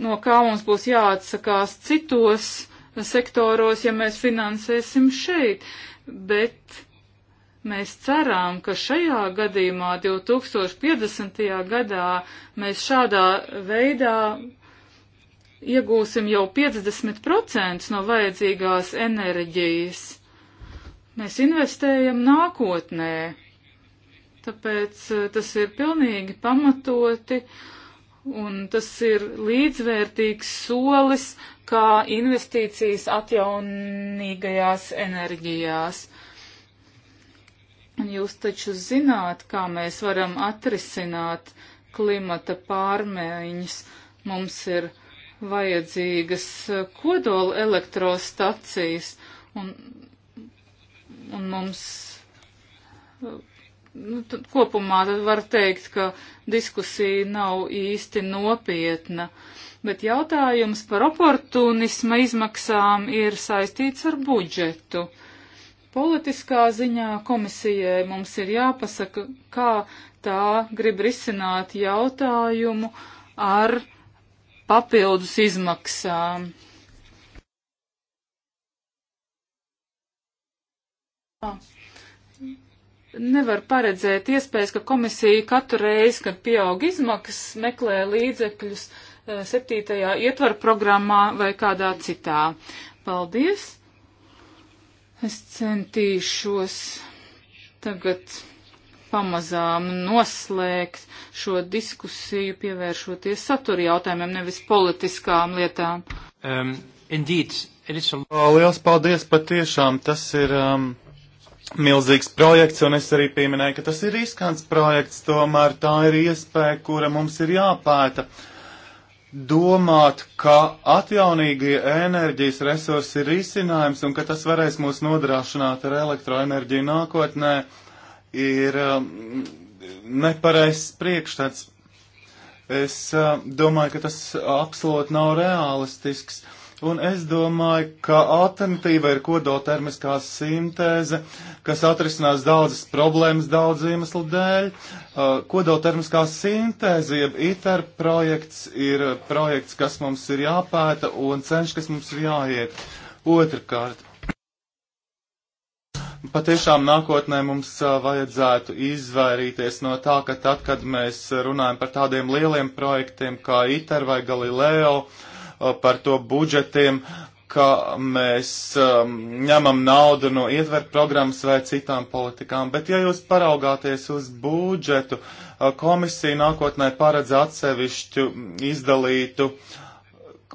no kā mums būs jāatsakās citos sektoros, ja mēs finansēsim šeit. Bet mēs ceram, ka šajā gadījumā, 2050. gadā, mēs šādā veidā iegūsim jau 50% no vajadzīgās enerģijas. Mēs investējam nākotnē, tāpēc uh, tas ir pilnīgi pamatoti. Uh, un tas ir līdzvērtīgs solis kā investīcijas atjaunīgajās enerģijās. Un jūs taču zināt, kā mēs varam atrisināt klimata pārmaiņas. Mums ir vajadzīgas kodola elektrostacijas un, un mums nu, kopumā tad var teikt, ka diskusija nav īsti nopietna, bet jautājums par oportunisma izmaksām ir saistīts ar budžetu. Politiskā ziņā komisijai mums ir jāpasaka, kā tā grib risināt jautājumu ar papildus izmaksām. Oh nevar paredzēt iespējas, ka komisija katru reizi, kad pieaug izmaksas, meklē līdzekļus eh, septītajā ietvaru programmā vai kādā citā. Paldies! Es centīšos tagad pamazām noslēgt šo diskusiju, pievēršoties satura jautājumiem, nevis politiskām lietām. Um, indeed, a... Liels paldies, patiešām tas ir. Um milzīgs projekts, un es arī pieminēju, ka tas ir riskants projekts, tomēr tā ir iespēja, kura mums ir jāpēta. Domāt, ka atjaunīgie enerģijas resursi ir risinājums un ka tas varēs mūs nodrošināt ar elektroenerģiju nākotnē, ir um, nepareizs priekšstats. Es uh, domāju, ka tas absolūti nav realistisks. Uh, Un es domāju, ka alternatīva ir kodoltermiskā sintēze, kas atrisinās daudzas problēmas daudz iemeslu dēļ. Uh, kodoltermiskā sintēze, jeb ITER projekts, ir projekts, kas mums ir jāpēta un ceļš, kas mums ir jāiet. Otrakārt, patiešām nākotnē mums uh, vajadzētu izvairīties no tā, ka tad, kad mēs runājam par tādiem lieliem projektiem kā ITER vai Galileo, uh, par to budžetiem, ka mēs um, ņemam naudu no ietver programmas vai citām politikām, bet ja jūs paraugāties uz budžetu, uh, komisija nākotnē paredz atsevišķu izdalītu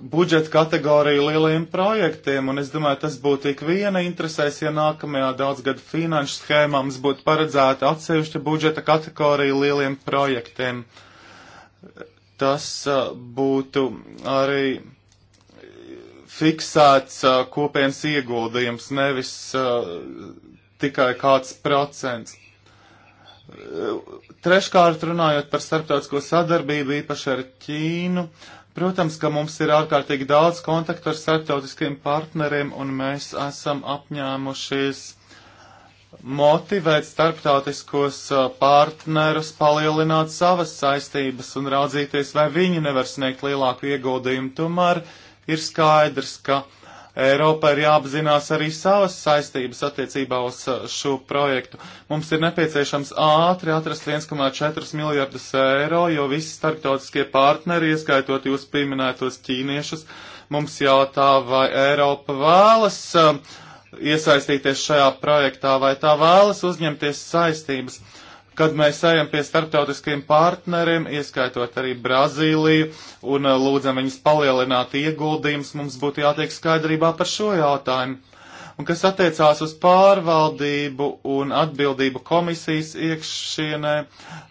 budžeta kategoriju lielajiem projektiem, un es domāju, tas būtu ik viena interesēs, ja nākamajā daudzgada finanšu schēmā mums būtu paredzēta atsevišķa budžeta kategorija lieliem projektiem. Tas uh, būtu arī fiksēts uh, kopienas ieguldījums, nevis uh, tikai kāds procents. Treškārt runājot par starptautisko sadarbību, īpaši ar Ķīnu, protams, ka mums ir ārkārtīgi daudz kontaktu ar starptautiskiem partneriem, un mēs esam apņēmušies motivēt starptautiskos partnerus, palielināt savas saistības un raudzīties, vai viņi nevar sniegt lielāku ieguldījumu. Tomēr uh, ir skaidrs, ka Eiropa ir jāapzinās arī savas saistības attiecībā uz uh, šo projektu. Mums ir nepieciešams ātri atrast 1,4 miljardus eiro, jo visi starptautiskie partneri, ieskaitot jūs pieminētos ķīniešus, mums jautā, vai Eiropa vēlas uh, iesaistīties šajā projektā, vai tā vēlas uzņemties saistības kad mēs ejam pie starptautiskiem partneriem, ieskaitot arī Brazīliju, un uh, lūdzam viņus palielināt ieguldījumus, mums būtu jātiek skaidrībā par šo jautājumu. Un kas attiecās uz pārvaldību un atbildību komisijas iekšienē,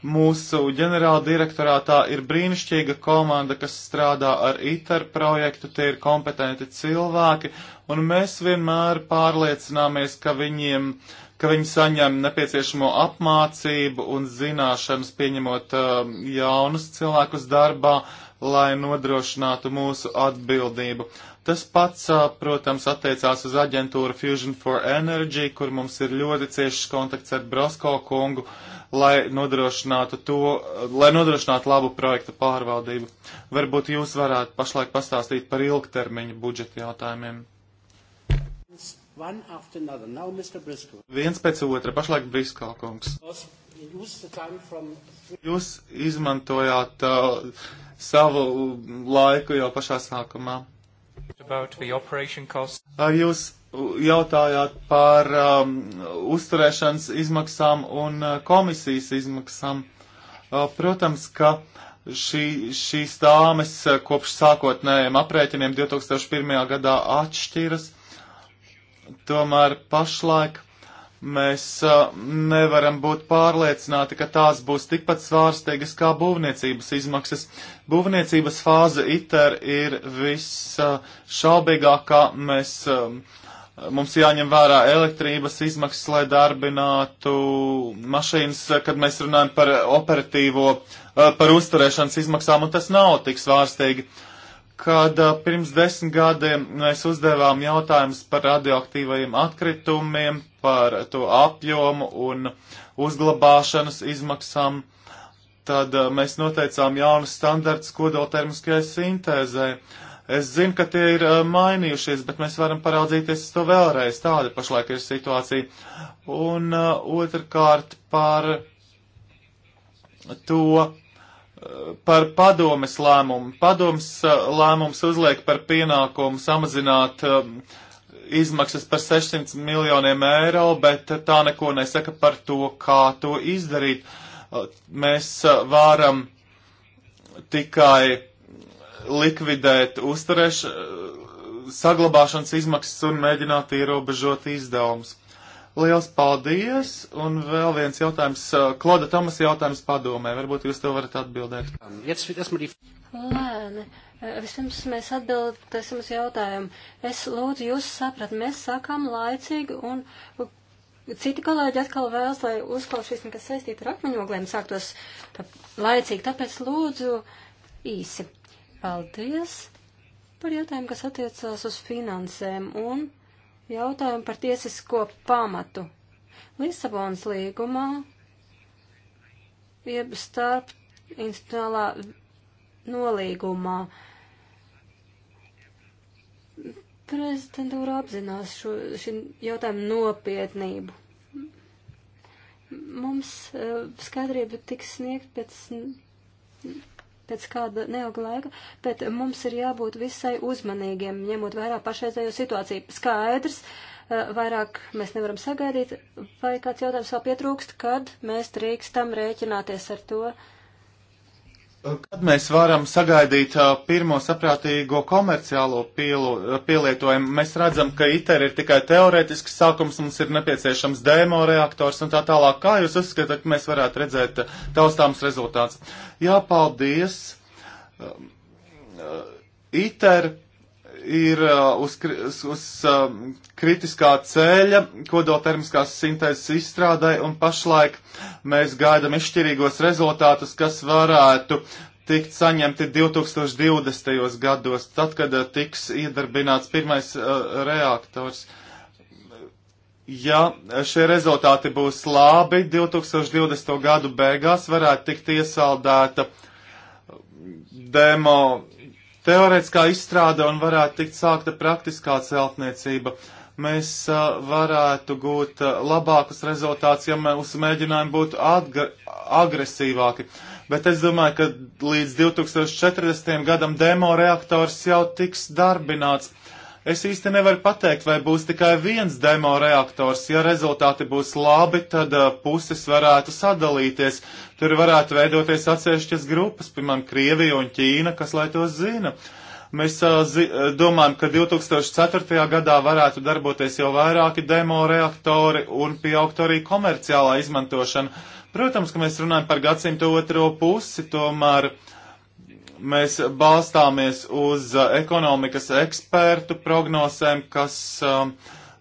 mūsu ģenerāla direktorātā ir brīnišķīga komanda, kas strādā ar ITER projektu, tie ir kompetenti cilvēki, un mēs vienmēr pārliecināmies, ka viņiem uh, ka viņi saņem nepieciešamo apmācību un zināšanas, pieņemot uh, jaunus cilvēkus darbā, lai nodrošinātu mūsu atbildību. Tas pats, uh, protams, attiecās uz aģentūru Fusion for Energy, kur mums ir ļoti ciešs kontakts ar Brosko kungu, lai nodrošinātu, to, uh, lai nodrošinātu labu projektu pārvaldību. Varbūt jūs varētu pašlaik pastāstīt par ilgtermiņu budžeta jautājumiem one after another. Now Mr. Briscoe. Viens pēc otra, pašlaik Briscoe kungs. From... Jūs izmantojāt uh, savu laiku jau pašā sākumā. Jūs jautājāt par um, uzturēšanas izmaksām un uh, komisijas izmaksām. Uh, protams, ka šī, šīs tāmes uh, kopš sākotnējiem aprēķiniem 2001. gadā atšķiras Tomēr pašlaik mēs a, nevaram būt pārliecināti, ka tās būs tikpat svārstīgas kā būvniecības izmaksas. Būvniecības fāze ITER ir visšaubīgākā. Mēs, a, mums jāņem vērā elektrības izmaksas, lai darbinātu mašīnas, kad mēs runājam par operatīvo, a, par uzturēšanas izmaksām, un tas nav tik svārstīgi. Uh, kad pirms desmit gadiem mēs uzdevām jautājumus par radioaktīvajiem atkritumiem, par to apjomu un uzglabāšanas izmaksām, tad mēs noteicām jaunas standarts kodoltermiskajai sintēzē. Es zinu, ka tie ir mainījušies, bet mēs varam paraudzīties uz to vēlreiz. Tāda pašlaik ir situācija. Un uh, otrkārt par to, par padomes lēmumu. Padomes uh, lēmums uzliek par pienākumu samazināt um, izmaksas par 600 miljoniem eiro, bet tā neko nesaka par to, kā to izdarīt. Uh, mēs uh, varam tikai likvidēt uzturēšanu, saglabāšanas izmaksas un mēģināt ierobežot izdevumus. Liels paldies! Un vēl viens jautājums, uh, Klauda Tomas jautājums padomē. Varbūt jūs to varat atbildēt. Um, Lēni. Uh, vispirms mēs atbildēsim uz jautājumu. Es lūdzu jūs saprat, mēs sākam laicīgi un citi kolēģi atkal vēlas, lai uzklausīsim, kas saistīta ar akmeņogliem, sāktos tā, laicīgi. Tāpēc lūdzu īsi. Paldies par jautājumu, kas attiecās uz finansēm un. Uh, jautājumu par tiesisko pamatu. Lisabonas līgumā jeb starp institucionālā nolīgumā. Prezidentūra apzinās šo jautājumu nopietnību. Mums uh, skaidrība tiks sniegt pēc pēc kāda neilga laika, bet mums ir jābūt visai uzmanīgiem, ņemot vērā pašreizējo situāciju. Skaidrs, eh, vairāk mēs nevaram sagaidīt, vai kāds jautājums vēl pietrūkst, kad mēs drīkstam rēķināties ar to, uh, Kad mēs varam sagaidīt uh, pirmo saprātīgo komerciālo pielu, uh, pielietojumu, mēs redzam, ka ITER ir tikai teoretisks sākums, mums ir nepieciešams demo reaktors un tā tālāk. Kā jūs uzskatāt, ka mēs varētu redzēt uh, taustāms rezultāts? Jā, paldies. Um, ITER ir uh, uz, uz um, kritiskā ceļa kodoltermiskās sintēzes izstrādē, un pašlaik mēs gaidam izšķirīgos rezultātus, kas varētu tikt saņemti 2020. gados, tad, kad uh, tiks iedarbināts pirmais uh, reaktors. Ja šie rezultāti būs labi, 2020. gadu beigās varētu tikt iesaldēta demo teorētiskā izstrāde un varētu tikt sākta praktiskā celtniecība. Mēs uh, varētu gūt uh, labākus rezultātus, ja mūsu mēģinājumi būtu agresīvāki. Bet es domāju, ka līdz 2040. gadam demo reaktors jau tiks darbināts. Uh, Es īsti nevaru pateikt, vai būs tikai viens demo reaktors. Ja rezultāti būs labi, tad uh, puses varētu sadalīties. Tur varētu veidoties atsevišķas grupas, piemēram, Krievija un Ķīna, kas lai to zina. Mēs uh, zi uh, domājam, ka 2004. gadā varētu darboties jau vairāki demo reaktori un pieaugt arī komerciālā izmantošana. Protams, ka mēs runājam par gadsimtu otro pusi, tomēr uh, mēs balstāmies uz uh, ekonomikas ekspertu prognozēm, kas um,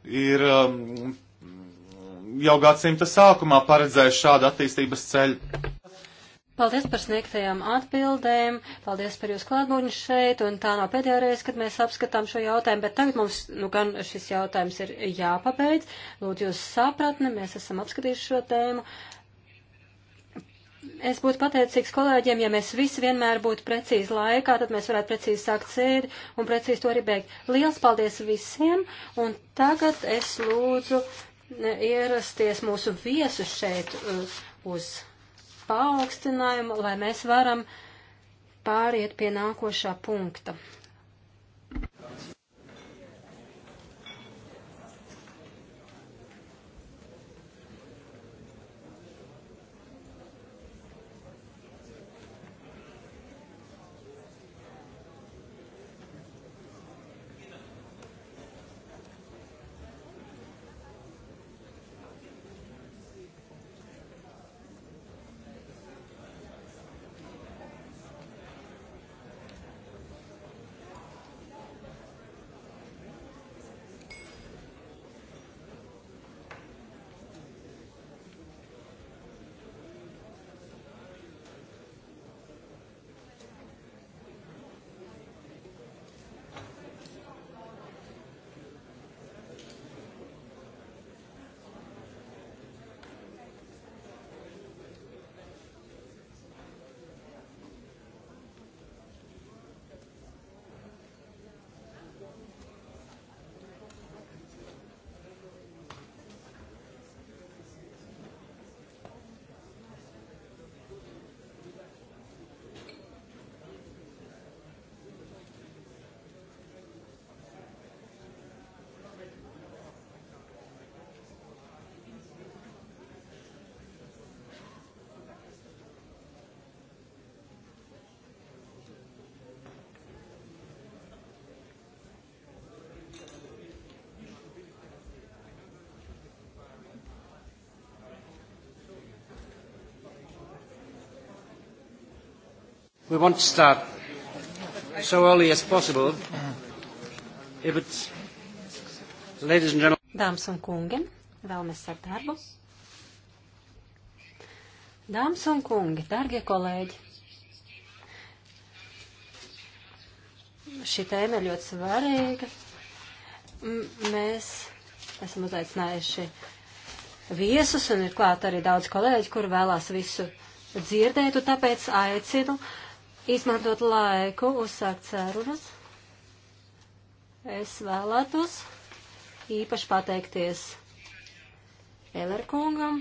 ir um, jau gadsimta sākumā paredzējuši šādu attīstības ceļu. Paldies par sniegtajām atbildēm, paldies par jūsu klātbūtni šeit, un tā nav pēdējā reize, kad mēs apskatām šo jautājumu, bet tagad mums, nu gan šis jautājums ir jāpabeidz. Lūdzu, jūs sapratni, mēs esam apskatījuši šo tēmu es būtu pateicīgs kolēģiem, ja mēs visi vienmēr būtu precīzi laikā, tad mēs varētu precīzi sākt sēdi un precīzi to arī beigt. Liels paldies visiem, un tagad es lūdzu ierasties mūsu viesu šeit uh, uz paaugstinājumu, lai mēs varam pāriet pie nākošā punkta. We want to start so early as possible. If it's, ladies and gentlemen. Dāmas un kungi, vēlamies sākt darbu. Dāmas un kungi, dārgie kolēģi, šī tēma ir ļoti svarīga. M mēs esam uzaicinājuši viesus un ir klāt arī daudz kolēģi, kur vēlās visu dzirdēt, un tāpēc aicinu izmantot laiku, uzsākt sarunas. Es vēlētos īpaši pateikties Elerkungam,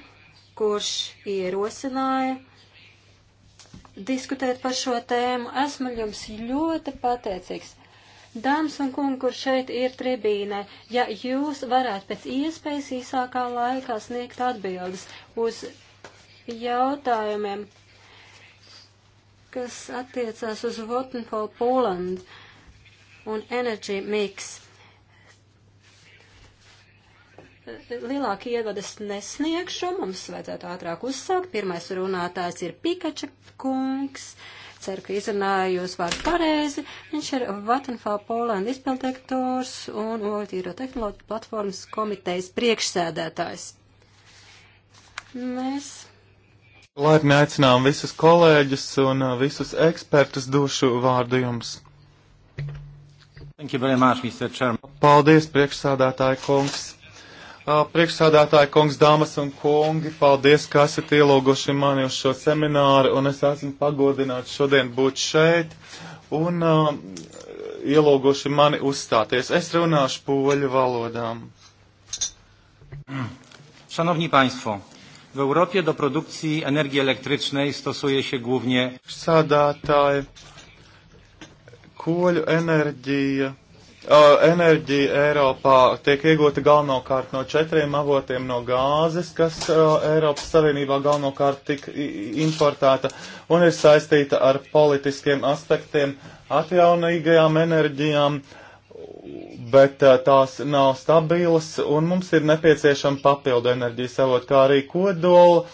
kurš ierosināja diskutēt par šo tēmu. Esmu jums ļoti pateicīgs. Dāmas un kungi, kur šeit ir tribīne, ja jūs varētu pēc iespējas īsākā laikā sniegt atbildes uz jautājumiem, kas attiecās uz Voting for Poland un Energy Mix. Lielāki ievadas nesniegšu, mums vajadzētu ātrāk uzsākt. Pirmais runātājs ir Pikača kungs. Ceru, ka izrunāju jūs vārdu pareizi. Viņš ir Vatenfā Polanda izpildektors un Otīro tehnoloģiju platformas komitejas priekšsēdētājs. Mēs Laipni aicinām visus kolēģus un uh, visus ekspertus došu vārdu jums. Much, paldies, priekšsādātāja kungs. Uh, priekšsādātāja kungs, dāmas un kungi, paldies, ka esat ielūguši mani uz šo semināru un es esmu pagodināts šodien būt šeit. Un uh, ielūguši mani uzstāties. Es runāšu poļu valodām. Šanovņi paņstvo. W Europie do produkcji energii elektrycznej stosuje się głównie sādātāji, koļu enerģija. Uh, enerģija Eiropā tiek iegūta galvenokārt no četriem avotiem no gāzes, kas uh, Eiropas Savienībā galvenokārt tika importēta un ir saistīta ar politiskiem aspektiem, atjaunīgajām enerģijām, uh, bet tās nav stabilas, un mums ir nepieciešama papildu enerģijas avot, kā arī kodola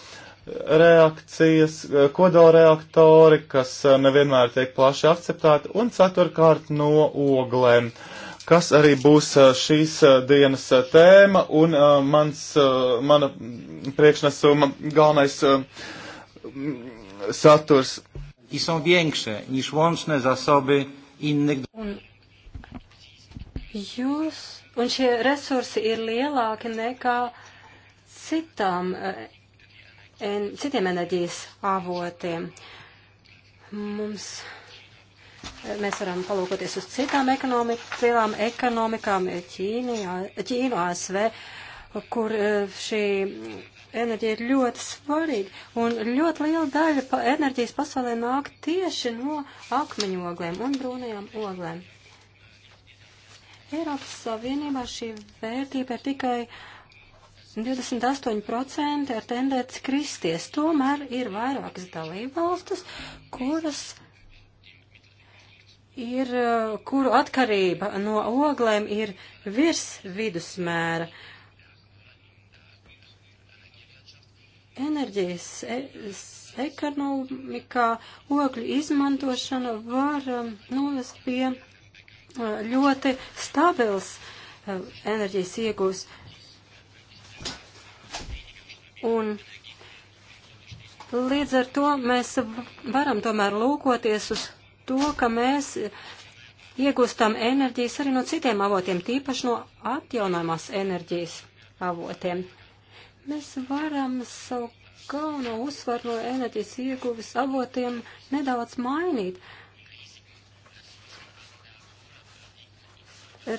reakcijas, kodola reaktori, kas nevienmēr tiek plaši akceptēti, un ceturkārt no oglēm, kas arī būs šīs dienas tēma, un mans, mana priekšnesuma galvenais saturs. I są większe niż łączne zasoby innych. Un Jūs un šie resursi ir lielāki nekā citām, eh, en, citiem enerģijas avotiem. Mums, eh, mēs varam palūkoties uz citām ekonomikām, lielām ekonomikām, eh, Ķīni, Ķīnu, ASV, kur šī enerģija ir ļoti svarīga, un ļoti liela daļa enerģijas pasaulē nāk tieši no akmeņogliem un brūnajām oglēm. Eiropas Savienībā šī vērtība ir tikai 28% ar tendenci kristies. Tomēr ir vairākas dalībvalstis, kuras ir, kuru atkarība no oglēm ir virs vidusmēra. Enerģijas e, ekonomikā ogļu izmantošana var um, novest pie ļoti stabils eh, enerģijas iegūs. Un līdz ar to mēs varam tomēr lūkoties uz to, ka mēs iegūstam enerģijas arī no citiem avotiem, tīpaši no atjaunojumās enerģijas avotiem. Mēs varam savu galveno uzsvaru no enerģijas ieguves avotiem nedaudz mainīt. Uh,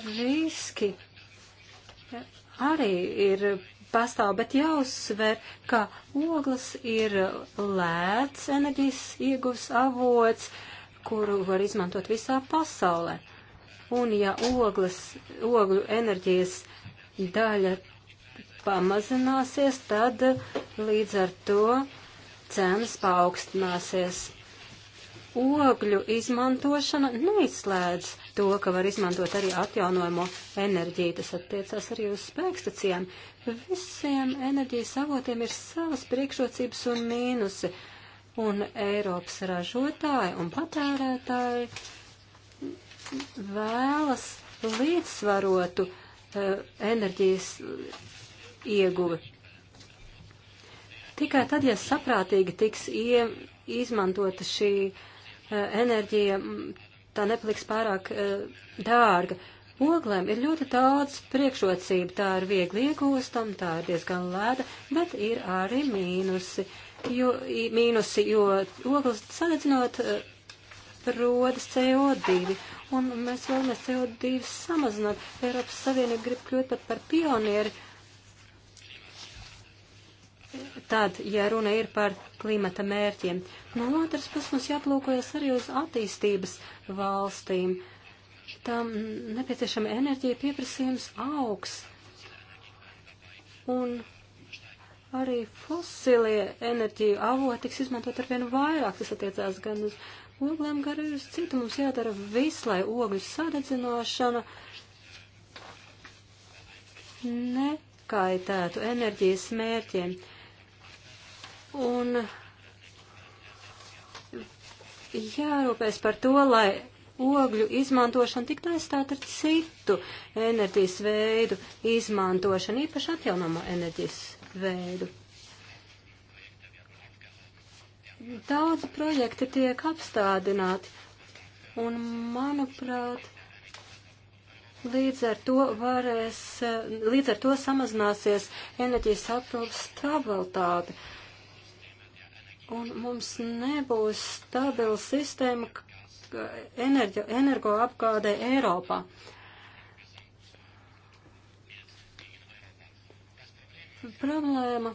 riski arī ir pastāv, bet jāuzsver, ka ogles ir lēts enerģijas ieguvs avots, kuru var izmantot visā pasaulē. Un ja ogles, ogļu enerģijas daļa pamazināsies, tad līdz ar to cenas paaugstināsies ogļu izmantošana neizslēdz to, ka var izmantot arī atjaunojamo enerģiju. Tas attiecās arī uz spēkstacijām. Visiem enerģijas avotiem ir savas priekšrocības un mīnusi. Un Eiropas ražotāji un patērētāji vēlas līdzsvarotu uh, enerģijas ieguvi. Tikai tad, ja saprātīgi tiks ie, izmantota šī uh, Eh, enerģija mm, tā nepaliks pārāk eh, dārga. Oglēm ir ļoti daudz priekšrocību, tā ir viegli iegūstam, tā ir diezgan lēta, bet ir arī mīnusi, jo, mīnusi, jo ogles sadedzinot eh, rodas CO2, un mēs vēlamies CO2 samazināt. Eiropas Savienība grib kļūt pat par pionieri tad, ja runa ir par klimata mērķiem. No otras puses mums jāplūkojas arī uz attīstības valstīm. Tam nepieciešama enerģija pieprasījums augs. Un arī fosilie enerģiju avoti tiks izmantot ar vienu vairāk. Tas attiecās gan uz oglēm, gan arī uz citu. Mums jādara viss, lai ogļu sadedzināšana nekaitētu enerģijas mērķiem. Un jārūpēs par to, lai ogļu izmantošana tiktu aizstāta ar citu enerģijas veidu izmantošanu, īpaši atjaunamo enerģijas veidu. Daudz projekti tiek apstādināti, un, manuprāt, līdz ar to varēs, līdz ar to samazināsies enerģijas aprūpas stabilitāte. Uh, un mums nebūs stabila sistēma enerģo, energo apgādē Eiropā. Problēma,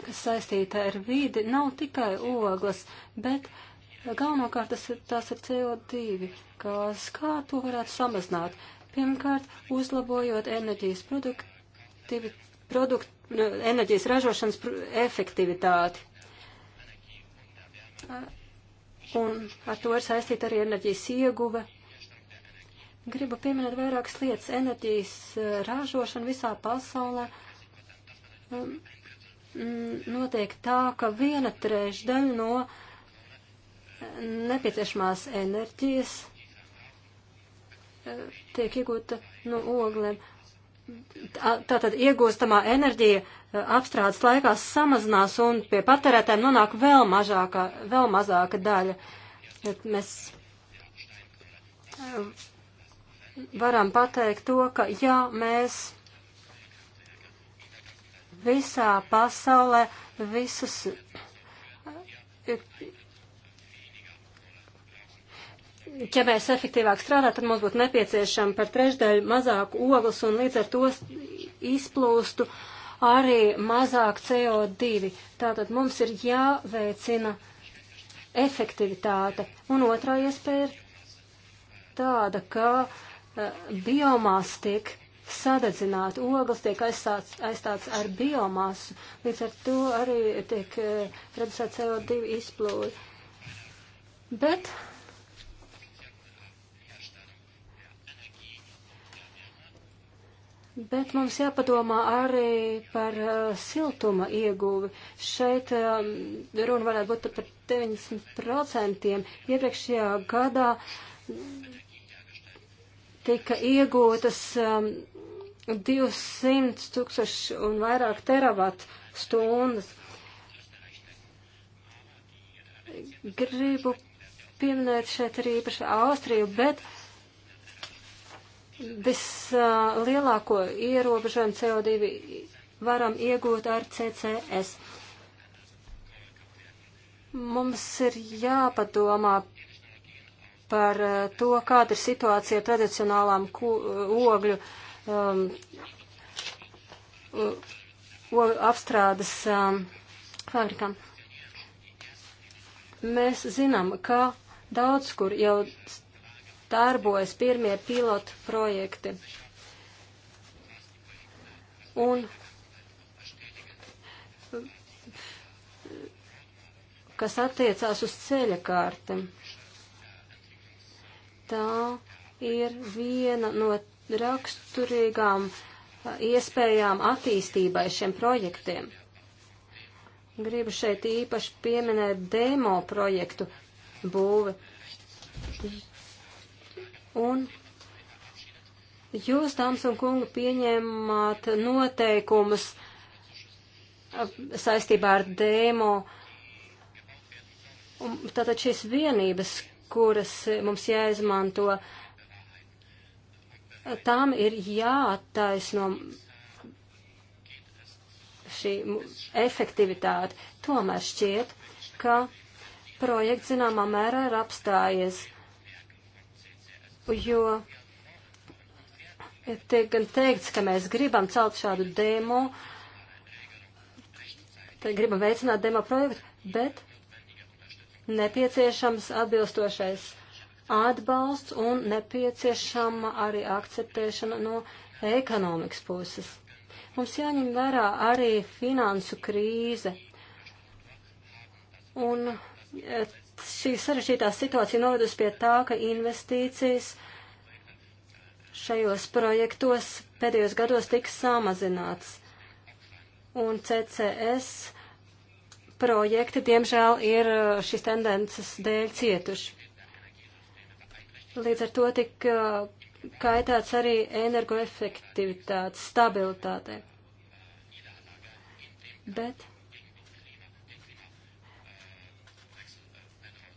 kas saistīta ar vīdi, nav tikai oglas, bet galvenokārt tas ir, tas ir CO2, kas kā to varētu samazināt. Pirmkārt, uzlabojot enerģijas produktivitāti produktu Nu, enerģijas ražošanas efektivitāti. Un ar to ir saistīta arī enerģijas ieguve. Gribu pieminēt vairākas lietas. Enerģijas ražošana visā pasaulē um, mm, notiek tā, ka viena trešdaļa no nepieciešamās enerģijas tiek iegūta no oglēm tātad iegūstamā enerģija eh, apstrādes laikā samazinās un pie patērētēm nonāk vēl mazāka, vēl mazāka daļa. Mēs eh, varam pateikt to, ka ja mēs visā pasaulē visus eh, ja mēs efektīvāk strādātu, tad mums būtu nepieciešama par trešdaļu mazāk ogles un līdz ar to izplūstu arī mazāk CO2. Tātad mums ir jāveicina efektivitāte. Un otrā iespēja ir tāda, ka uh, e, biomās tiek sadedzināta, ogles tiek aizstāts, aizstāts ar biomasu, līdz ar to arī tiek uh, reducēta CO2 izplūde. Bet Bet mums jāpadomā arī par uh, siltuma ieguvi. Šeit um, runa varētu būt par 90%. Iepriekšējā gadā tika iegūtas um, 200 tūkstoši un vairāk teravat stundas. Gribu pieminēt šeit arī īpaši Austriju, bet uh, vislielāko uh, ierobežojumu CO2 varam iegūt ar CCS. Mums ir jāpadomā par uh, to, kāda ir situācija tradicionālām ku, eh, ogļu um, o, apstrādes um, fabrikām. Mēs zinām, ka daudz kur jau darbojas pirmie pilotu projekti. Un kas attiecās uz ceļa kārti. Tā ir viena no raksturīgām iespējām attīstībai šiem projektiem. Gribu šeit īpaši pieminēt demo projektu būvi. Un jūs, dāmas un kungi, pieņēmāt noteikumus saistībā ar dēmo. Un tātad šīs vienības, kuras mums jāizmanto, tām ir jāattaisno šī efektivitāte. Tomēr šķiet, ka projekts zināmā mērā ir apstājies jo tiek gan teikts, ka mēs gribam celt šādu demo, gribam veicināt demo projektu, bet nepieciešams atbilstošais atbalsts un nepieciešama arī akceptēšana no ekonomikas puses. Mums jāņem vērā arī finansu krīze. Un eh, šī sarežģītā situācija novedus pie tā, ka investīcijas šajos projektos pēdējos gados tika samazināts. Un CCS projekti, diemžēl, ir uh, šīs tendences dēļ cietuši. Līdz ar to tika uh, kaitēts arī energoefektivitātes stabilitātei. Bet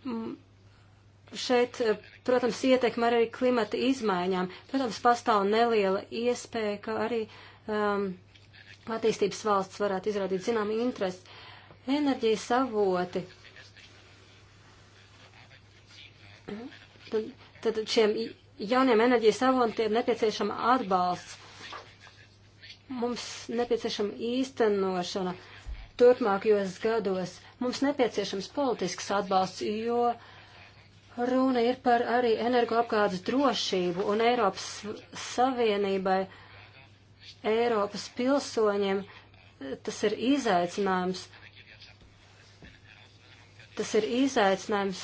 Mm, šeit, eh, protams, ietekme arī klimata izmaiņām. Protams, pastāv neliela iespēja, ka arī um, attīstības valsts varētu izrādīt zinām interesi. Enerģijas avoti. Tad, tad šiem jauniem enerģijas avotiem nepieciešama atbalsts. Mums nepieciešama īstenošana turpmākajos gados. Mums nepieciešams politisks atbalsts, jo runa ir par arī energoapgādes drošību un Eiropas Savienībai, Eiropas pilsoņiem. Tas ir izaicinājums. Tas ir izaicinājums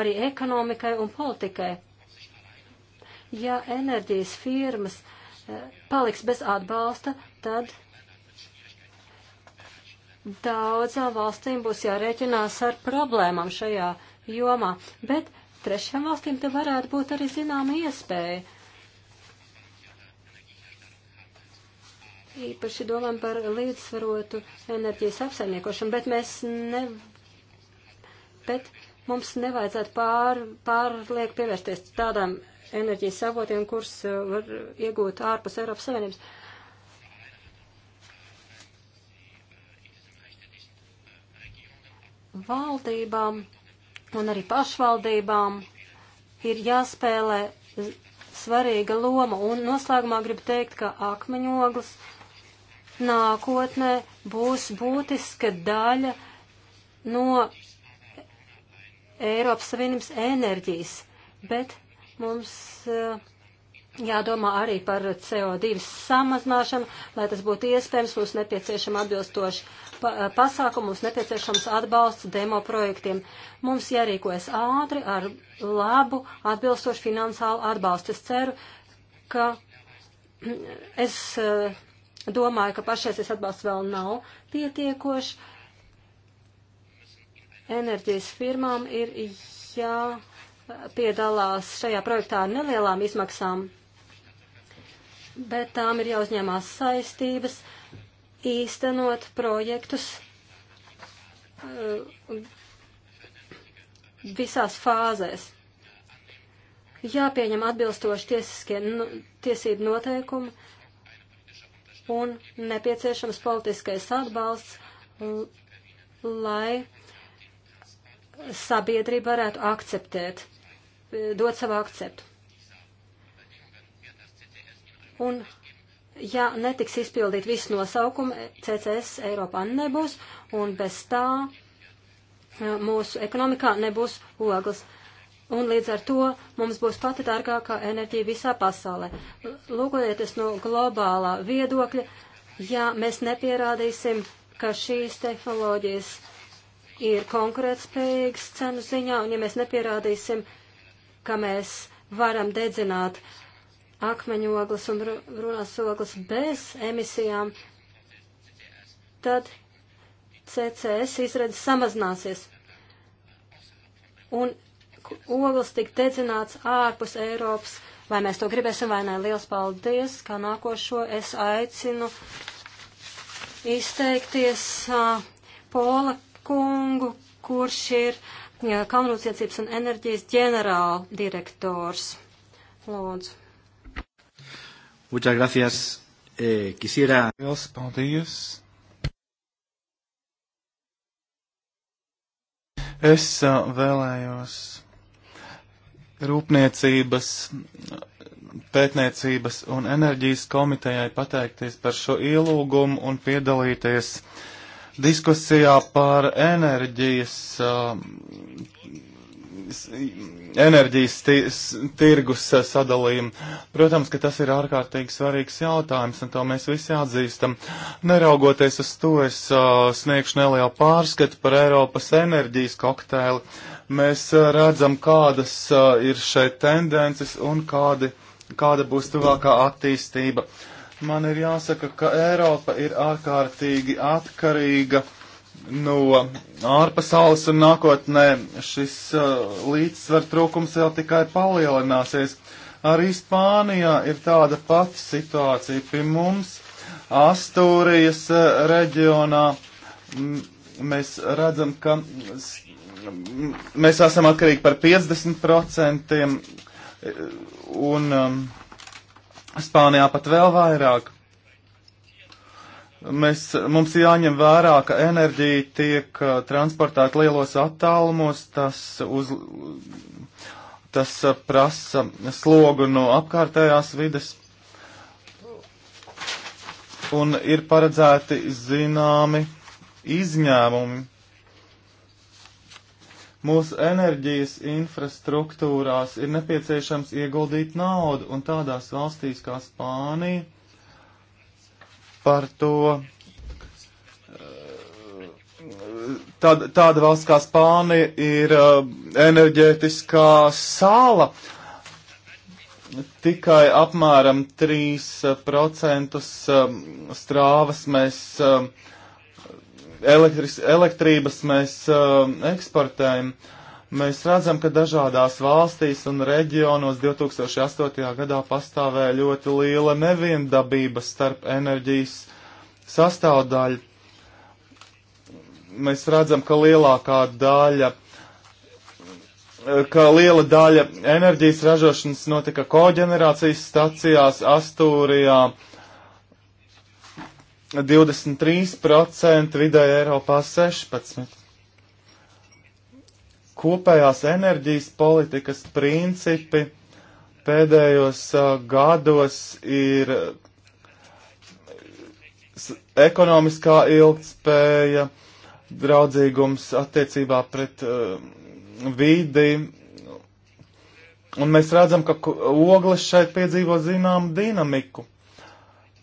arī ekonomikai un politikai. Ja enerģijas firmas eh, paliks bez atbalsta, tad Daudzām valstīm būs jārēķinās ar problēmām šajā jomā, bet trešām valstīm te varētu būt arī zināma iespēja. Īpaši domām par līdzsvarotu enerģijas apsaimniekošanu, bet mēs ne, bet mums nevajadzētu pār, pārlieku pievērsties tādām enerģijas avotiem, kurus uh, var iegūt ārpus Eiropas Savienības. Uh, valdībām un arī pašvaldībām ir jāspēlē svarīga loma. Un noslēgumā gribu teikt, ka akmeņoglis nākotnē būs būtiska daļa no Eiropas Savienības enerģijas, bet mums uh, Jādomā arī par CO2 samazināšanu, lai tas būtu iespējams, mums nepieciešama atbilstoši pa, eh, pasākumu, mums nepieciešams atbalsts demo projektiem. Mums jārīkojas ātri ar labu atbilstošu finansālu atbalstu. Es ceru, ka es eh, domāju, ka pašreizies atbalsts vēl nav pietiekošs. Enerģijas firmām ir jāpiedalās šajā projektā ar nelielām izmaksām bet tām ir jāuzņemās saistības īstenot projektus uh, visās fāzēs. Jāpieņem atbilstoši tiesiskie nu, tiesību noteikumi un nepieciešams politiskais atbalsts, lai sabiedrība varētu akceptēt, dot savu akceptu. Un, ja netiks izpildīt visu nosaukumu, CCS Eiropā nebūs, un bez tā e, mūsu ekonomikā nebūs ogles. Un līdz ar to mums būs pati dārgākā enerģija visā pasaulē. Lūkojieties no globālā viedokļa, ja mēs nepierādīsim, ka šīs tehnoloģijas ir konkurētspējīgas cenu ziņā, un ja mēs nepierādīsim, ka mēs varam dedzināt uh, akmeņoglis un brūnās oglis bez emisijām, tad CCS izredzes samazināsies. Un oglis tik dedzināts ārpus Eiropas, vai mēs to gribēsim vai nē. Liels paldies, kā nākošo es aicinu izteikties uh, Pola kungu, kurš ir uh, Kalnrūcniecības un enerģijas ģenerāldirektors. Lūdzu. Muchas gracias. Eh, quisiera. Liels, paldies. Es uh, vēlējos rūpniecības, pētniecības un enerģijas komitejai pateikties par šo ielūgumu un piedalīties diskusijā par enerģijas uh, enerģijas tirgus eh, sadalījumu. Protams, ka tas ir ārkārtīgi svarīgs jautājums, un to mēs visi atzīstam. Neraugoties uz to, es uh, sniegšu nelielu pārskatu par Eiropas enerģijas kokteili. Mēs uh, redzam, kādas uh, ir šeit tendences un kādi, kāda būs tuvākā attīstība. Man ir jāsaka, ka Eiropa ir ārkārtīgi atkarīga no ārpasaules un nākotnē šis uh, līdzsver trūkums vēl tikai palielināsies. Arī Spānijā ir tāda pati situācija pie mums. Astūrijas uh, reģionā mēs redzam, ka mēs esam atkarīgi par 50% uh, un um, Spānijā pat vēl vairāk. Mēs, mums jāņem vērā, ka enerģija tiek uh, transportēta lielos attālumos, tas, uz, tas uh, prasa slogu no apkārtējās vides. Un ir paredzēti zināmi izņēmumi. Mūsu enerģijas infrastruktūrās ir nepieciešams ieguldīt naudu, un tādās valstīs kā Spānija par to. Tāda, tāda valsts kā Spānija ir eh, enerģētiskā sāla. Tikai apmēram 3% eh, strāvas mēs, eh, elektris, elektrības mēs eksportējam. Uh, Mēs redzam, ka dažādās valstīs un reģionos 2008. gadā pastāvēja ļoti liela neviendabība starp enerģijas sastāvdaļu. Mēs redzam, ka lielākā daļa ka liela daļa enerģijas ražošanas notika koģenerācijas stacijās Astūrijā. 23%, vidēji Eiropā 16% kopējās enerģijas politikas principi pēdējos uh, gados ir ekonomiskā ilgtspēja, draudzīgums attiecībā pret uh, vidi. Un mēs redzam, ka ogles šeit piedzīvo zināmu dinamiku.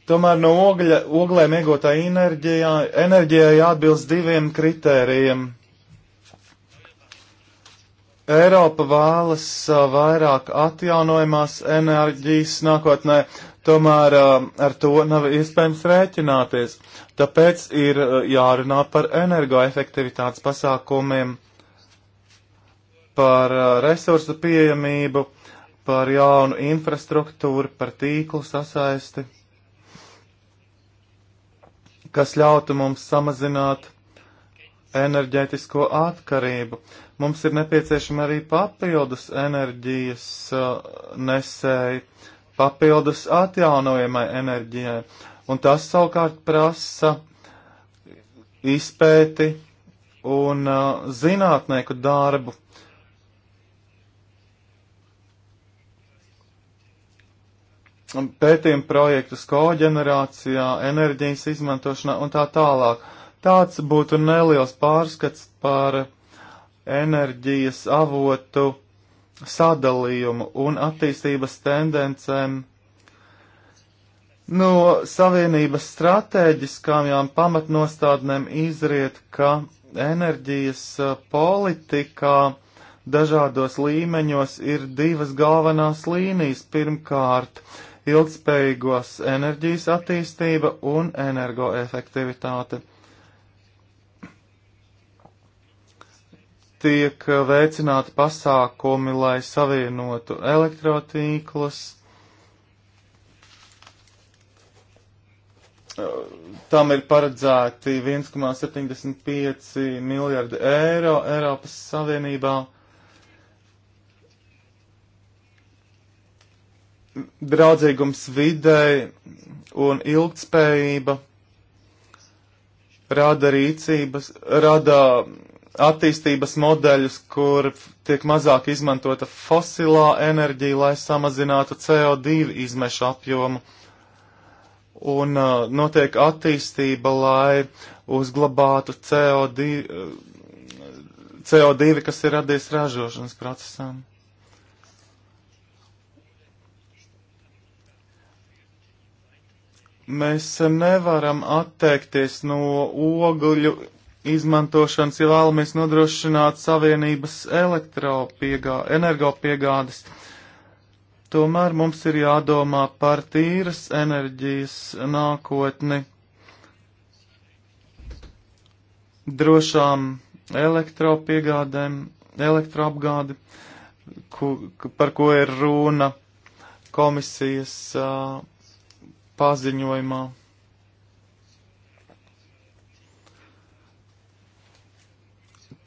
Tomēr no ogļa, oglēm iegūtā enerģijā, enerģijā jāatbilst diviem kritērijiem Eiropa vēlas vairāk atjaunojumās enerģijas nākotnē, tomēr ar to nav iespējams rēķināties. Tāpēc ir jārunā par energoefektivitātes pasākumiem, par resursu pieejamību, par jaunu infrastruktūru, par tīklu sasaisti, kas ļautu mums samazināt enerģētisko atkarību. Mums ir nepieciešama arī papildus enerģijas uh, nesēji, papildus atjaunojamai enerģijai, un tas savukārt prasa izpēti un uh, zinātnieku darbu. Pētījuma projektus koģenerācijā, enerģijas izmantošanā un tā tālāk. Tāds būtu neliels pārskats par enerģijas avotu sadalījumu un attīstības tendencēm no savienības stratēģiskām pamatnostādnēm izriet, ka enerģijas eh, politikā dažādos līmeņos ir divas galvenās līnijas. Pirmkārt, ilgspējīgos enerģijas attīstība un energoefektivitāte. tiek veicināti pasākumi, lai savienotu elektrotīklus. Tam ir paredzēti 1,75 miljardi eiro Eiropas Savienībā. Draudzīgums videi un ilgtspējība rada rīcības, rada attīstības modeļus, kur tiek mazāk izmantota fosilā enerģija, lai samazinātu CO2 izmešu apjomu. Un uh, notiek attīstība, lai uzglabātu CO2, uh, CO2 kas ir radies ražošanas procesām. Mēs nevaram atteikties no ogļu izmantošanas, ja vēlamies nodrošināt savienības elektropiegā, energopiegādes. Tomēr mums ir jādomā par tīras enerģijas nākotni, drošām elektropiegādēm, elektroapgādi, ku, par ko ir runa komisijas uh, paziņojumā.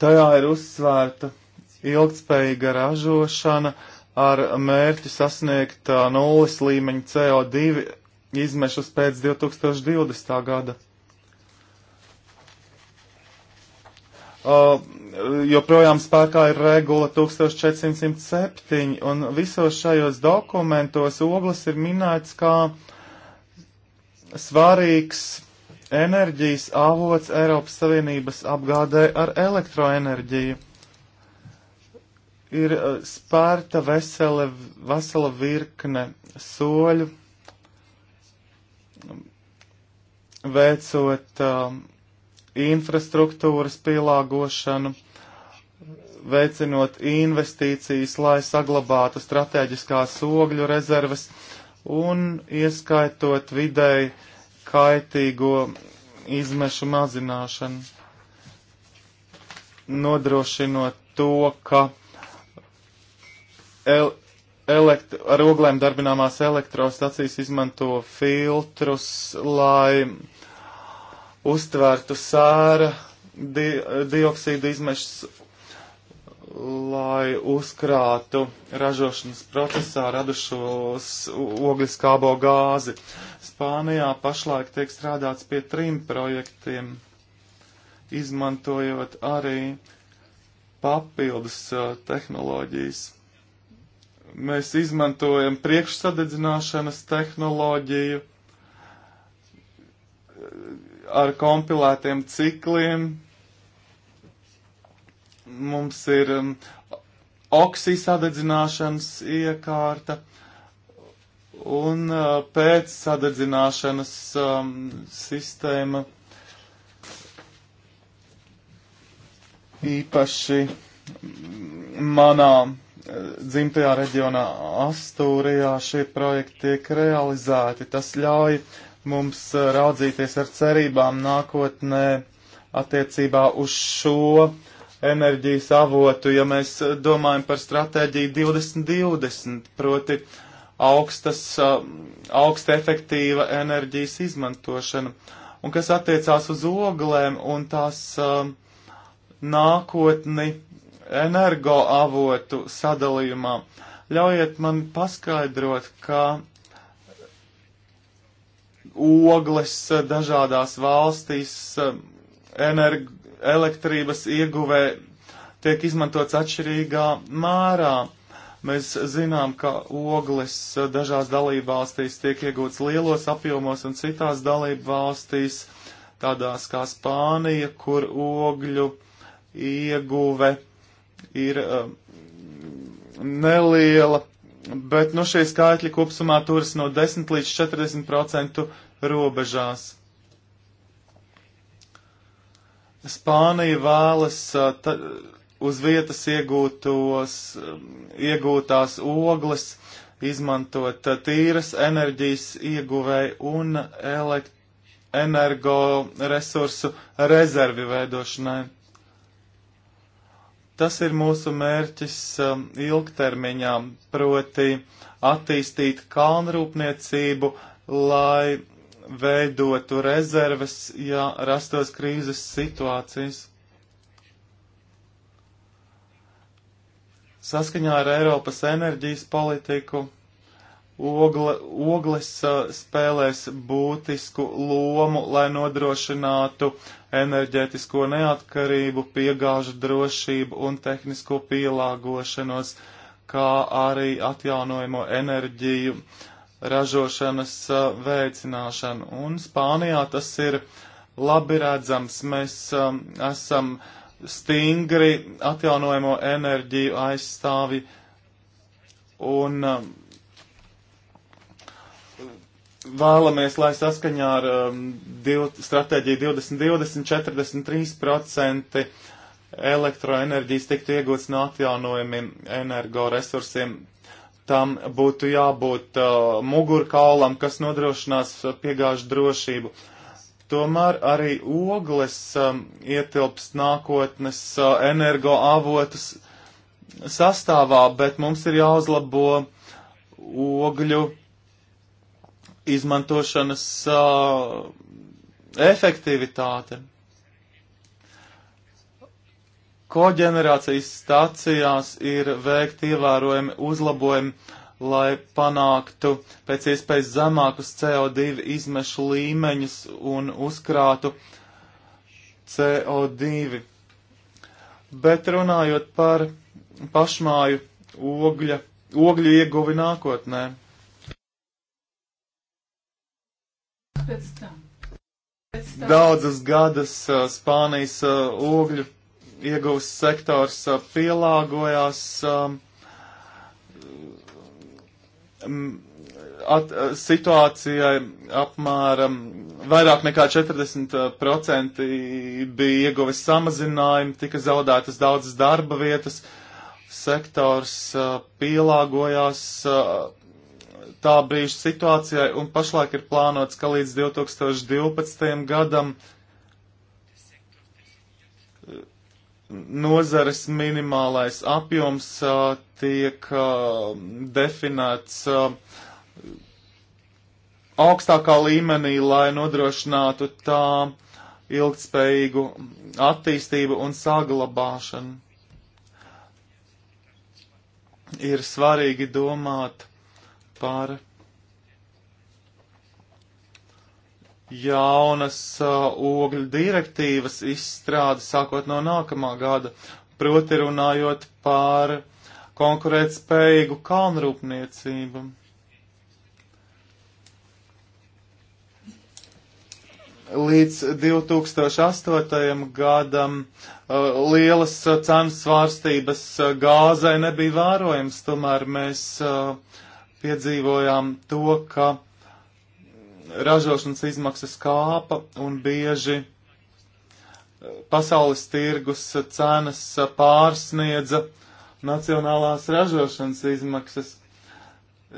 Tajā ir uzsvērta ilgspējīga ražošana ar mērķi sasniegt nulles līmeņa CO2 izmešus pēc 2020. gada. Uh, joprojām spēkā ir regula 1407, un visos šajos dokumentos ogles ir minēts kā svarīgs enerģijas avots Eiropas Savienības apgādē ar elektroenerģiju. Ir uh, spērta vesele, vesela virkne soļu, veicot um, infrastruktūras pielāgošanu, veicinot investīcijas, lai saglabātu strateģiskās ogļu rezerves un ieskaitot vidēji kaitīgo izmešu mazināšanu, nodrošinot to, ka el elekt ar oglēm darbināmās elektrostacijas izmanto filtrus, lai uztvērtu sāra di dioksīdu izmešas, lai uzkrātu ražošanas procesā radušos ogliskābo gāzi. Uh, Spānijā pašlaik tiek strādāts pie trim projektiem, izmantojot arī papildus uh, tehnoloģijas. Mēs izmantojam priekšsadedzināšanas tehnoloģiju uh, ar kompilētiem cikliem. Mums ir um, oksīsadedzināšanas iekārta. Uh, un pēc sadedzināšanas um, sistēma īpaši manā dzimtajā reģionā Astūrijā šie projekti tiek realizēti. Tas ļauj mums raudzīties ar cerībām nākotnē attiecībā uz šo enerģijas avotu, ja mēs domājam par stratēģiju 2020, proti augstas, augsta efektīva enerģijas izmantošana. Un kas attiecās uz oglēm un tās nākotni energoavotu sadalījumā, ļaujiet man paskaidrot, ka ogles dažādās valstīs energo, elektrības ieguvē tiek izmantots atšķirīgā mērā. Mēs zinām, ka ogles dažās dalībvalstīs tiek iegūts lielos apjomos un citās dalībvalstīs, tādās kā Spānija, kur ogļu ieguve ir um, neliela, bet nu, šie skaitļi kopumā turas no 10 līdz 40 procentu robežās. Spānija vēlas. Uh, uz vietas iegūtos, um, iegūtās ogles, izmantot uh, tīras enerģijas ieguvēju un energoresursu rezervi veidošanai. Tas ir mūsu mērķis um, ilgtermiņā, proti attīstīt kalnrūpniecību, lai veidotu rezerves, ja rastos krīzes situācijas. Saskaņā ar Eiropas enerģijas politiku ogle, ogles uh, spēlēs būtisku lomu, lai nodrošinātu enerģētisko neatkarību, piegāžu drošību un tehnisko pielāgošanos, kā arī atjaunojamo enerģiju ražošanas uh, veicināšanu. Un Spānijā tas ir labi redzams. Mēs um, esam uh, stingri atjaunojamo enerģiju aizstāvi un um, vēlamies, lai saskaņā ar um, div, stratēģiju 2020 43% elektroenerģijas tiktu iegūts no atjaunojumiem energoresursiem. Tam būtu jābūt uh, mugurkaulam, kas nodrošinās piegāžu drošību. Uh, Tomēr arī ogles um, ietilpst nākotnes uh, energoavotus sastāvā, bet mums ir jāuzlabo ogļu izmantošanas uh, efektivitāte. Koģenerācijas stācijās ir veikti ievērojami uzlabojumi lai panāktu pēc iespējas zemākus CO2 izmešu līmeņus un uzkrātu CO2. Bet runājot par pašmāju ogļa, ogļu ieguvi nākotnē. Pēc tam. Pēc tam. Daudzas gadas uh, Spānijas uh, ogļu ieguvis sektors uh, pielāgojās. Um, Mm, at, eh, situācijai apmēram vairāk nekā 40% eh, bija ieguvis samazinājumi, tika zaudētas daudzas darba vietas, sektors uh, pielāgojās uh, tā brīža situācijai un pašlaik ir plānots, ka līdz 2012. gadam nozares minimālais apjoms a, tiek a, definēts a, augstākā līmenī, lai nodrošinātu tā ilgtspējīgu attīstību un saglabāšanu. Ir svarīgi domāt par jaunas uh, ogļu direktīvas izstrādi sākot no nākamā gada, proti runājot par konkurētspējīgu kalnrūpniecību. Līdz 2008. gadam uh, lielas cenu svārstības uh, gāzai nebija vērojams, tomēr mēs uh, piedzīvojām to, ka ražošanas izmaksas kāpa un bieži eh, pasaules tirgus cenas pārsniedza nacionālās ražošanas izmaksas.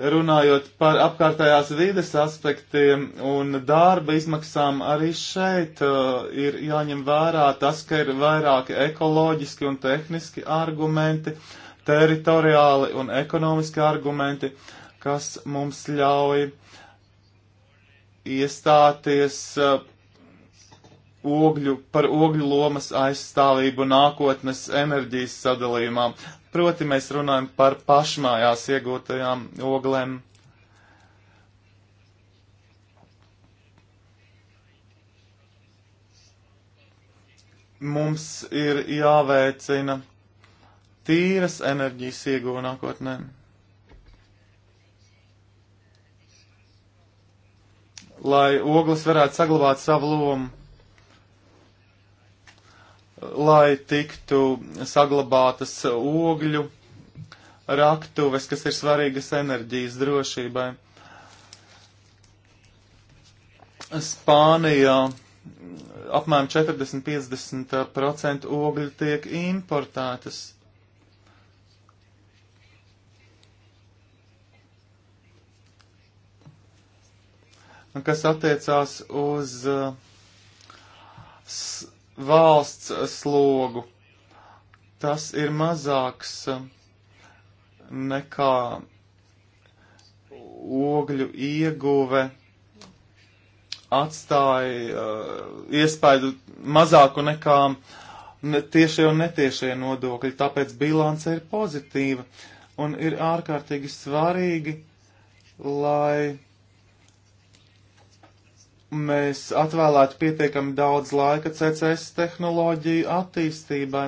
Runājot par apkārtējās vides aspektiem un darba izmaksām, arī šeit uh, ir jāņem vērā tas, ka ir vairāki ekoloģiski un tehniski argumenti, teritoriāli un ekonomiski argumenti, kas mums ļauj uh, iestāties uh, ogļu, par ogļu lomas aizstāvību nākotnes enerģijas sadalījumā. Proti mēs runājam par pašmājās iegūtajām oglēm. Mums ir jāveicina tīras enerģijas iegūta nākotnēm. lai oglis varētu saglabāt savu lomu, lai tiktu saglabātas ogļu raktuves, kas ir svarīgas enerģijas drošībai. Spānijā apmēram 40-50% ogļu tiek importētas. kas attiecās uz uh, valsts slogu. Tas ir mazāks uh, nekā ogļu ieguve atstāja uh, iespēju mazāku nekā ne tiešie un netiešie nodokļi, tāpēc bilance ir pozitīva un ir ārkārtīgi svarīgi, lai mēs atvēlētu pietiekami daudz laika CCS tehnoloģiju attīstībai.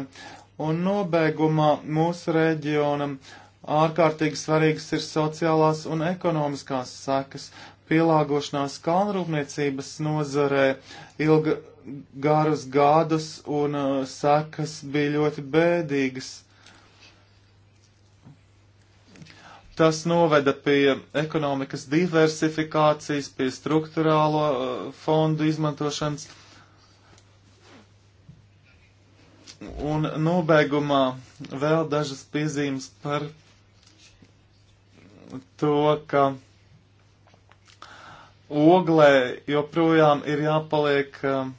Un nobeigumā mūsu reģionam ārkārtīgi svarīgas ir sociālās un ekonomiskās sekas. Pielāgošanās kalnrūpniecības nozarē ilga garus gadus un uh, sekas bija ļoti bēdīgas. Tas noveda pie ekonomikas diversifikācijas, pie struktūrālo uh, fondu izmantošanas. Un nobeigumā vēl dažas piezīmes par to, ka oglē joprojām ir jāpaliek uh,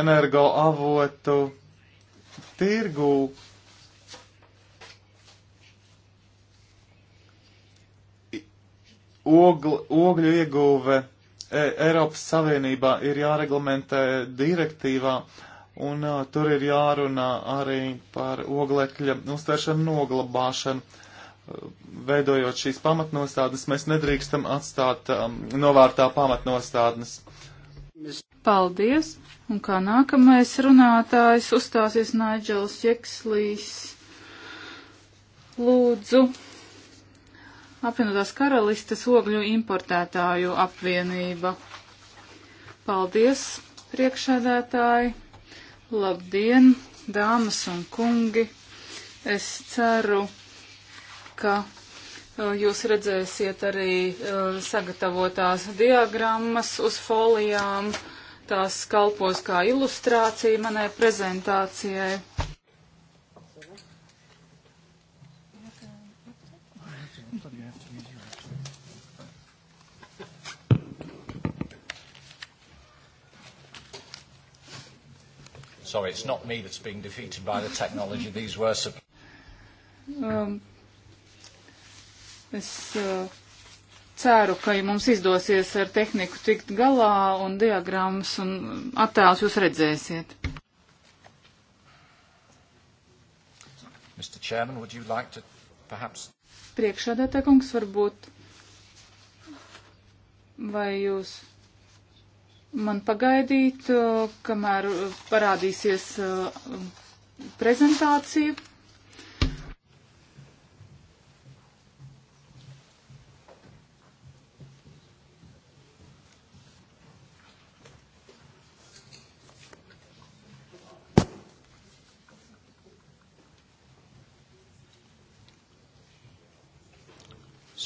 energoavotu tirgū ogl, ogļu ieguve e, Eiropas Savienībā ir jāreglamentē direktīvā, un uh, tur ir jārunā arī par oglekļa uztvēršanu un oglabāšanu. E, veidojot šīs pamatnostādnes, mēs nedrīkstam atstāt um, novārtā pamatnostādnes. Paldies! Un kā nākamais runātājs uzstāsies Naidžels Jekslīs. Lūdzu! apvienotās karalistes ogļu importētāju apvienība. Paldies, priekšādētāji! Labdien, dāmas un kungi! Es ceru, ka uh, jūs redzēsiet arī uh, sagatavotās diagrammas uz folijām. Tās kalpos kā ilustrācija manai prezentācijai. Sorry, it's not me that's being defeated by the technology. These were. Um, es uh, ceru, ka ja mums izdosies ar tehniku tikt galā un diagrammas un attēlus jūs redzēsiet. Mr. Chairman, would you like to perhaps... Priekšādātā kungs varbūt. Vai jūs man pagaidīt, uh, kamēr uh, parādīsies uh, prezentācija.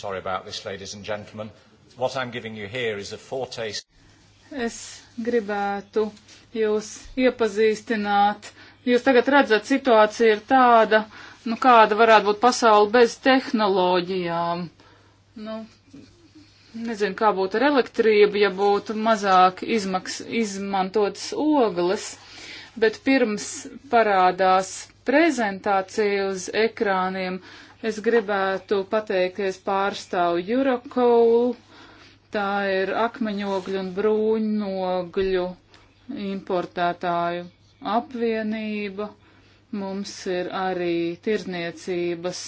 Sorry about this, ladies and gentlemen. What I'm giving you here is a foretaste es gribētu jūs iepazīstināt. Jūs tagad redzat, situācija ir tāda, nu kāda varētu būt pasaule bez tehnoloģijām. Nu, nezinu, kā būtu ar elektrību, ja būtu mazāk izmaks, izmantotas ogles, bet pirms parādās prezentācija uz ekrāniem, es gribētu pateikties pārstāvu Eurocoal Tā ir akmeņogļu un brūņogļu importētāju apvienība. Mums ir arī tirzniecības,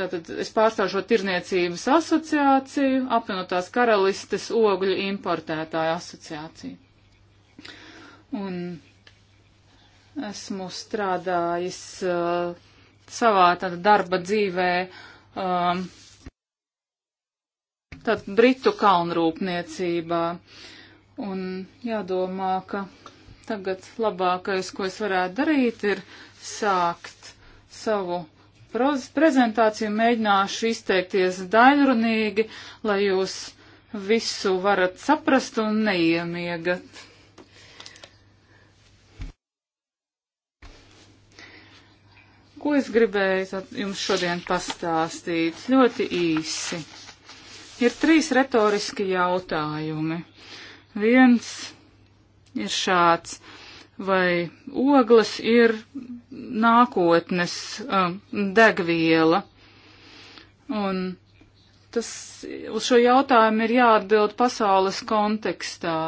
tātad es pārstāvu šo tirzniecības asociāciju, apvienotās karalistes ogļu importētāju asociāciju. Un esmu strādājis uh, savā tāda darba dzīvē. Um, uh, tad Britu kalnrūpniecībā. Un jādomā, ka tagad labākais, ko es varētu darīt, ir sākt savu prezentāciju, mēģināšu izteikties daļrunīgi, lai jūs visu varat saprast un neiemiegat. Ko es gribēju jums šodien pastāstīt? Ļoti īsi. Ir trīs retoriski jautājumi. Viens ir šāds, vai ogles ir nākotnes um, degviela. Un tas uz šo jautājumu ir jāatbild pasaules kontekstā.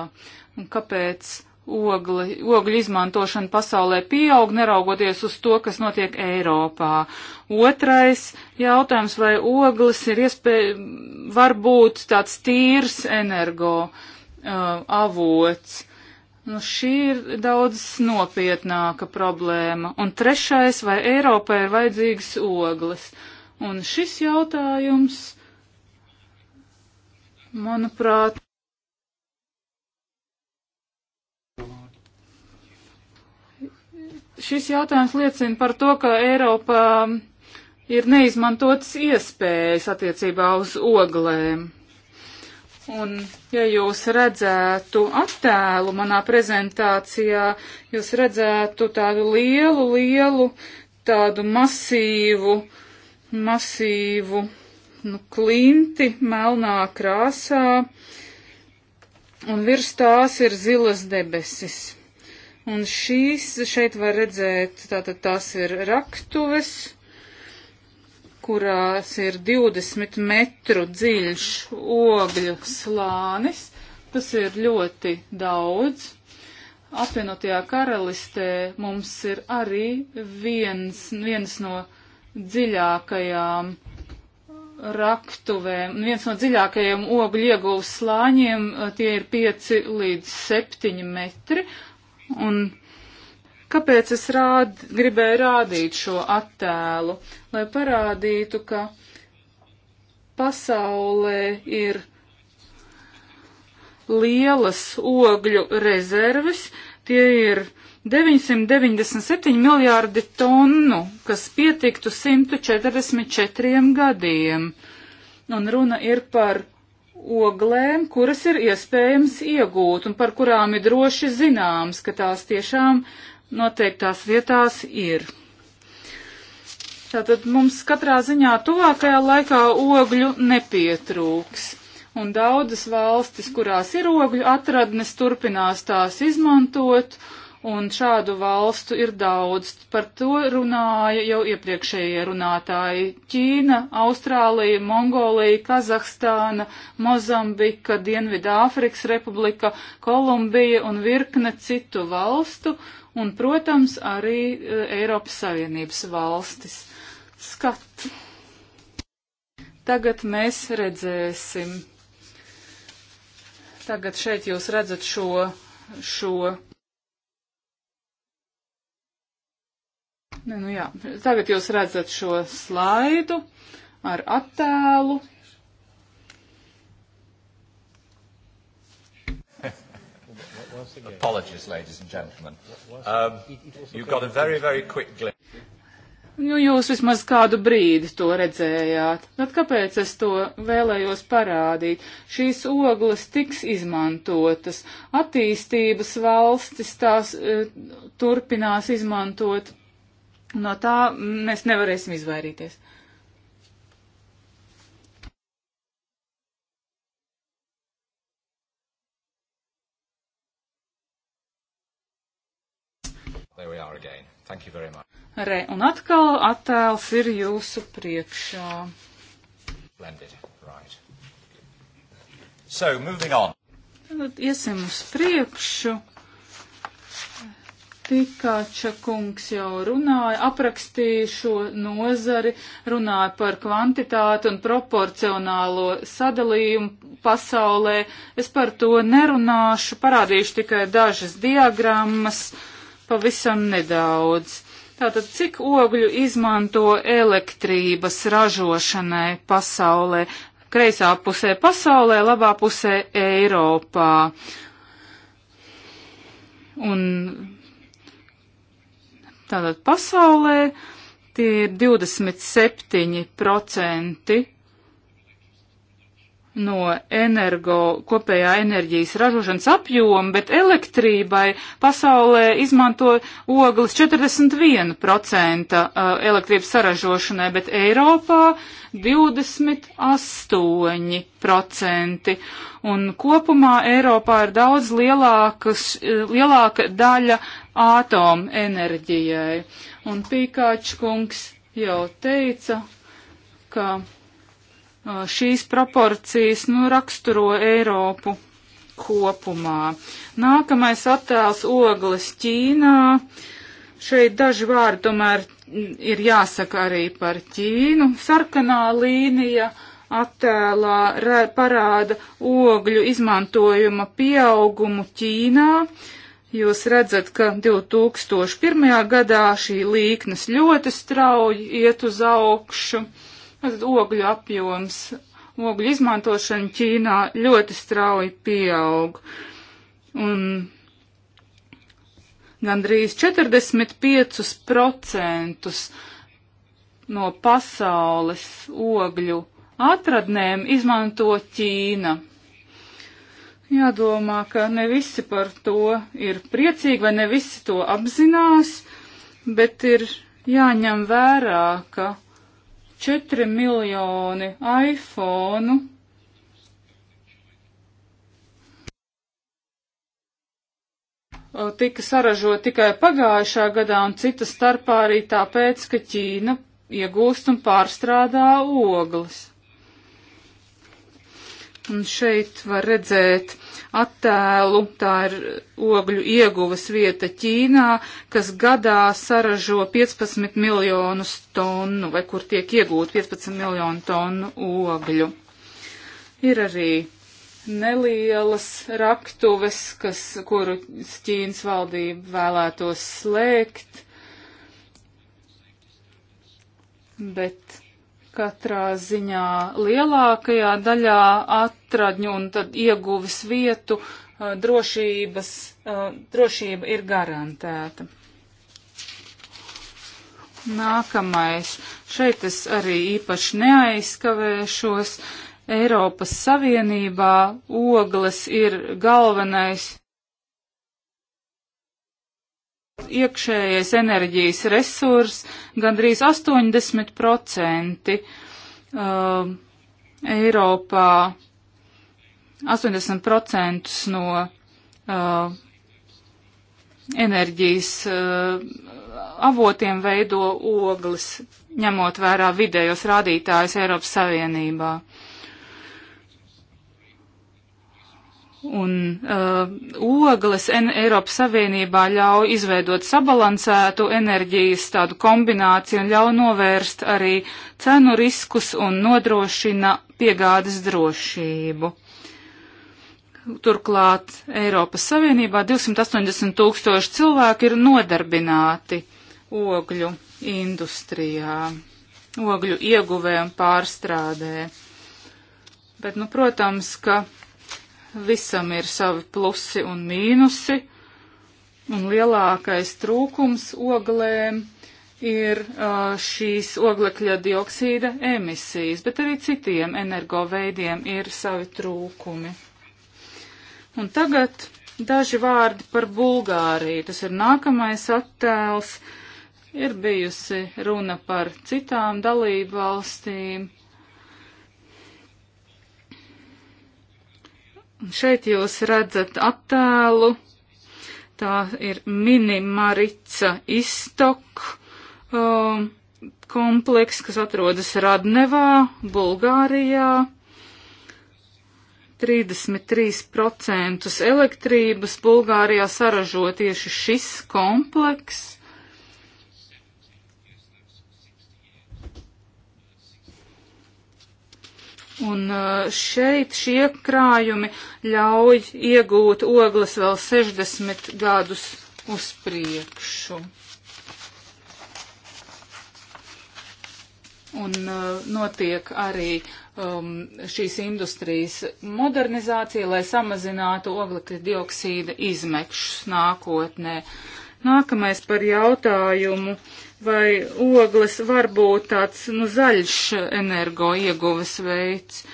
Un kāpēc ogli, ogļu izmantošana pasaulē pieaug, neraugoties uz to, kas notiek Eiropā. Otrais jautājums, vai oglis ir iespēja, var būt tāds tīrs energo uh, avots. Nu, šī ir daudz nopietnāka problēma. Un trešais, vai Eiropai ir vajadzīgs oglis? Un šis jautājums, manuprāt, Šis jautājums liecina par to, ka Eiropā um, ir neizmantotas iespējas attiecībā uz oglēm. Un, ja jūs redzētu attēlu manā prezentācijā, jūs redzētu tādu lielu, lielu, tādu masīvu, masīvu nu, klinti melnā krāsā, un virs tās ir zilas debesis. Un šīs šeit var redzēt, tātad tās ir raktuves, kurās ir 20 metru dziļš ogļu slānis. Tas ir ļoti daudz. Apvienotajā karalistē mums ir arī viens, viens no dziļākajām raktuvēm. Viens no dziļākajiem ogļu ieguves slāņiem tie ir 5 līdz 7 metri, Un kāpēc es rād, gribēju rādīt šo attēlu? Lai parādītu, ka pasaulē ir lielas ogļu rezerves, tie ir 997 miljārdi tonu, kas pietiktu 144 gadiem. Un runa ir par oglēm, kuras ir iespējams iegūt un par kurām ir droši zināms, ka tās tiešām noteiktās vietās ir. Tātad mums katrā ziņā tuvākajā laikā ogļu nepietrūks. Un daudzas valstis, kurās ir ogļu atradnes, turpinās tās izmantot. Uh, un šādu valstu ir daudz. Par to runāja jau iepriekšējie runātāji - Ķīna, Austrālija, Mongolija, Kazahstāna, Mozambika, Dienvidāfrikas republika, Kolumbija un virkne citu valstu, un, protams, arī eh, Eiropas Savienības valstis. Skat! Tagad mēs redzēsim. Tagad šeit jūs redzat šo, šo Ne, nu jā, tagad jūs redzat šo slaidu ar attēlu. Apologies, ladies and gentlemen. Um, you got a very, very quick glimpse. Nu, jūs vismaz kādu brīdi to redzējāt. Tad kāpēc es to vēlējos parādīt? Šīs ogles tiks izmantotas. Attīstības valstis tās e, turpinās izmantot. No tā mēs nevarēsim izvairīties. Re, un atkal attēls ir jūsu priekšā. Blended, right. So, moving on. Tad iesim uz priekšu. Tikāča kungs jau runāja, aprakstīja šo nozari, runāja par kvantitāti un proporcionālo sadalījumu pasaulē. Es par to nerunāšu, parādīšu tikai dažas diagrammas, pavisam nedaudz. Tātad, cik ogļu izmanto elektrības ražošanai pasaulē? Kreisā pusē pasaulē, labā pusē Eiropā. Un Tātad pasaulē tie ir 27% no energo, kopējā enerģijas ražošanas apjoma, bet elektrībai pasaulē izmanto ogles 41% uh, elektrības saražošanai, bet Eiropā 28%. Un kopumā Eiropā ir daudz lielākas, uh, lielāka daļa ātomu enerģijai. Un Pīkāčkungs jau teica, ka šīs proporcijas nu, raksturo Eiropu kopumā. Nākamais attēls ogles Ķīnā. Šeit daži vārdi tomēr ir jāsaka arī par Ķīnu. Sarkanā līnija attēlā parāda ogļu izmantojuma pieaugumu Ķīnā. Jūs redzat, ka 2001. gadā šī līknes ļoti strauji iet uz augšu. Tad ogļu apjoms, ogļu izmantošana Ķīnā ļoti strauji pieaug. Un gandrīz 45% no pasaules ogļu atradnēm izmanto Ķīna. Jādomā, ka ne visi par to ir priecīgi vai ne visi to apzinās, bet ir jāņem vērā, ka 4 miljoni iPhone. tika saražot tikai pagājušā gadā un cita starpā arī tāpēc, ka Ķīna iegūst un pārstrādā ogles. Un šeit var redzēt attēlu. Tā ir ogļu ieguves vieta Ķīnā, kas gadā saražo 15 miljonus tonu vai kur tiek iegūt 15 miljonu tonu ogļu. Ir arī nelielas raktuves, kas, kuru Ķīnas valdība vēlētos slēgt, bet katrā ziņā lielākajā daļā atradņu un tad ieguvis vietu uh, drošības, uh, drošība ir garantēta. Nākamais. Šeit es arī īpaši neaizskavēšos. Eiropas Savienībā ogles ir galvenais iekšējais enerģijas resurs gandrīz 80% uh, um, Eiropā, 80% no uh, enerģijas uh, avotiem veido ogles, ņemot vērā vidējos rādītājus Eiropas Savienībā. Uh, un uh, ogles en Eiropas Savienībā ļauj izveidot sabalansētu enerģijas tādu kombināciju un ļauj novērst arī cenu riskus un nodrošina piegādes drošību. Turklāt Eiropas Savienībā 280 tūkstoši cilvēki ir nodarbināti ogļu industrijā, ogļu ieguvē un pārstrādē. Bet, nu, protams, ka visam ir savi plusi un mīnusi, un lielākais trūkums oglēm ir šīs oglekļa dioksīda emisijas, bet arī citiem energoveidiem ir savi trūkumi. Un tagad daži vārdi par Bulgāriju. Tas ir nākamais attēls. Ir bijusi runa par citām dalību valstīm. Šeit jūs redzat attēlu. Tā ir minimarica istok um, kompleks, kas atrodas Radnevā, Bulgārijā. 33% elektrības Bulgārijā saražo tieši šis kompleks. Un uh, šeit šie krājumi ļauj iegūt ogles vēl 60 gadus uz priekšu. Un uh, notiek arī um, šīs industrijas modernizācija, lai samazinātu oglekļa dioksīda izmekšus nākotnē. Nākamais par jautājumu uh, vai ogles var būt tāds, nu, zaļš energo ieguves veids.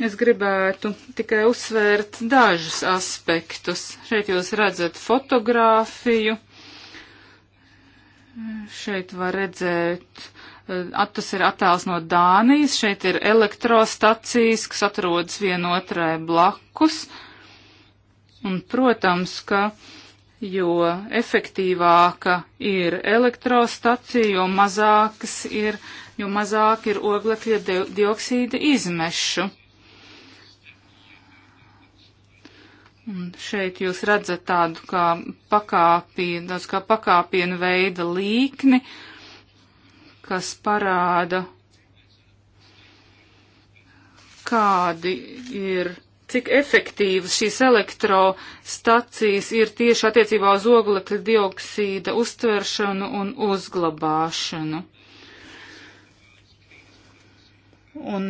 Es gribētu tikai uzsvērt dažus aspektus. Šeit jūs redzat fotogrāfiju. Šeit var redzēt, eh, tas ir attēls no Dānijas, šeit ir elektrostacijas, kas atrodas vienotrai blakus. Un, protams, ka uh, jo efektīvāka ir elektrostacija, jo, mazākas ir, jo mazāk ir oglekļa dioksīda izmešu. Un šeit jūs redzat tādu kā pakāpienu, daudz kā pakāpienu veida līkni, kas parāda, kādi ir cik efektīvas šīs elektrostacijas ir tieši attiecībā uz oglekļa dioksīda uztveršanu un uzglabāšanu. Un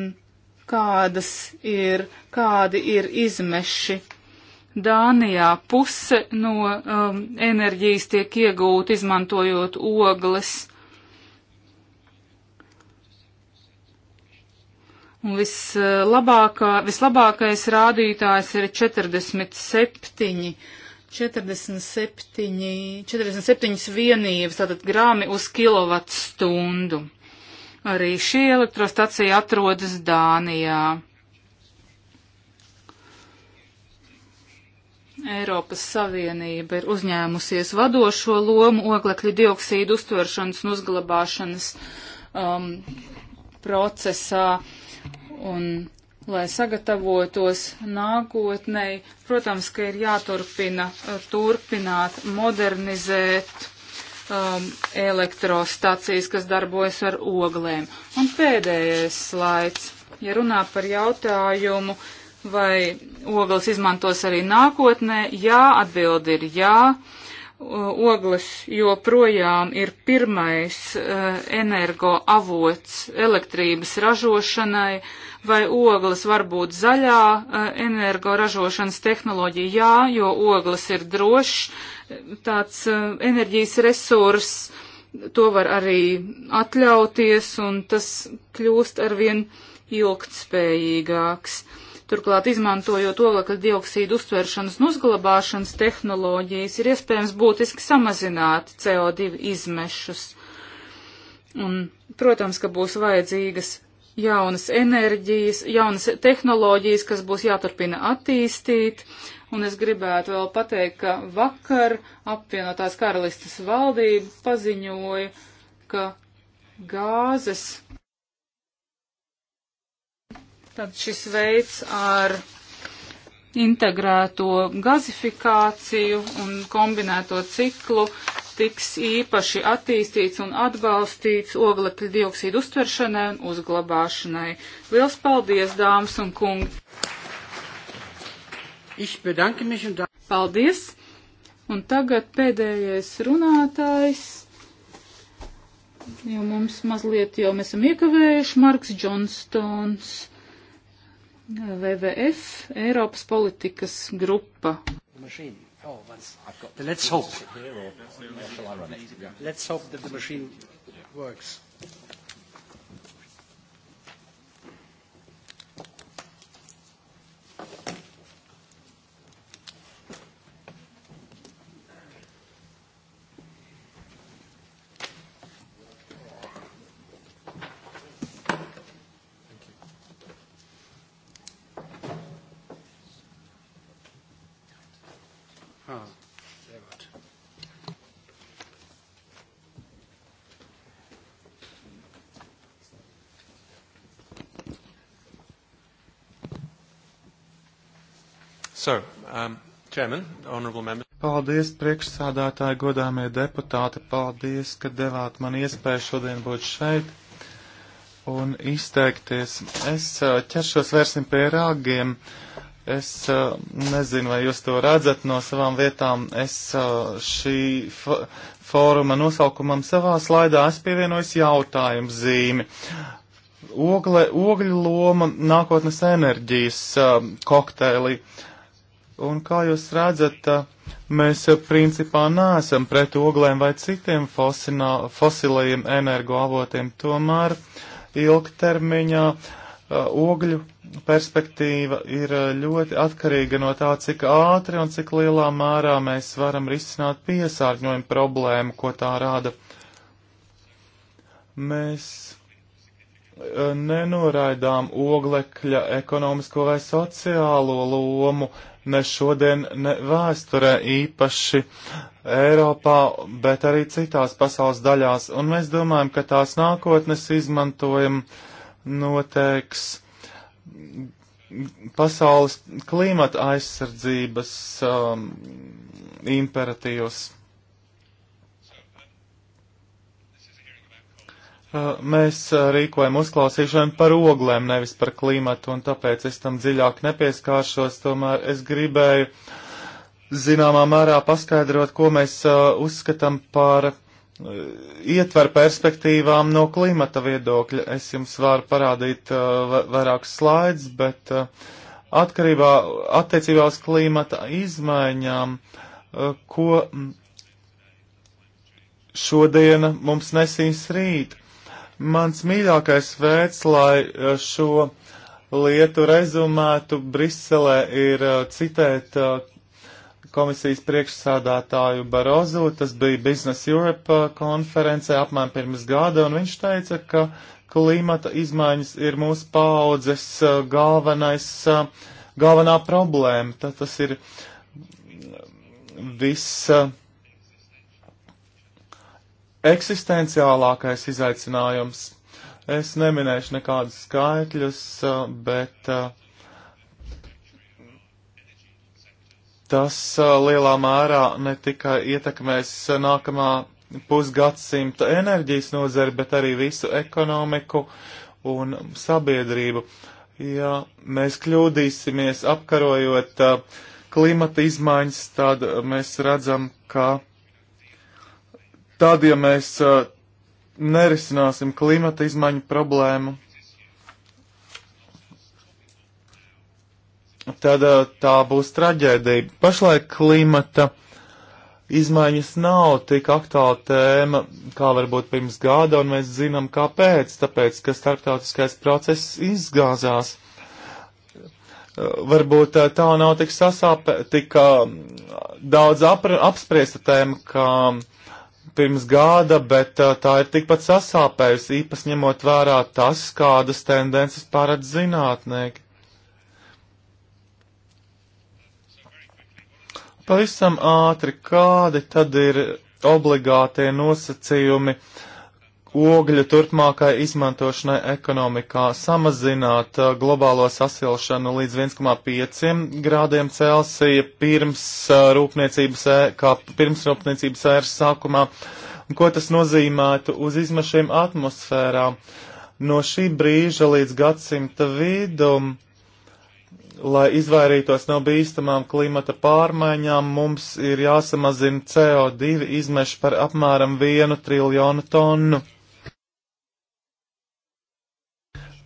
kādas ir, kādi ir izmeši. Dānijā puse no um, enerģijas tiek iegūta izmantojot ogles Un vislabākā, vislabākais rādītājs ir 47, 47, 47 vienības, tātad grāmi uz kilovatstundu. Arī šī elektrostacija atrodas Dānijā. Eiropas Savienība ir uzņēmusies vadošo lomu oglekļa dioksīdu uztveršanas un uzglabāšanas um, procesā. Uh, un lai sagatavotos nākotnei, protams, ka ir jāturpina eh, turpināt modernizēt um, elektrostacijas, kas darbojas ar oglēm. Un pēdējais slaids, ja runā par jautājumu, vai ogles izmantos arī nākotnē, jā, atbildi ir jā. Ja ogles joprojām ir pirmais uh, energoavots elektrības ražošanai, vai ogles var būt zaļā uh, energoražošanas tehnoloģija? Jā, jo ogles ir drošs tāds uh, enerģijas resurss, to var arī atļauties, un tas kļūst arvien ilgtspējīgāks. Uh, Turklāt, izmantojot oglekas dioksīdu uztveršanas un uzglabāšanas tehnoloģijas, ir iespējams būtiski samazināt CO2 izmešus. Un, protams, ka būs vajadzīgas jaunas enerģijas, jaunas tehnoloģijas, kas būs jāturpina attīstīt. Un es gribētu vēl pateikt, ka vakar apvienotās karalistas valdība paziņoja, ka gāzes Tad šis veids ar integrēto gazifikāciju un kombinēto ciklu tiks īpaši attīstīts un atbalstīts oglekļa dioksīdu uztveršanai un uzglabāšanai. Liels paldies, dāmas un kungi! Paldies! Un tagad pēdējais runātājs, jo mums mazliet jau mēs esam iekavējuši, Marks Džonstons. VVF Eiropas politikas grupa. Oh, once I've got the, let's hope. Here or, or shall I run it? Yeah. Let's hope that the machine works. So, um, chairman, honorable member. Paldies, priekšsādātāji, godāmie deputāti, paldies, ka devāt man iespēju šodien būt šeit un izteikties. Es uh, ķeršos vērsim pie rāgiem. Es uh, nezinu, vai jūs to redzat no savām vietām. Es uh, šī fóruma nosaukumam savā slaidā esmu pievienojis jautājumu zīmi. Ogle, ogļu loma nākotnes enerģijas kokteili. Uh, Un kā jūs redzat, mēs principā neesam pret oglēm vai citiem fosilajiem energoavotiem, tomēr ilgtermiņā ogļu perspektīva ir ļoti atkarīga no tā, cik ātri un cik lielā mērā mēs varam risināt piesārņojumu problēmu, ko tā rada. Mēs nenoraidām oglekļa ekonomisko vai sociālo lomu ne šodien, ne vēsturē īpaši Eiropā, bet arī citās pasaules daļās. Un mēs domājam, ka tās nākotnes izmantojam noteiks pasaules klimata aizsardzības um, imperatīvs. Mēs rīkojam uzklausīšanu par oglēm, nevis par klimatu, un tāpēc es tam dziļāk nepieskāršos. Tomēr es gribēju zināmā mērā paskaidrot, ko mēs uzskatām par ietver perspektīvām no klimata viedokļa. Es jums varu parādīt vairākus slaidus, bet atkarībā attiecībā uz klimata izmaiņām, ko šodiena mums nesīs rīt. Mans mīļākais veids, lai eh, šo lietu rezumētu Briselē, ir eh, citēt eh, komisijas priekšsādātāju Barozu. Tas bija Business Europe konferencē apmēram pirms gada, un viņš teica, ka klimata izmaiņas ir mūsu paudzes galvenais, galvenā problēma. Tad tas ir viss eksistenciālākais izaicinājums. Es neminēšu nekādus skaitļus, uh, bet uh, tas uh, lielā mērā ne tikai ietekmēs nākamā pusgadsimta enerģijas nozari, bet arī visu ekonomiku un sabiedrību. Ja mēs kļūdīsimies apkarojot klimata izmaiņas, tad mēs redzam, ka Tad, ja mēs uh, nerisināsim klimata izmaiņu problēmu, tad uh, tā būs traģēdija. Pašlaik klimata izmaiņas nav tik aktuāla tēma, kā varbūt pirms gada, un mēs zinām, kāpēc. Tāpēc, ka starptautiskais process izgāzās. Uh, varbūt tā nav tik sasāpē, tik daudz apra, apspriesta tēma, kā pirms gada, bet uh, tā ir tikpat sasāpējusi, īpaši ņemot vērā tas, kādas tendences pārēc zinātnieki. Pavisam ātri, kādi tad ir obligātie nosacījumi uh, ogļu turpmākai izmantošanai ekonomikā, samazināt uh, globālo sasilšanu līdz 1,5 grādiem Celsija pirms uh, rūpniecības, kā pirms rūpniecības ēras sākumā, un ko tas nozīmētu uz izmešiem atmosfērā. No šī brīža līdz gadsimta vidum, lai izvairītos no bīstamām klimata pārmaiņām, mums ir jāsamazina CO2 izmeši par apmēram 1 triljonu tonu.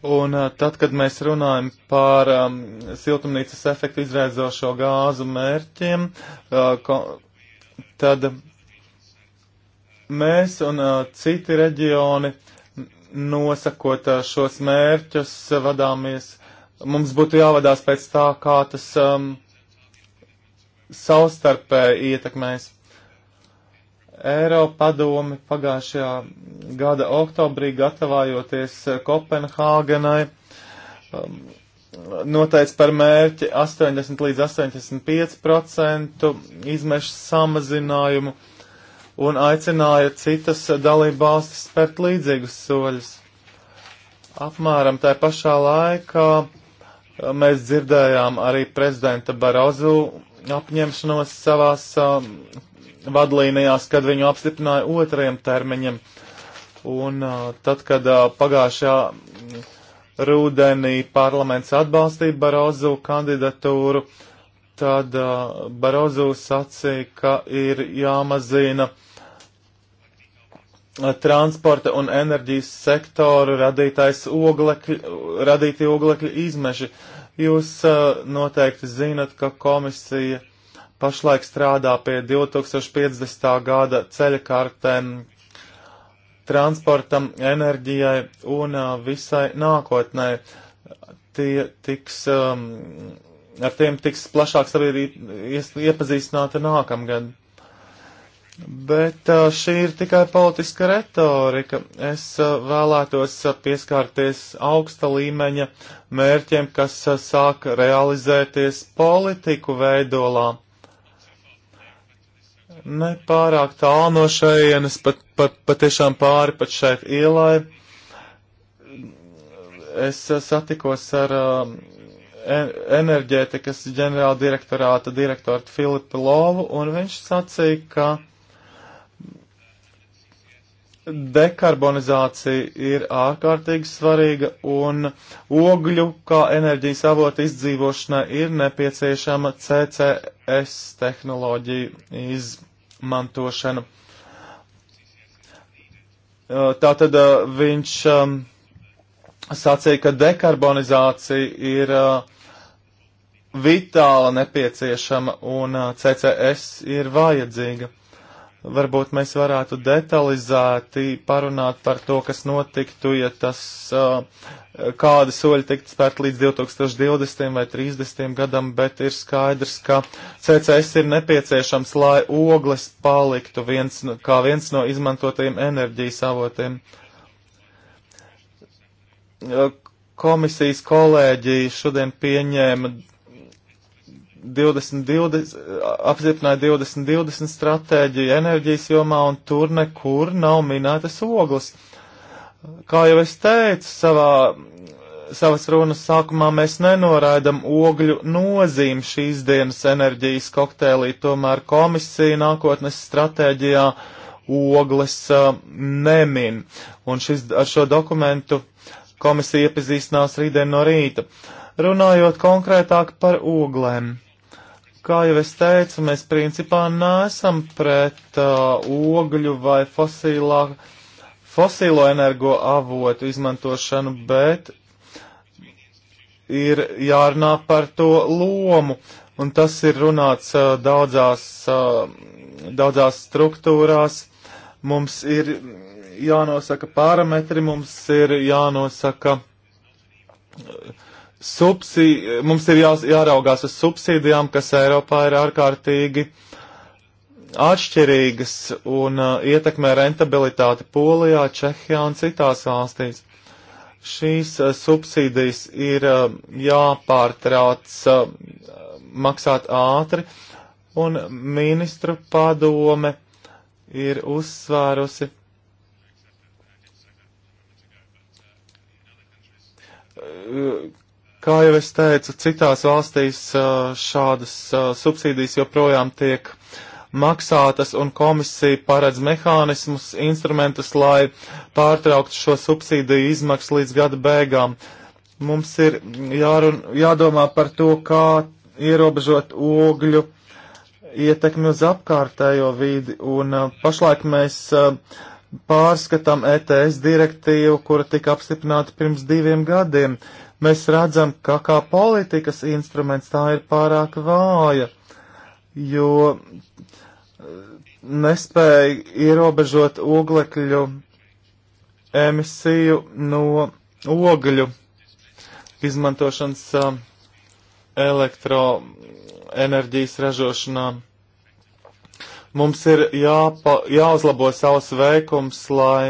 Un eh, tad, kad mēs runājam par um, siltumnīcas efektu izraizošo gāzu mērķiem, uh, ko, tad mēs un uh, citi reģioni nosakot uh, šos mērķus vadāmies, mums būtu jāvadās pēc tā, kā tas um, savstarpēji ietekmēs Eiropadome pagājušajā gada oktobrī gatavojoties eh, Kopenhāgenai um, noteica par mērķi 80 līdz 85% izmešu samazinājumu un aicināja citas dalībvalstis spērt līdzīgus soļus. Apmēram tā pašā laikā eh, mēs dzirdējām arī prezidenta Barozu apņemšanos savās um, vadlīnijās, kad viņu apstiprināja otrajam termiņam. Un tad, kad pagājušajā rudenī parlaments atbalstīja Barozu kandidatūru, tad Barozu sacīja, ka ir jāmazina transporta un enerģijas sektoru radītais oglekļu, radītie oglekļu izmeši. Jūs noteikti zinat, ka komisija pašlaik strādā pie 2050. gada ceļa kartēm transportam, enerģijai un uh, visai nākotnē. Tie tiks, um, ar tiem tiks plašāk sabiedrība iepazīstināta nākamgad. Bet uh, šī ir tikai politiska retorika. Es uh, vēlētos uh, pieskārties augsta līmeņa mērķiem, kas uh, sāk realizēties politiku veidolā ne pārāk tālu no šejienes, pat, pat, pat tiešām pāri pat šai ielai. Es eh, satikos ar um, e, enerģētikas ģenerāla direktorāta direktoru Filipu Lovu, un viņš sacīja, ka dekarbonizācija ir ārkārtīgi svarīga, un ogļu kā enerģijas avota izdzīvošanai ir nepieciešama CCS tehnoloģija izmantošana mantošanu. Tātad viņš sacīja, ka dekarbonizācija ir vitāla nepieciešama un CCS ir vajadzīga. Varbūt mēs varētu detalizēti parunāt par to, kas notiktu, ja tas, kādi soļi tiktu spērt līdz 2020 vai 30 gadam, bet ir skaidrs, ka CCS ir nepieciešams, lai ogles paliktu viens, kā viens no izmantotajiem enerģijas avotiem. Komisijas kolēģi šodien pieņēma 20, 20, apstiprināja 2020 stratēģiju enerģijas jomā, un tur nekur nav minētas ogles. Kā jau es teicu, savā, savas runas sākumā mēs nenoraidam ogļu nozīmi šīs dienas enerģijas kokteilī, tomēr komisija nākotnes stratēģijā ogles uh, nemin, un šis, ar šo dokumentu komisija iepazīstinās rītdien no rīta. Runājot konkrētāk par oglēm. Kā jau es teicu, mēs principā neesam pret uh, ogļu vai fosilā, fosilo energo avotu izmantošanu, bet ir jārunā par to lomu. Un tas ir runāts uh, daudzās, uh, daudzās struktūrās. Mums ir jānosaka parametri, mums ir jānosaka. Uh, subsi, mums ir jā, jāraugās uz subsīdijām, kas Eiropā ir ārkārtīgi atšķirīgas un uh, ietekmē rentabilitāti Polijā, Čehijā un citās valstīs. Šīs uh, subsīdijas ir uh, jāpārtrauc uh, maksāt ātri, un ministru padome ir uzsvērusi. Kā jau es teicu, citās valstīs šādas subsīdijas joprojām tiek maksātas, un komisija paredz mehānismus, instrumentus, lai pārtrauktu šo subsīdiju izmaksu līdz gada beigām. Mums ir jārun, jādomā par to, kā ierobežot ogļu ietekmi uz apkārtējo vidi, un pašlaik mēs pārskatām ETS direktīvu, kura tika apstiprināta pirms diviem gadiem. Uh, Mēs redzam, ka kā politikas instruments tā ir pārāk vāja, jo uh, nespēja ierobežot oglekļu emisiju no ogļu izmantošanas uh, elektroenerģijas ražošanā. Mums ir jāpa, jāuzlabo savs veikums, lai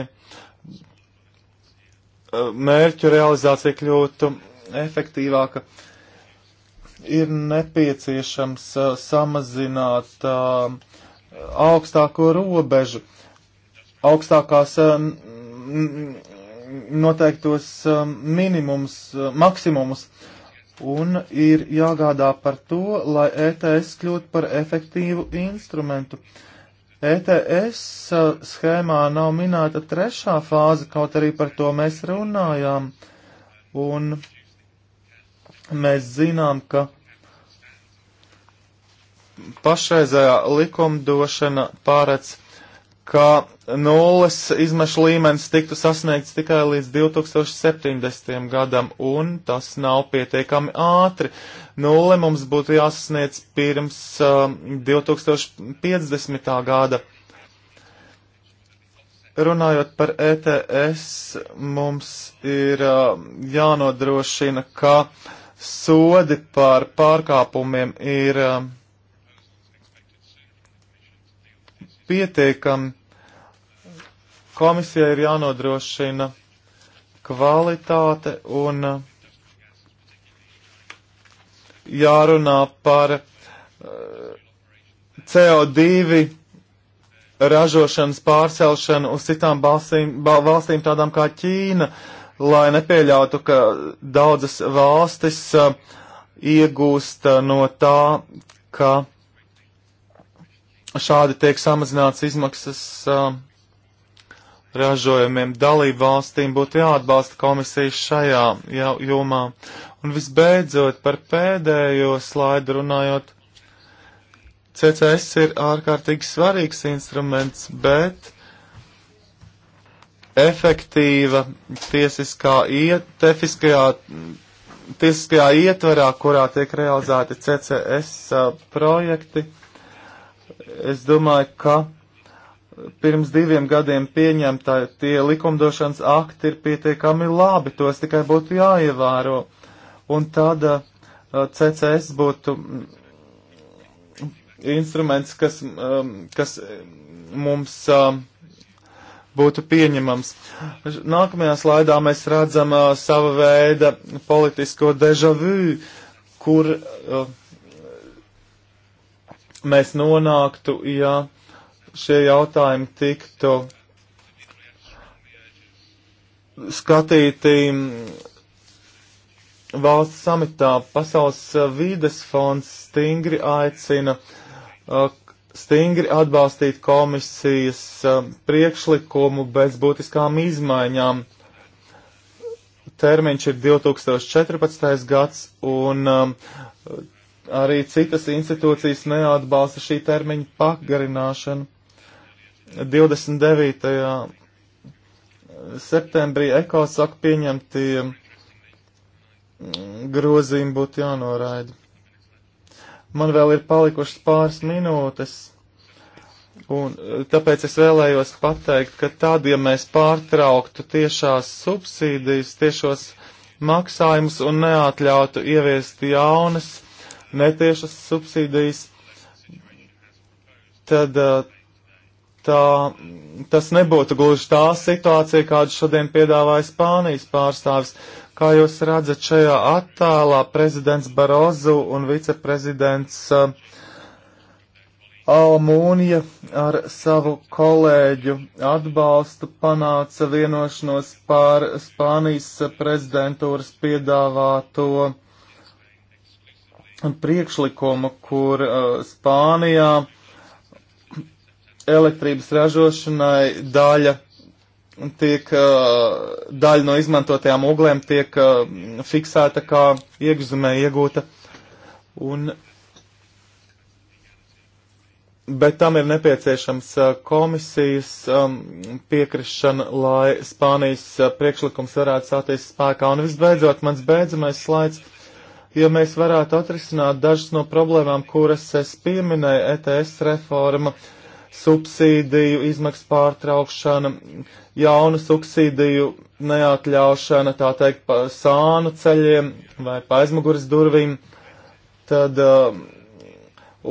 mērķu realizācija kļūtu efektīvāka, ir nepieciešams uh, samazināt uh, augstāko robežu, augstākās uh, noteiktos minimums, maksimumus, un ir jāgādā par to, lai ETS kļūtu par efektīvu instrumentu. Uh, ETS uh, schēmā nav minēta trešā fāze, kaut arī par to mēs runājām. Un mēs zinām, ka pašreizējā likumdošana paredz, ka nulles izmešu līmenis tiktu sasniegts tikai līdz 2070. gadam, un tas nav pietiekami ātri. Nulle mums būtu jāsasniedz pirms uh, um, 2050. gada. Runājot par ETS, mums ir uh, jānodrošina, ka sodi par pārkāpumiem ir uh, pietiekami Komisija ir jānodrošina kvalitāte un jārunā par eh, CO2 ražošanas pārcelšanu uz citām balsīm, valstīm, tādām kā Ķīna, lai nepieļautu, ka daudzas valstis uh, iegūst uh, no tā, ka šādi tiek samazināts izmaksas uh, ražojumiem dalību valstīm būtu jāatbalsta komisijas šajā jomā. Un visbeidzot, par pēdējo slaidu runājot, CCS ir ārkārtīgi svarīgs instruments, bet efektīva tiesiskā, iet, tefiskajā, tiesiskajā ietvarā, kurā tiek realizēti CCS projekti, es domāju, ka pirms diviem gadiem pieņemtā tie likumdošanas akti ir pietiekami labi, tos tikai būtu jāievēro. Un tad uh, CCS būtu mm, instruments, kas, um, kas mums um, būtu pieņemams. Nākamajā slaidā mēs redzam uh, sava veida politisko dežavu, kur uh, mēs nonāktu, ja šie jautājumi tiktu skatīti valsts samitā. Pasaules vīdes fonds stingri aicina stingri atbalstīt komisijas priekšlikumu bez būtiskām izmaiņām. Termiņš ir 2014. gads un arī citas institūcijas neatbalsta šī termiņa pagarināšanu. 29. septembrī ekosak pieņemtie mm, grozījumi būtu jānoraida. Man vēl ir palikušas pāris minūtes, un eh, tāpēc es vēlējos pateikt, ka tad, ja mēs pārtrauktu tiešās subsīdijas, tiešos maksājumus un neatļautu ieviest jaunas netiešas subsīdijas, tad uh, tā, tas nebūtu gluži tā situācija, kādu šodien piedāvāja Spānijas pārstāvis. Kā jūs redzat šajā attēlā, prezidents Barozu un viceprezidents uh, eh, Almūnija ar savu kolēģu atbalstu panāca vienošanos par Spānijas prezidentūras piedāvāto priekšlikumu, kur uh, Spānijā uh, elektrības ražošanai daļa tiek, uh, daļa no izmantotajām uglēm tiek uh, fiksēta kā iegzumē iegūta. Un, bet tam ir nepieciešams uh, komisijas um, piekrišana, lai Spānijas priekšlikums varētu sāties spēkā. Un visbeidzot, mans beidzamais slaids. Ja mēs varētu atrisināt dažas no problēmām, kuras es pieminēju, ETS reforma uh, subsīdiju izmaksu pārtraukšana, jaunu subsīdiju neatļaušana, tā teikt, pa sānu ceļiem vai pa aizmugures durvīm, tad, uh,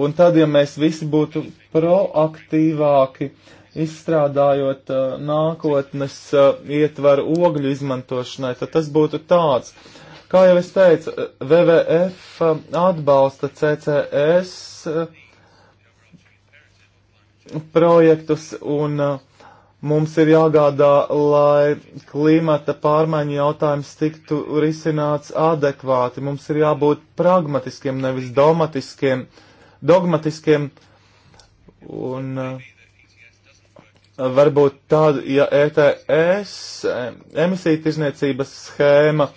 un tad, ja mēs visi būtu proaktīvāki, izstrādājot uh, nākotnes uh, ietvaru ogļu izmantošanai, tad tas būtu tāds. Kā jau es teicu, WWF atbalsta CCS projektus un uh, mums ir jāgādā, lai klimata pārmaiņu jautājums tiktu risināts adekvāti. Mums ir jābūt pragmatiskiem, nevis dogmatiskiem. dogmatiskiem un uh, varbūt tāda, ja ETS emisija tirzniecības schēma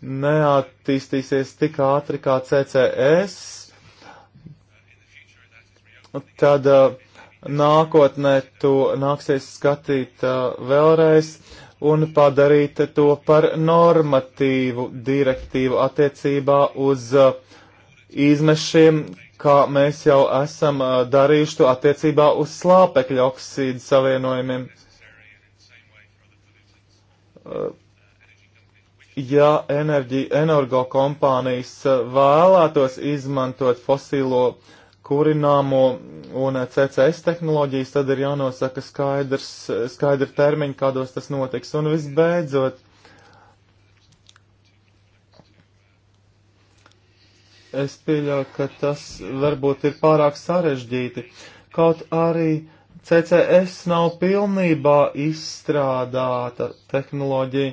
neattīstīsies tik ātri kā CCS, tad uh, nākotnē to nāksies skatīt uh, vēlreiz un padarīt to par normatīvu direktīvu attiecībā uz uh, izmešiem, kā mēs jau esam uh, darījuši to attiecībā uz slāpekļa oksīdu savienojumiem. Uh, ja enerģi, energo kompānijas uh, vēlētos izmantot fosīlo uh, kurināmo un CCS tehnoloģijas, tad ir jānosaka skaidrs, skaidri termiņi, kādos tas notiks. Un visbeidzot, es pieļauju, ka tas varbūt ir pārāk sarežģīti. Kaut arī CCS nav pilnībā izstrādāta tehnoloģija,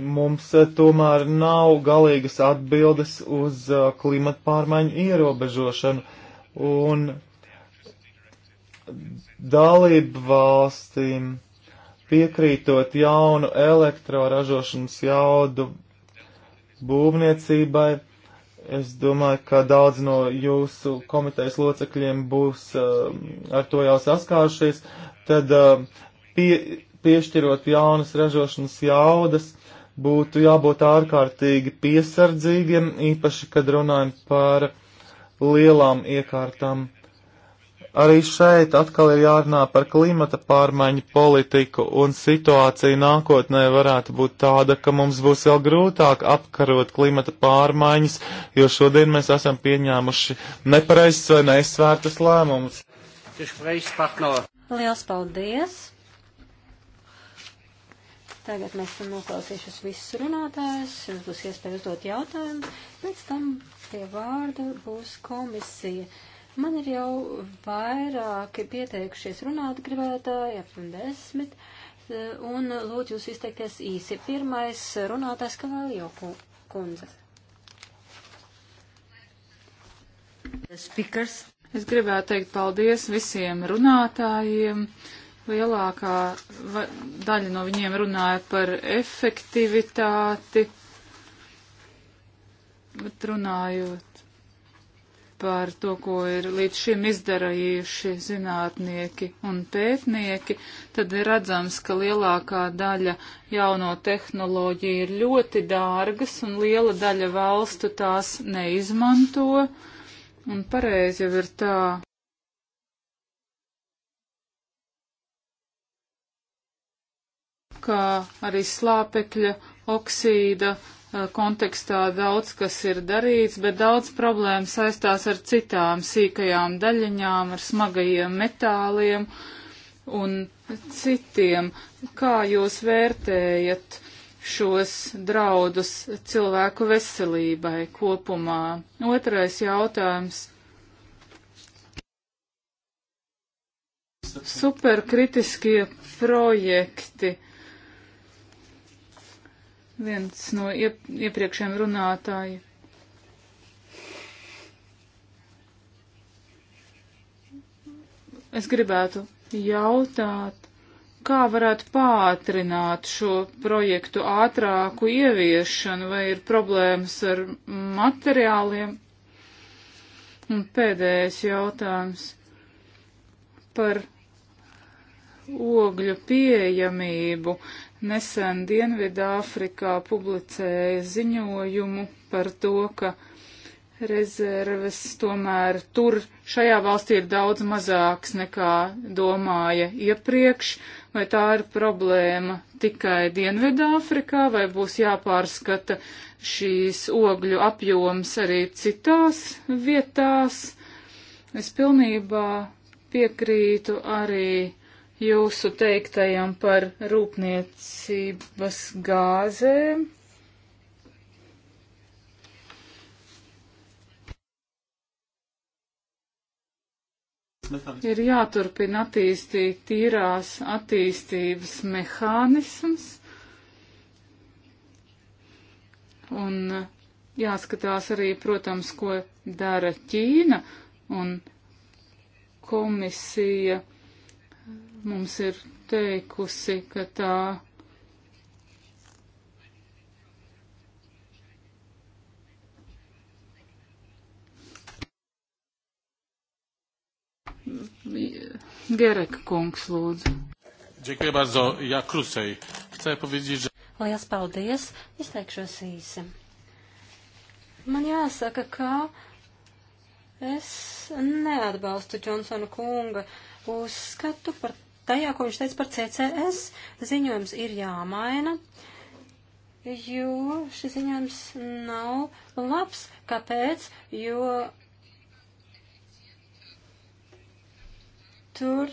mums eh, tomēr nav galīgas atbildes uz eh, klimata pārmaiņu ierobežošanu. Un dalību valstīm piekrītot jaunu elektroražošanas jaudu būvniecībai, es domāju, ka daudz no jūsu komitejas locekļiem būs uh, ar to jau saskārušies, tad uh, pie, piešķirot jaunas ražošanas jaudas, būtu jābūt ārkārtīgi piesardzīgiem, īpaši, kad runājam par lielām iekārtām. Arī šeit atkal ir jārunā par klimata pārmaiņu politiku, un situācija nākotnē varētu būt tāda, ka mums būs vēl grūtāk apkarot klimata pārmaiņas, jo šodien mēs esam pieņēmuši nepareizs vai neizsvērtas lēmumus. Liels paldies! Tagad mēs esam noklausījušas visus runātājus, jums būs iespēja uzdot jautājumu, pēc tam pie vārda būs komisija. Man ir jau vairāki pieteikušies runāt gribētāji, apmēram desmit, un lūdzu jūs izteikties īsi. Pirmais runātājs Kavēlio kundze. Speakers. Es gribētu teikt paldies visiem runātājiem. Uh, Lielākā daļa no viņiem runāja par efektivitāti, bet runājot par to, ko ir līdz šim izdarījuši zinātnieki un pētnieki, tad ir redzams, ka lielākā daļa jauno tehnoloģiju ir ļoti dārgas un liela daļa valstu tās neizmanto. Un pareizi jau ir tā, kā arī slāpekļa oksīda kontekstā daudz kas ir darīts, bet daudz problēmu saistās ar citām sīkajām daļiņām, ar smagajiem metāliem un citiem. Kā jūs vērtējat šos draudus cilvēku veselībai kopumā? Otrais jautājums. Superkritiskie projekti viens no iep iepriekšējiem runātājiem. Es gribētu jautāt, kā varētu pātrināt šo projektu ātrāku ieviešanu, vai ir problēmas ar materiāliem? Un pēdējais jautājums par ogļu pieejamību nesen Dienvidāfrikā publicēja ziņojumu par to, ka rezerves tomēr tur šajā valstī ir daudz mazāks nekā domāja iepriekš, vai tā ir problēma tikai Dienvidāfrikā, vai būs jāpārskata šīs ogļu apjoms arī citās vietās. Es pilnībā piekrītu arī jūsu teiktajam par rūpniecības gāzēm. Ir jāturpina attīstīt tīrās attīstības mehānisms un jāskatās arī, protams, ko dara Ķīna un komisija mums ir teikusi, ka tā Gerek kungs, lūdzu. Dziękuję bardzo. Ja krócej. Chcę powiedzieć, że... Lielas paldies. Izteikšos īsi. Man jāsaka, ka es neatbalstu Džonsona kunga uzskatu par tajā, ko viņš teica par CCS. Ziņojums ir jāmaina, jo šis ziņojums nav labs. Kāpēc? Jo tur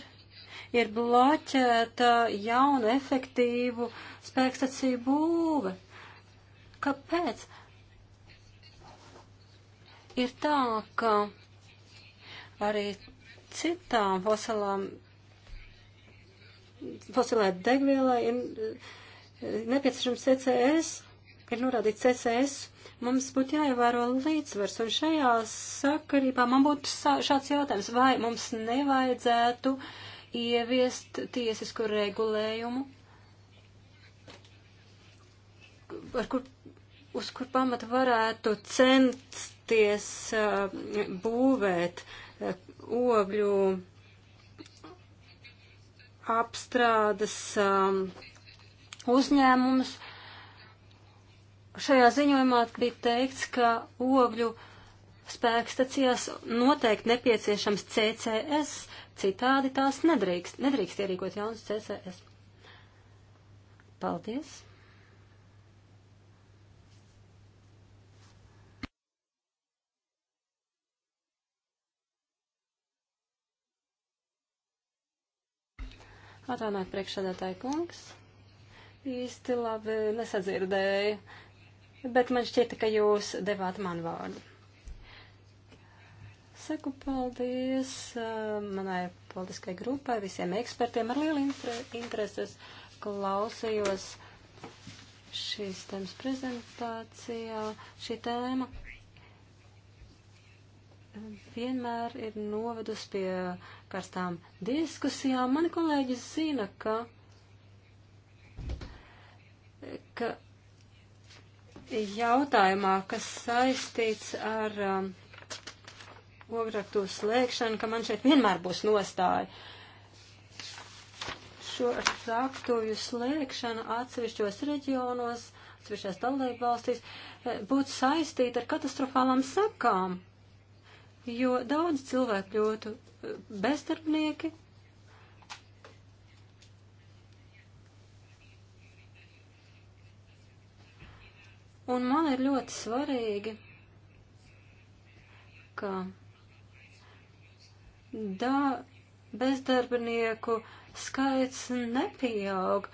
ir bloķēta jauna efektīvu spēkstacīju būve. Kāpēc? Ir tā, ka arī citām fosilām fosilē degvielai ir eh, nepieciešams CCS, ir norādīts CCS. Mums būtu jāievēro līdzsvars, un šajā sakarībā man būtu šāds jautājums, vai mums nevajadzētu ieviest tiesisku regulējumu, ar kur, uz kur pamata varētu censties uh, būvēt uh, ogļu apstrādes um, uzņēmumus. Šajā ziņojumā bija teikts, ka ogļu spēkstacijās noteikti nepieciešams CCS, citādi tās nedrīkst, nedrīkst ierīkot jaunas CCS. Paldies! Atvainojiet, priekšsēdētāji kungs. Īsti labi nesadzirdēju, bet man šķita, ka jūs devāt man vārdu. Saku paldies uh, manai politiskai grupai, visiem ekspertiem. Ar lielu intereses klausījos šīs tēmas prezentācijā. Šī tēma vienmēr ir novedusi pie karstām diskusijām. Mani kolēģi zina, ka, ka jautājumā, kas saistīts ar um, ograktu slēgšanu, ka man šeit vienmēr būs nostāja. Šo raktuvju slēgšanu atsevišķos reģionos, atsevišķās dalību valstīs, eh, būtu saistīta ar katastrofālām sekām, jo daudz cilvēku kļūtu bezdarbnieki. Un man ir ļoti svarīgi, ka da, bezdarbinieku skaits nepieaug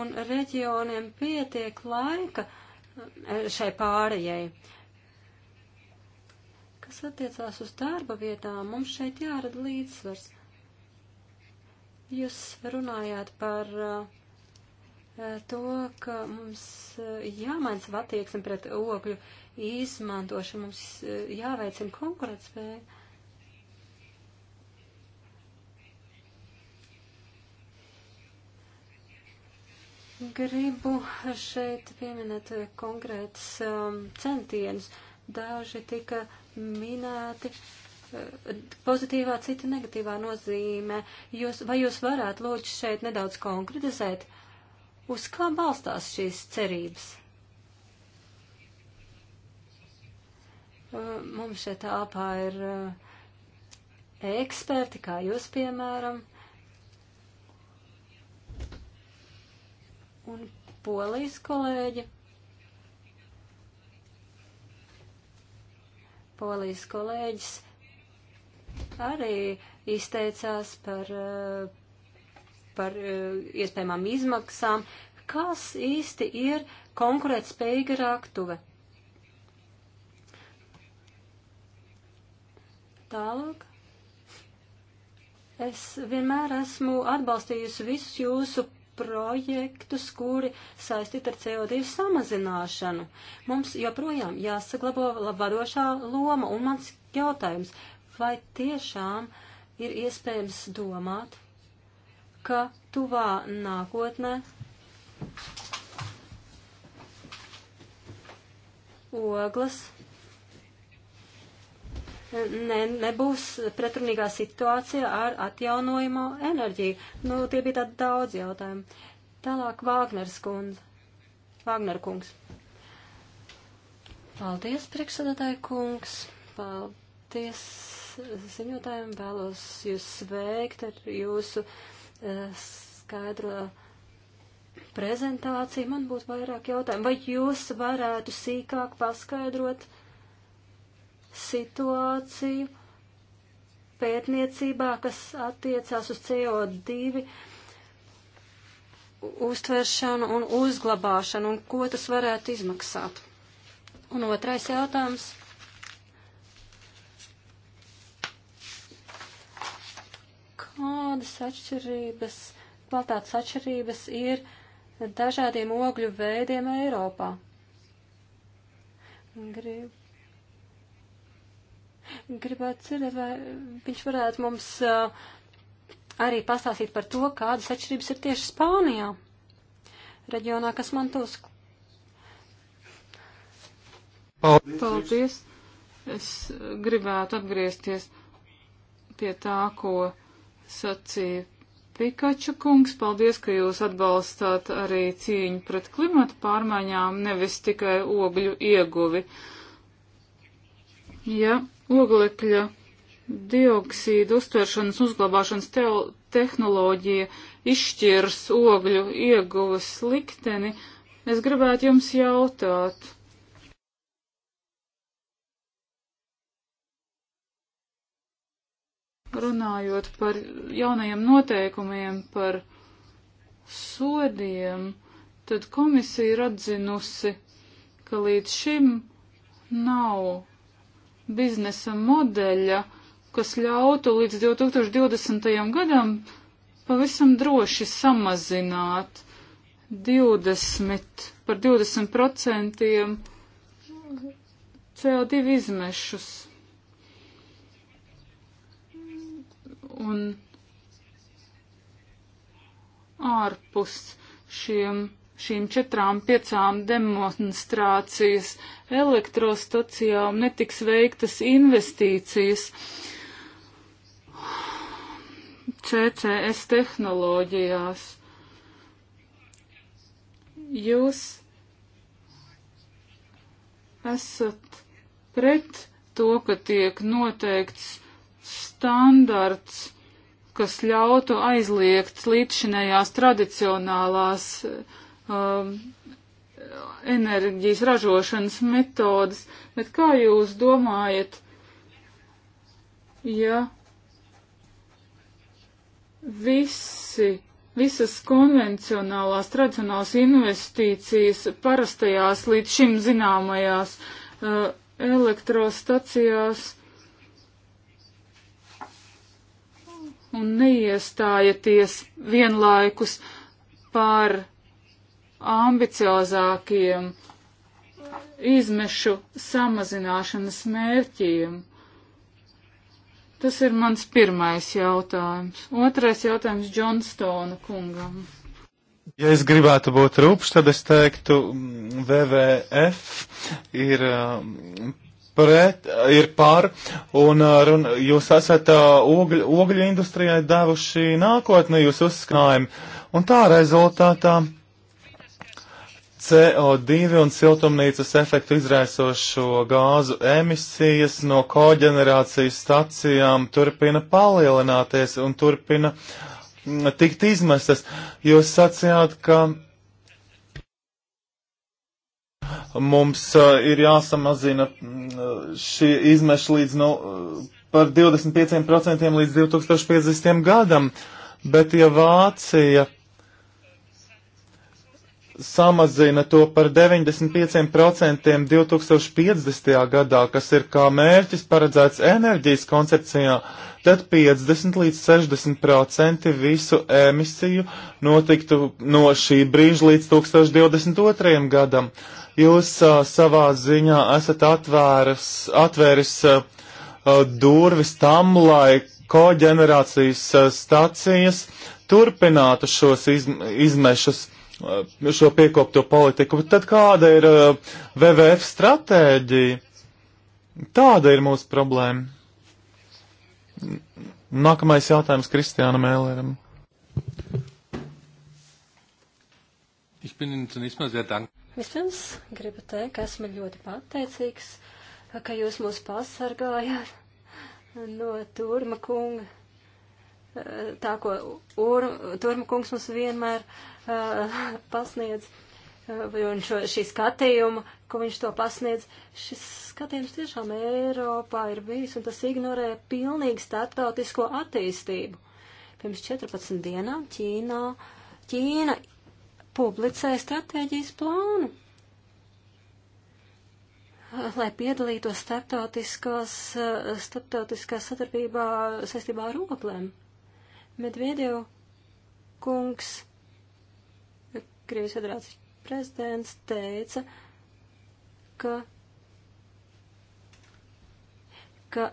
un reģioniem pietiek laika e, šai pārējai kas attiecās uz darba vietām, mums šeit jārada līdzsvars. Jūs runājāt par eh, to, ka mums eh, jāmaina savu attieksmi pret ogļu izmantošanu, mums eh, jāveicina konkurētspēja. Gribu šeit pieminēt konkrētas um, centienus. Daži tika uh, minēti eh, pozitīvā, cita negatīvā nozīmē. Jūs, vai jūs varētu lūdzu šeit nedaudz konkretizēt, uz kā balstās šīs cerības? Eh, mums šeit āpā ir eh, eksperti, kā jūs, piemēram, un polijas kolēģi. polijas kolēģis arī izteicās par, eh, par eh, iespējamām izmaksām, kas īsti ir konkurētspējīga raktuve. Tālāk. Es vienmēr esmu atbalstījusi visus jūsu projektus, kuri saistīti ar CO2 samazināšanu. Mums joprojām jāsaglabo vadošā loma, un mans jautājums, vai tiešām ir iespējams domāt, ka tuvā nākotnē oglas ne, nebūs pretrunīgā situācija ar atjaunojamo enerģiju. Nu, tie bija tādi daudz jautājumi. Tālāk Vāgners kundze. Vāgner kungs. Paldies, priekšsēdētāji kungs. Paldies ziņotājiem. Vēlos jūs sveikt ar jūsu eh, skaidro prezentāciju. Man būtu vairāk jautājumu. Vai jūs varētu sīkāk paskaidrot? situāciju pētniecībā, kas attiecās uz CO2 uztveršanu un uzglabāšanu, un ko tas varētu izmaksāt. Un otrais jautājums. Kādas atšķirības, platāts atšķirības ir dažādiem ogļu veidiem Eiropā? Gribu Gribētu dzirdēt, vai viņš varētu mums uh, arī pastāstīt par to, kādas atšķirības ir tieši Spānijā, reģionā, kas man tos. Paldies. Paldies! Es gribētu atgriezties pie tā, ko sacīja Pikaču kungs. Paldies, ka jūs atbalstāt arī cīņu pret klimatu pārmaiņām, nevis tikai ogļu ieguvi. Ja Oglekļa dioksīdu uztveršanas uzglabāšanas tehnoloģija izšķirs ogļu ieguves likteni, es gribētu jums jautāt. Runājot par jaunajiem noteikumiem, par sodiem, tad komisija ir atzinusi, ka līdz šim nav biznesa modeļa, kas ļautu līdz 2020. gadam pavisam droši samazināt 20, par 20% CO2 izmešus. Un ārpus šiem šīm četrām piecām demonstrācijas elektrostacijām netiks veiktas investīcijas CCS tehnoloģijās. Jūs esat pret to, ka tiek noteikts standarts, kas ļautu aizliegt līdzšinējās tradicionālās uh, um, enerģijas ražošanas metodas, bet kā jūs domājat, ja visi, visas konvencionālās, tradicionālās investīcijas parastajās līdz šim zināmajās uh, elektrostacijās un neiestājaties vienlaikus par ambiciozākiem izmešu samazināšanas mērķiem? Tas ir mans pirmais jautājums. Otrais jautājums Džonstona kungam. Ja es gribētu būt rūpš, tad es teiktu, mm, WWF ir mm, pret, ir par, un run, jūs esat ogļu, ogļu industrijai devuši nākotni, jūs uzskrājumi, un tā rezultātā CO2 un siltumnīcas efektu izraisošo gāzu emisijas no koģenerācijas stacijām turpina palielināties un turpina mm, tikt izmestas. Jūs sacījāt, ka mums uh, ir jāsamazina mm, šie izmeši līdz no, nu, uh, par 25% līdz 2050. gadam, bet ja Vācija samazina to par 95% 2050. gadā, kas ir kā mērķis paredzēts enerģijas koncepcijā, tad 50 līdz 60% visu emisiju notiktu no šī brīža līdz 2022. gadam. Jūs uh, savā ziņā esat atvēris, atvēris uh, durvis tam, lai koģenerācijas uh, stacijas turpinātu šos izm izmešus. Izm šo uh, piekopto politiku, bet tad kāda ir uh, VVF stratēģija? Tāda ir mūsu problēma. Nākamais jautājums Kristiānam Mēlēram. Vispirms gribu teikt, ka esmu ļoti pateicīgs, ka jūs mūs pasargājāt no Turma kunga. Tā, ko Ur, Turma kungs mums vienmēr uh, pasniedz, uh, un šo, šī skatījuma, ko viņš to pasniedz, šis skatījums tiešām Eiropā ir bijis, un tas ignorē pilnīgi starptautisko attīstību. Pirms 14 dienām Ķīnā, Ķīna publicēja stratēģijas plānu, uh, lai piedalītos starptautiskās, uh, starptautiskās sadarbībā saistībā ar oglēm. Medvediev kungs Krievijas federācijas prezidents teica, ka, ka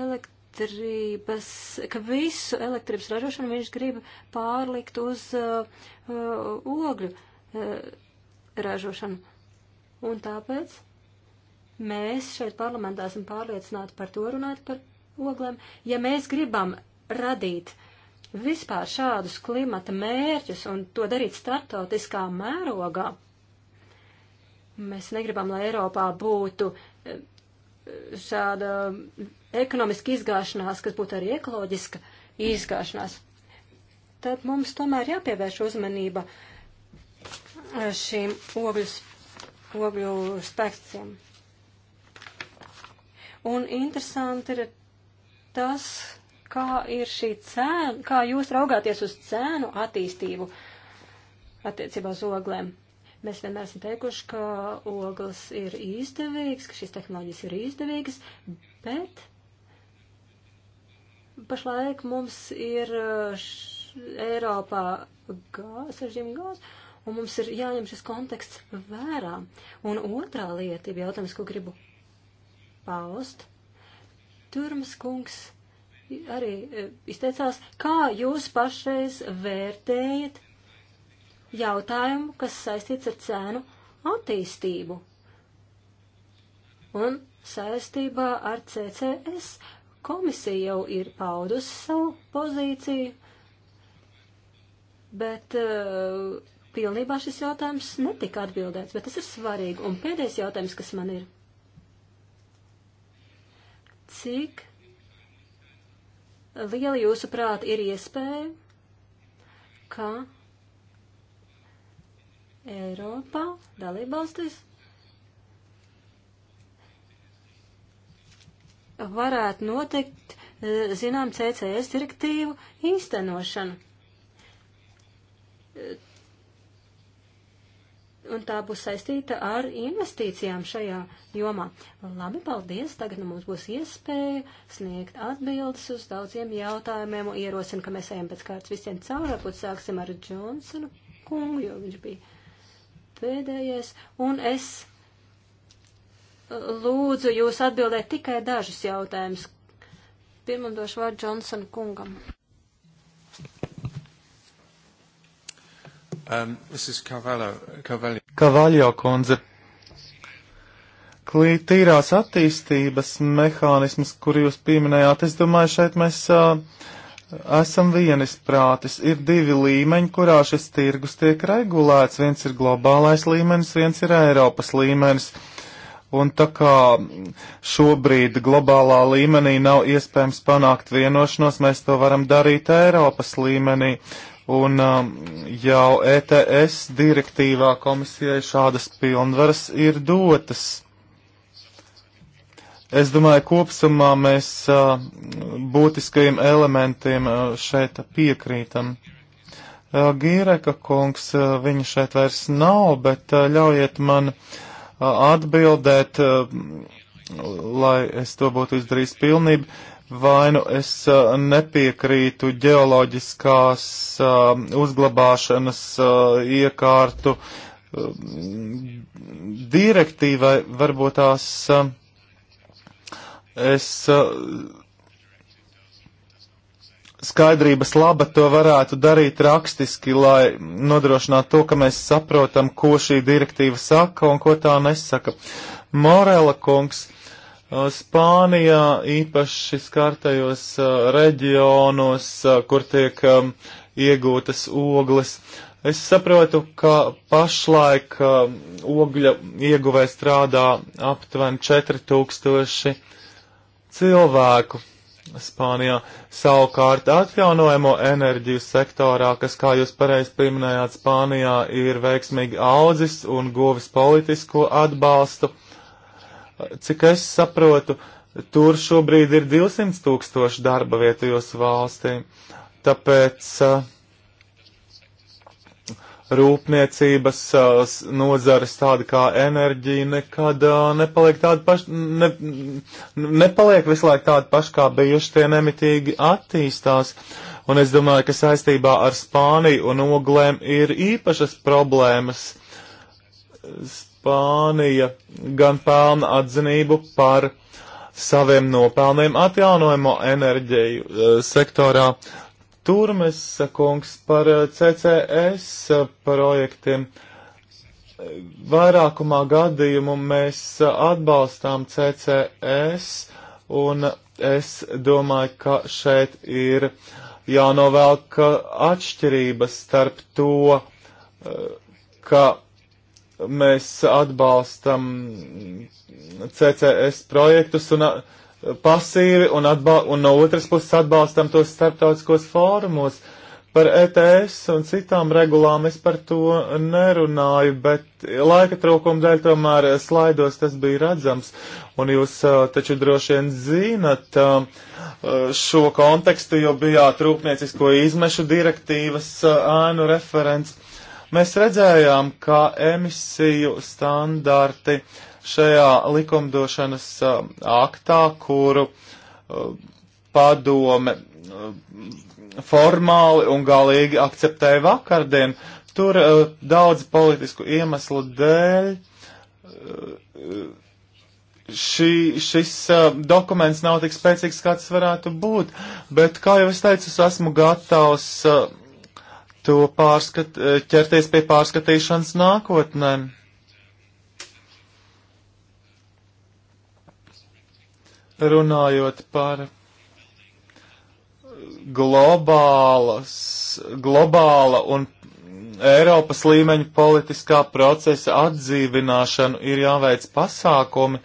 elektrības, ka visu elektrības ražošanu viņš grib pārlikt uz uh, uh, ogļu uh, ražošanu. Un tāpēc mēs šeit parlamentā esam pārliecināti par to runāt par oglēm. Ja mēs gribam radīt uh, vispār šādus klimata mērķus un to darīt startautiskā mērogā. Mēs negribam, lai Eiropā būtu eh, šāda ekonomiska izgāšanās, kas būtu arī ekoloģiska izgāšanās. Tad mums tomēr jāpievērš uzmanība eh, šīm ogļu, ogļu spēkstiem. Un interesanti ir tas, kā ir šī cēna, kā jūs raugāties uz cēnu attīstību attiecībā uz oglēm. Mēs vienmēr esam teikuši, ka ogles ir izdevīgs, ka šīs tehnoloģijas ir izdevīgas, bet pašlaik mums ir eh, Eiropā gāzes, režīm gāzes, un mums ir jāņem šis konteksts vērā. Un otrā lieta, jautājums, ko gribu paust, Turmas kungs arī e, izteicās, kā jūs pašreiz vērtējat jautājumu, kas saistīts ar cēnu attīstību un saistībā ar CCS. Komisija jau ir paudusi savu pozīciju, bet uh, pilnībā šis jautājums netika atbildēts, bet tas ir svarīgi. Un pēdējais jautājums, kas man ir. Cik liela jūsuprāt ir iespēja, ka Eiropā dalībvalstis varētu notikt, e, zinām, CCS direktīvu īstenošanu un tā būs saistīta ar investīcijām šajā jomā. Labi, paldies! Tagad nu, mums būs iespēja sniegt atbildes uz daudziem jautājumiem. Ierosinu, ka mēs ejam pēc kārtas visiem cauri, varbūt sāksim ar Džonsonu kungu, jo viņš bija pēdējais. Un es uh, lūdzu jūs atbildēt tikai dažus jautājumus. Pirmam došu vārdu Džonsonu kungam. Um, Kavaļo kundze. Klī tīrās attīstības mehānismas, kur jūs pieminējāt, es domāju, šeit mēs uh, esam vienisprātis. Ir divi līmeņi, kurā šis tirgus tiek regulēts. Viens ir globālais līmenis, viens ir Eiropas līmenis. Un tā kā šobrīd globālā līmenī nav iespējams panākt vienošanos, mēs to varam darīt Eiropas līmenī. Un um, jau ETS direktīvā komisijai šādas pilnvaras ir dotas. Es domāju, kopsumā mēs uh, būtiskajiem elementiem uh, šeit piekrītam. Uh, Gīreka kungs, uh, viņa šeit vairs nav, bet uh, ļaujiet man uh, atbildēt, uh, lai es to būtu izdarījis pilnību. Uh, vai nu es uh, nepiekrītu ģeoloģiskās uh, uzglabāšanas uh, iekārtu um, direktīvai, varbūt tās es skaidrības laba to varētu darīt rakstiski, lai nodrošinātu to, ka mēs saprotam, ko šī direktīva saka un ko tā nesaka. Morela kungs Spānijā, īpaši skartajos reģionos, kur tiek iegūtas ogles. Es saprotu, ka pašlaik ogļa ieguvē strādā aptuveni 4000 cilvēku Spānijā. Savukārt atjaunojamo enerģiju sektorā, kas, kā jūs pareizi pieminējāt, Spānijā ir veiksmīgi audzis un guvis politisko atbalstu Cik es saprotu, tur šobrīd ir 200 tūkstoši darba vietu jūsu valstī, tāpēc eh, rūpniecības eh, nozares tāda kā enerģija nekad eh, nepaliek tāda paša, ne, nepaliek visu laiku tāda paša, kā bijuši tie nemitīgi attīstās. Un es domāju, ka saistībā ar Spāniju un oglēm ir īpašas problēmas Spānija gan pelna atzinību par saviem nopelniem atjaunojamo enerģiju uh, sektorā. Turmes kungs par e, CCS projektiem. Vairākumā gadījumu mēs atbalstām CCS, un es domāju, ka šeit ir jānovelk atšķirības starp to, e, ka mēs atbalstam CCS projektus un uh, pasīvi, un, un no otras puses atbalstam tos starptautiskos fórumos. Par ETS un citām regulām es par to nerunāju, bet laika trūkuma dēļ tomēr slaidos tas bija redzams. Un jūs uh, taču droši vien zinat uh, šo kontekstu, jo bijāt rūpniecisko izmešu direktīvas ēnu referents. Mēs redzējām, ka emisiju standarti šajā likumdošanas eh, aktā, kuru eh, padome eh, formāli un galīgi akceptēja vakardien, tur daudz politisku iemeslu dēļ šī, šis uh, dokuments nav tik spēcīgs, kāds varētu būt, bet, kā jau es teicu, es esmu gatavs uh, to pārskat, eh, ķerties pie pārskatīšanas nākotnē. Runājot par globālas, globāla un Eiropas līmeņa politiskā procesa atdzīvināšanu ir jāveic pasākumi,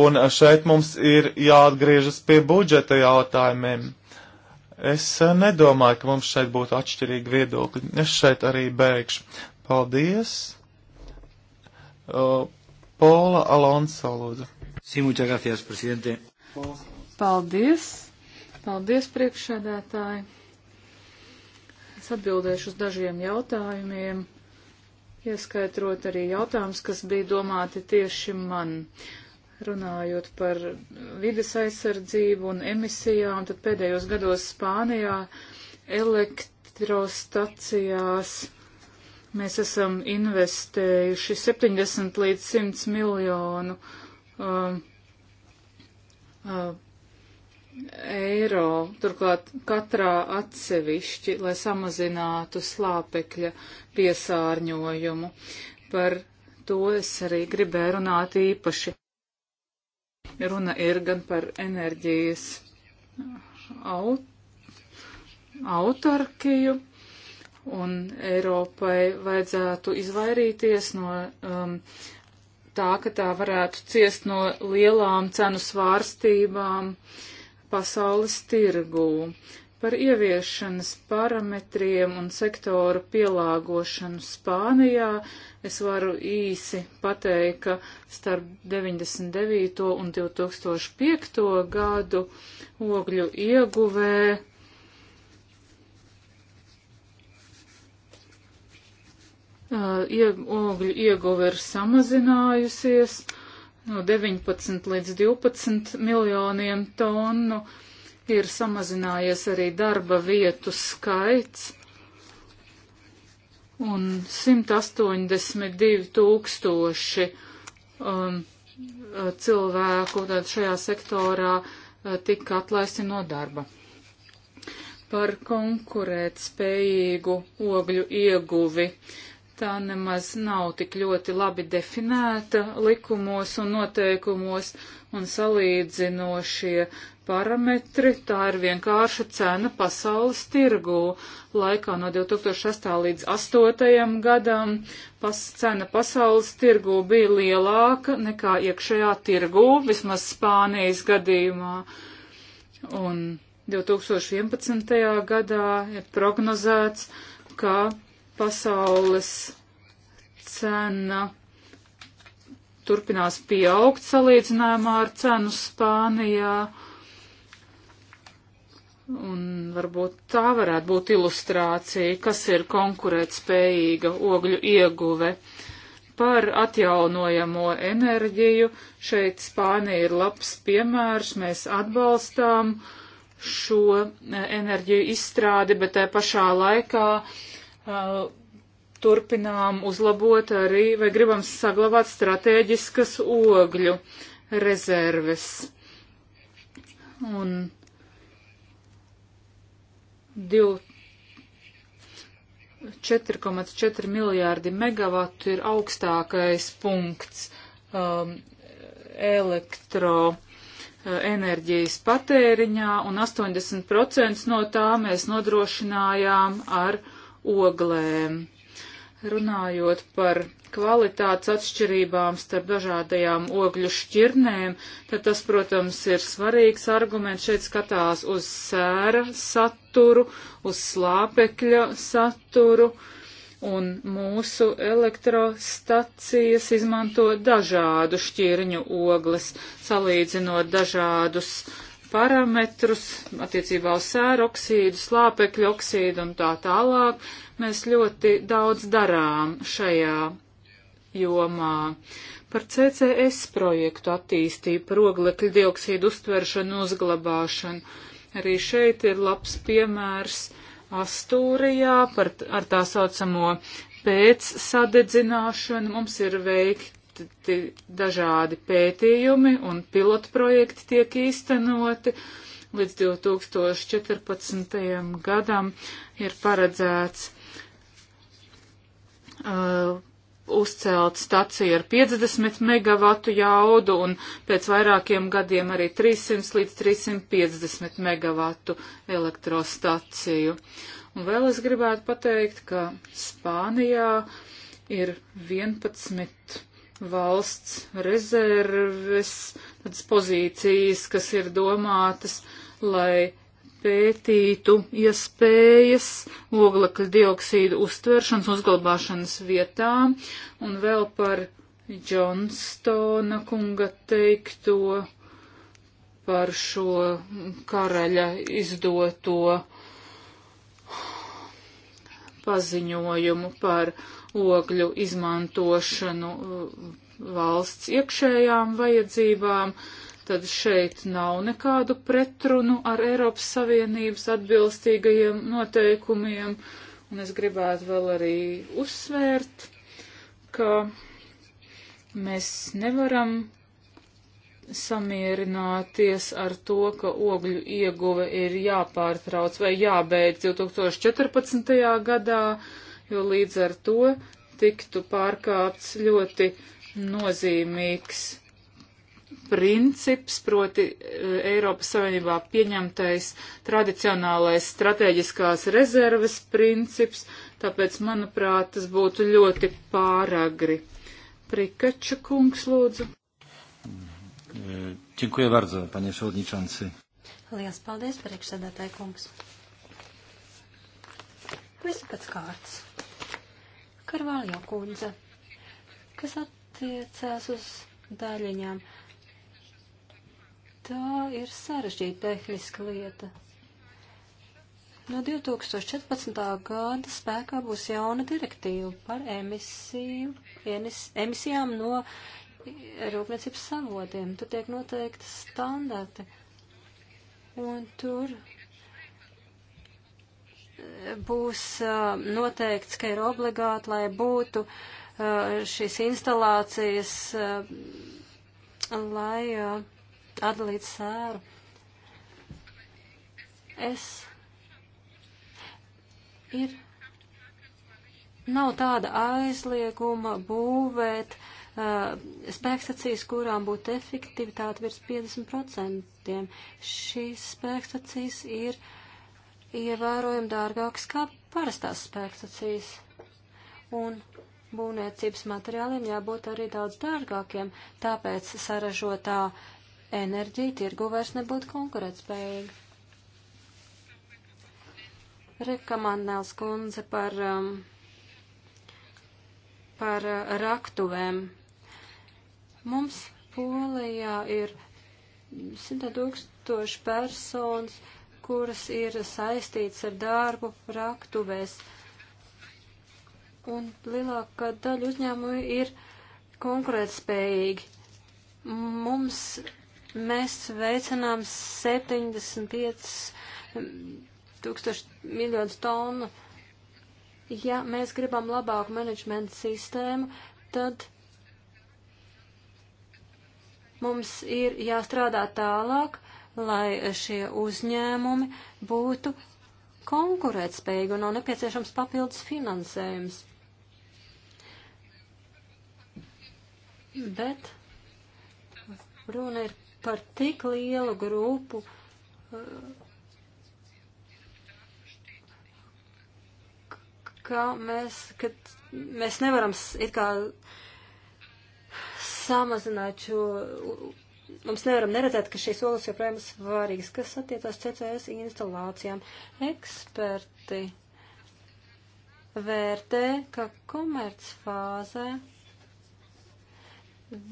un šeit mums ir jāatgriežas pie budžeta jautājumiem. Es eh, nedomāju, ka mums šeit būtu atšķirīgi viedokļi. Es šeit arī bēgšu. Paldies. Uh, Pola Alonso, lūdzu. Sí, muchas gracias, presidente. Paldies. Paldies, priekšsēdētāji. Es atbildēšu uz dažiem jautājumiem, ieskaitrot arī jautājumus, kas bija domāti tieši man. Uh, runājot par vides aizsardzību un emisijām, tad pēdējos gados Spānijā elektrostacijās mēs esam investējuši 70 līdz 100 miljonu um, um, eiro, turklāt katrā atsevišķi, lai samazinātu slāpekļa piesārņojumu. Par to es arī gribēju runāt īpaši. Runa ir gan par enerģijas aut autarkiju, un Eiropai vajadzētu izvairīties no um, tā, ka tā varētu ciest no lielām cenu svārstībām pasaules tirgū. Par ieviešanas parametriem un sektoru pielāgošanu Spānijā es varu īsi pateikt, ka starp 99. un 2005. gadu ogļu ieguvē Ieg, ogļu ieguve ir samazinājusies no 19 līdz 12 miljoniem tonu, ir samazinājies arī darba vietu skaits. Un 182 tūkstoši um, cilvēku šajā sektorā uh, tika atlaisti no darba. Par konkurēt spējīgu ogļu ieguvi tā nemaz nav tik ļoti labi definēta likumos un noteikumos, un salīdzinošie parametri, tā ir vienkārša cena pasaules tirgū. Laikā no 2006. līdz 2008. gadam pas, cena pasaules tirgū bija lielāka nekā iekšējā tirgū, vismaz Spānijas gadījumā. Un 2011. gadā ir prognozēts, ka pasaules cena turpinās pieaugt salīdzinājumā ar cenu Spānijā. Un varbūt tā varētu būt ilustrācija, kas ir konkurētspējīga ogļu ieguve. Par atjaunojamo enerģiju šeit Spānija ir labs piemērs. Mēs atbalstām šo enerģiju izstrādi, bet tai pašā laikā uh, turpinām uzlabot arī vai gribam saglabāt strateģiskas ogļu rezerves. Un div... 4,4 miljārdi megavatu ir augstākais punkts um, elektro enerģijas patēriņā, un 80% no tā mēs nodrošinājām ar oglēm. Runājot par kvalitātes atšķirībām starp dažādajām ogļu šķirnēm, tad tas, protams, ir svarīgs arguments. Šeit skatās uz sēra saturu, uz slāpekļa saturu, un mūsu elektrostacijas izmanto dažādu šķirņu ogles, salīdzinot dažādus uh, parametrus attiecībā uz sēroksīdu, slāpekļu oksīdu un tā tālāk. Mēs ļoti daudz darām šajā jomā. Par CCS projektu attīstību, par oglekļa dioksīdu uztveršanu, uzglabāšanu. Arī šeit ir labs piemērs Astūrijā par, ar tā saucamo pēc sadedzināšanu. Mums ir veikti dažādi pētījumi un pilotprojekti tiek īstenoti. Līdz 2014. gadam ir paredzēts uh, uzcelt staciju ar 50 megavatu jaudu un pēc vairākiem gadiem arī 300 līdz 350 megavatu elektrostaciju. Un vēl es gribētu pateikt, ka Spānijā ir 11 valsts rezerves, tādas pozīcijas, kas ir domātas, lai pētītu iespējas oglekļa dioksīdu uztveršanas, uzglabāšanas vietām un vēl par Džonstona kunga teikto par šo karaļa izdoto paziņojumu par ogļu izmantošanu uh, valsts iekšējām vajadzībām, tad šeit nav nekādu pretrunu ar Eiropas Savienības atbilstīgajiem noteikumiem. Un es gribētu vēl arī uzsvērt, ka mēs nevaram samierināties ar to, ka ogļu ieguve ir jāpārtrauc vai jābeidz 2014. gadā jo līdz ar to tiktu pārkāpts ļoti nozīmīgs princips, proti eh, Eiropas Savienībā pieņemtais tradicionālais strateģiskās rezerves princips, tāpēc, manuprāt, tas būtu ļoti pāragri. Prikača kungs, lūdzu. Činkuja vārdzo, paņēšu odničansi. Lielas paldies, priekšsēdētāji kungs. Viss pēc kārtas. Karvaljo kundze, kas attiecās uz daļiņām. Tā ir sarežģīta tehniska lieta. No 2014. gada spēkā būs jauna direktīva par emisiju, enis, emisijām no rūpniecības savodiem. Tur tiek noteikti standarti. Un tur būs uh, noteikts, ka ir obligāti, lai būtu uh, šīs instalācijas, uh, lai atdalītu sēru. Es ir. Nav tāda aizlieguma būvēt uh, spēkstacijas, kurām būtu efektivitāte virs 50%. Šīs spēkstacijas ir uh, ievērojami dārgāks kā parastās spēkstacijas. Un būvniecības materiāliem jābūt arī daudz dārgākiem, tāpēc saražotā enerģija tirgu vairs nebūtu konkurētspējīga. Rekomandēls kundze par, um, par uh, raktuvēm. Mums Polijā ir 100 tūkstoši personas, kuras ir saistītas ar darbu praktuvēs. Un lielākā daļa uzņēmumu ir konkurētspējīgi. Mums mēs veicinām 75 tūkstoši miljonus tonu. Ja mēs gribam labāku menedžmenta sistēmu, tad mums ir jāstrādā tālāk lai šie uzņēmumi būtu konkurētspējīgi un nav nepieciešams papildus finansējums. Bet runa ir par tik lielu grupu, ka mēs, kad mēs nevaram it kā samazināt šo mums nevaram neredzēt, ka šīs olas joprojām ir svarīgas, kas attiecās CCS instalācijām. Eksperti vērtē, ka komercfāzē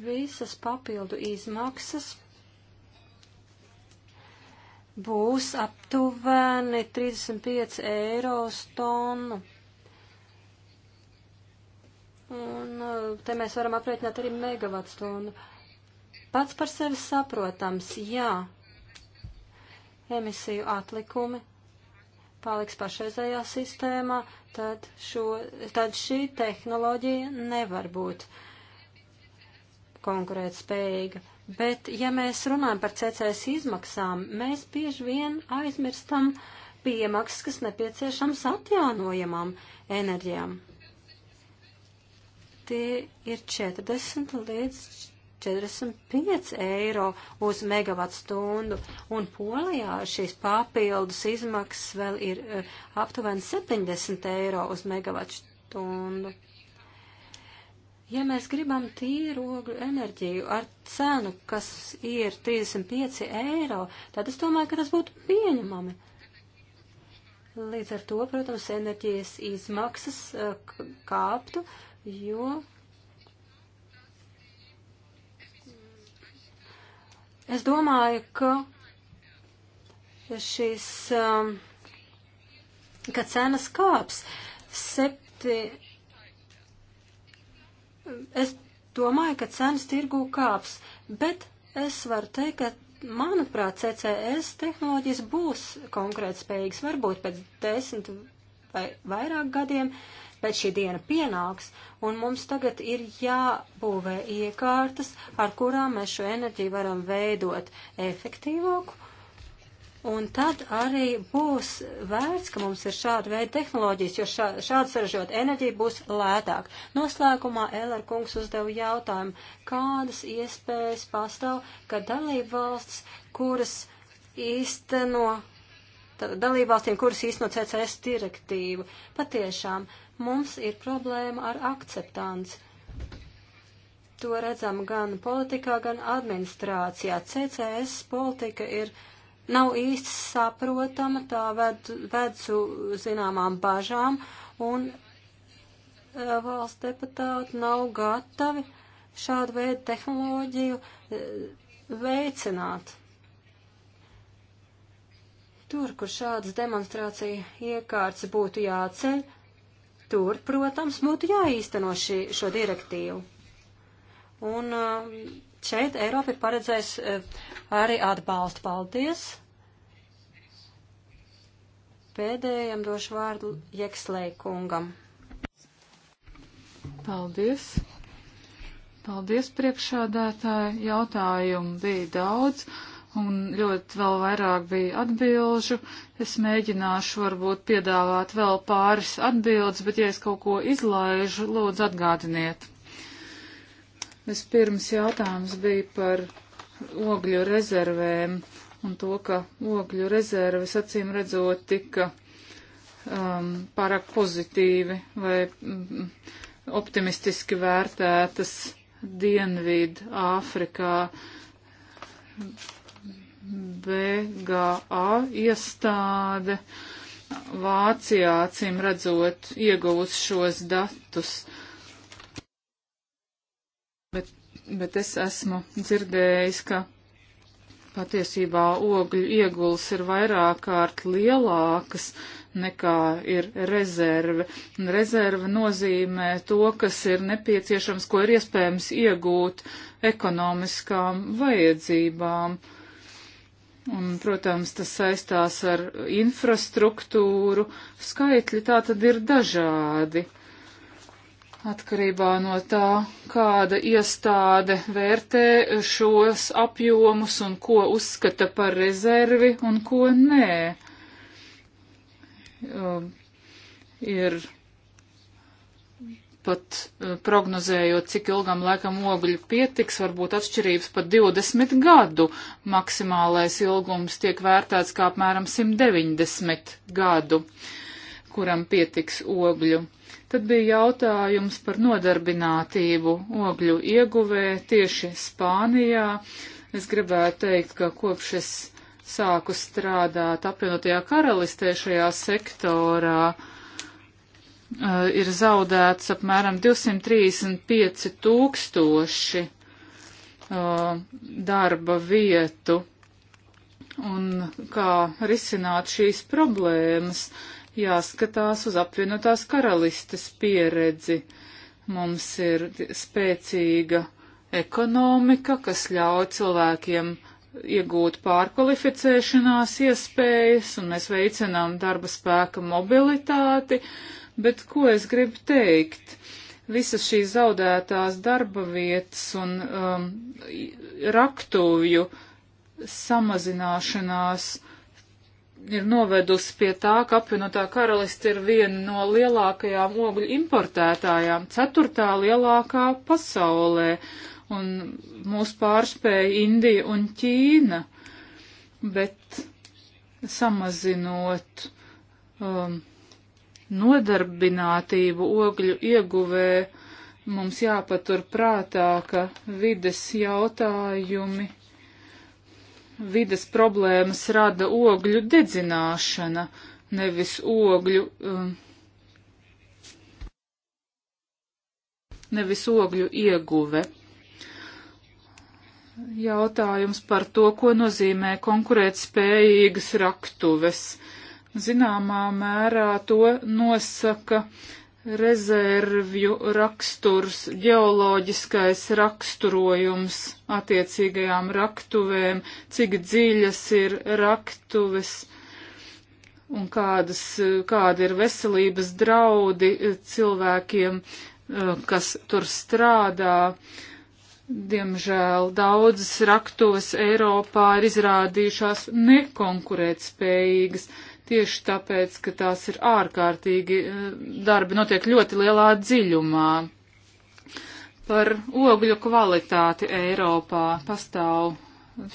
visas papildu izmaksas būs aptuveni 35 eiro tonu. Un eh, te mēs varam aprēķināt arī megavatstundu. stundu. Pats par sevi saprotams, jā, emisiju atlikumi paliks pašreizējā sistēmā, tad, šo, tad šī tehnoloģija nevar būt konkurētspējīga. Bet, ja mēs runājam par CCS izmaksām, mēs bieži vien aizmirstam piemaksas, kas nepieciešams atjaunojamām enerģijām. Tie ir 40 līdz 45 eiro uz megavatu stundu, un Polijā šīs papildus izmaksas vēl ir uh, aptuveni 70 eiro uz megavatu stundu. Ja mēs gribam tīru ogļu enerģiju ar cenu, kas ir 35 eiro, tad es domāju, ka tas būtu pieņemami. Līdz ar to, protams, enerģijas izmaksas uh, kāptu, jo Es domāju, ka šīs, um, ka cenas kāps. Septi... Es domāju, ka cenas tirgū kāps, bet es varu teikt, ka manuprāt, CCS tehnoloģijas būs konkurētspējīgas varbūt pēc desmit vai vairāk gadiem. Uh, bet šī diena pienāks, un mums tagad ir jābūvē iekārtas, ar kurām mēs šo enerģiju varam veidot efektīvāku. Un tad arī būs vērts, ka mums ir šāda veida tehnoloģijas, jo šā, šāda saražot enerģija būs lētāk. Noslēgumā Eller kungs uzdeva jautājumu, kādas iespējas pastāv, ka dalību valsts, kuras īsteno dalībvalstīm, kuras īsteno CCS direktīvu. Patiešām Mums ir problēma ar akceptanci. To redzam gan politikā, gan administrācijā. CCS politika ir nav īsti saprotama, tā ved, ved su zināmām bažām, un eh, valsts deputāti nav gatavi šādu veidu tehnoloģiju eh, veicināt. Tur, kur šādas demonstrācija iekārtas būtu jāceļ, Tur, protams, būtu jāīsteno šī, šo direktīvu. Un eh, šeit Eiropa ir paredzējis eh, arī atbalstu. Paldies! Pēdējiem došu vārdu Jekslei kungam. Paldies! Paldies, priekšādātāji! Jautājumu bija daudz un ļoti vēl vairāk bija atbilžu. Es mēģināšu varbūt piedāvāt vēl pāris atbildes, bet ja es kaut ko izlaižu, lūdzu atgādiniet. Vispirms jautājums bija par ogļu rezervēm un to, ka ogļu rezerves acīm redzot tika um, pārāk pozitīvi vai mm, optimistiski vērtētas Dienvidu Āfrikā BGA iestāde Vācijā, acīm redzot, iegūs šos datus. Bet, bet es esmu dzirdējis, ka patiesībā ogļu ieguls ir vairāk kārt lielākas nekā ir rezerve. Un rezerve nozīmē to, kas ir nepieciešams, ko ir iespējams iegūt ekonomiskām vajadzībām. Uh, Un, protams, tas saistās ar infrastruktūru. Skaitļi tā tad ir dažādi. Atkarībā no tā, kāda iestāde vērtē šos apjomus un ko uzskata par rezervi un ko nē. Um, ir pat eh, prognozējot, cik ilgam laikam ogļu pietiks, varbūt atšķirības pat 20 gadu. Maksimālais ilgums tiek vērtēts kā apmēram 190 gadu, kuram pietiks ogļu. Tad bija jautājums par nodarbinātību ogļu ieguvē tieši Spānijā. Es gribētu teikt, ka kopš es sāku strādāt apvienotajā karalistē šajā sektorā, uh, uh, ir zaudēts apmēram 235 tūkstoši uh, darba vietu. Un kā risināt šīs problēmas, jāskatās uz apvienotās karalistes pieredzi. Mums ir spēcīga ekonomika, kas ļauj cilvēkiem iegūt pārkvalificēšanās iespējas, un mēs veicinām darba spēka mobilitāti, Bet ko es gribu teikt? Visas šīs zaudētās darba vietas un um, raktuvju samazināšanās ir novedusi pie tā, ka apvienotā karaliste ir viena no lielākajām ogļu importētājām, ceturtā lielākā pasaulē, un mūs pārspēja Indija un Ķīna, bet samazinot um, nodarbinātību ogļu ieguvē, mums jāpatur prātā, ka vides jautājumi, vides problēmas rada ogļu dedzināšana, nevis ogļu, um, nevis ogļu ieguve. Jautājums par to, ko nozīmē konkurētspējīgas raktuves zināmā mērā to nosaka rezervju raksturs, geoloģiskais raksturojums attiecīgajām raktuvēm, cik dziļas ir raktuves un kādas, kāda ir veselības draudi cilvēkiem, eh, kas tur strādā. Diemžēl daudzas raktos Eiropā ir izrādījušās nekonkurētspējīgas, tieši tāpēc, ka tās ir ārkārtīgi, eh, darbi notiek ļoti lielā dziļumā. Par ogļu kvalitāti Eiropā pastāv.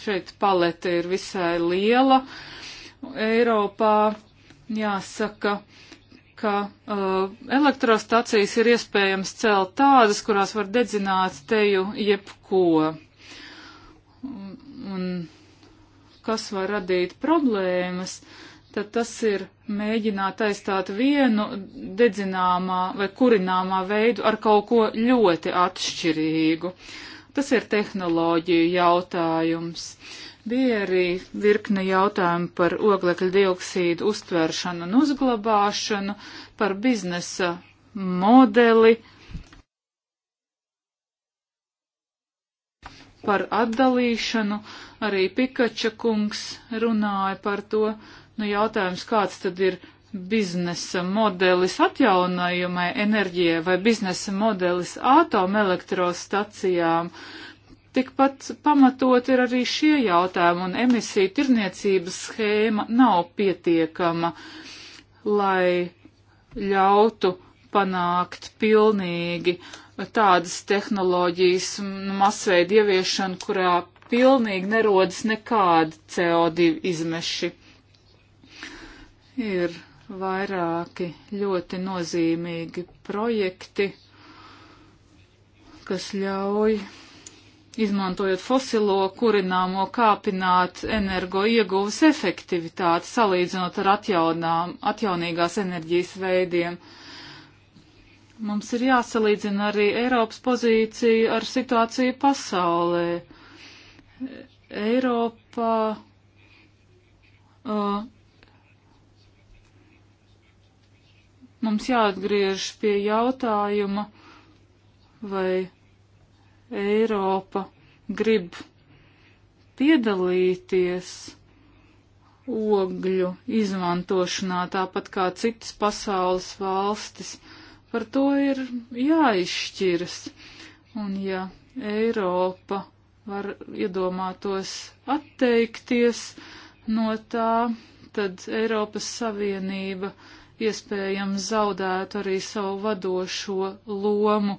Šeit palete ir visai liela. Eiropā jāsaka, ka uh, elektrostacijas ir iespējams celt tādas, kurās var dedzināt teju jebko. Un, un kas var radīt problēmas? Uh, tad tas ir mēģināt aizstāt vienu dedzināmā vai kurināmā veidu ar kaut ko ļoti atšķirīgu. Tas ir tehnoloģiju jautājums. Bija arī virkne jautājumu par oglekļa dioksīdu uztvēršanu un uzglabāšanu, par biznesa modeli, par atdalīšanu. Arī Pikača kungs runāja par to, Nu, jautājums, kāds tad ir biznesa modelis atjaunojumai enerģijai vai biznesa modelis atomelektrostacijām? Tikpat pamatot ir arī šie jautājumi, un emisiju tirniecības schēma nav pietiekama, lai ļautu panākt pilnīgi tādas tehnoloģijas masveidu ieviešanu, kurā pilnīgi nerodas nekādi CO2 izmeši. Ir vairāki ļoti nozīmīgi projekti, kas ļauj, izmantojot fosilo kurināmo, kāpināt energo ieguvas efektivitāti, salīdzinot ar atjaunām, atjaunīgās enerģijas veidiem. Mums ir jāsalīdzina arī Eiropas pozīcija ar situāciju pasaulē. Eiropā uh, Mums jāatgriež pie jautājuma, vai Eiropa grib piedalīties ogļu izmantošanā, tāpat kā citas pasaules valstis. Par to ir jāizšķiras. Un ja Eiropa var iedomātos atteikties no tā, tad Eiropas Savienība iespējams zaudētu arī savu vadošo lomu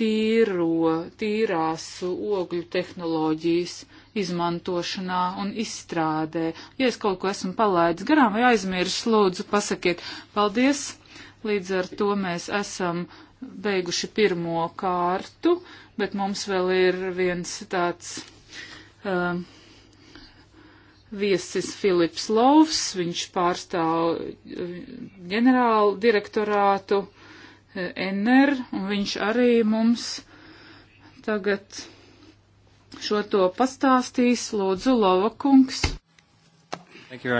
tīro, tīrās ogļu tehnoloģijas izmantošanā un izstrādē. Ja es kaut ko esmu palaidis garām vai aizmirsis, lūdzu, pasakiet paldies. Līdz ar to mēs esam beiguši pirmo kārtu, bet mums vēl ir viens tāds. Uh, um, viesis Filips Lovs, viņš pārstāv eh, ģenerālu direktorātu eh, NR, un viņš arī mums tagad šo to pastāstīs. Lūdzu, Lova kungs.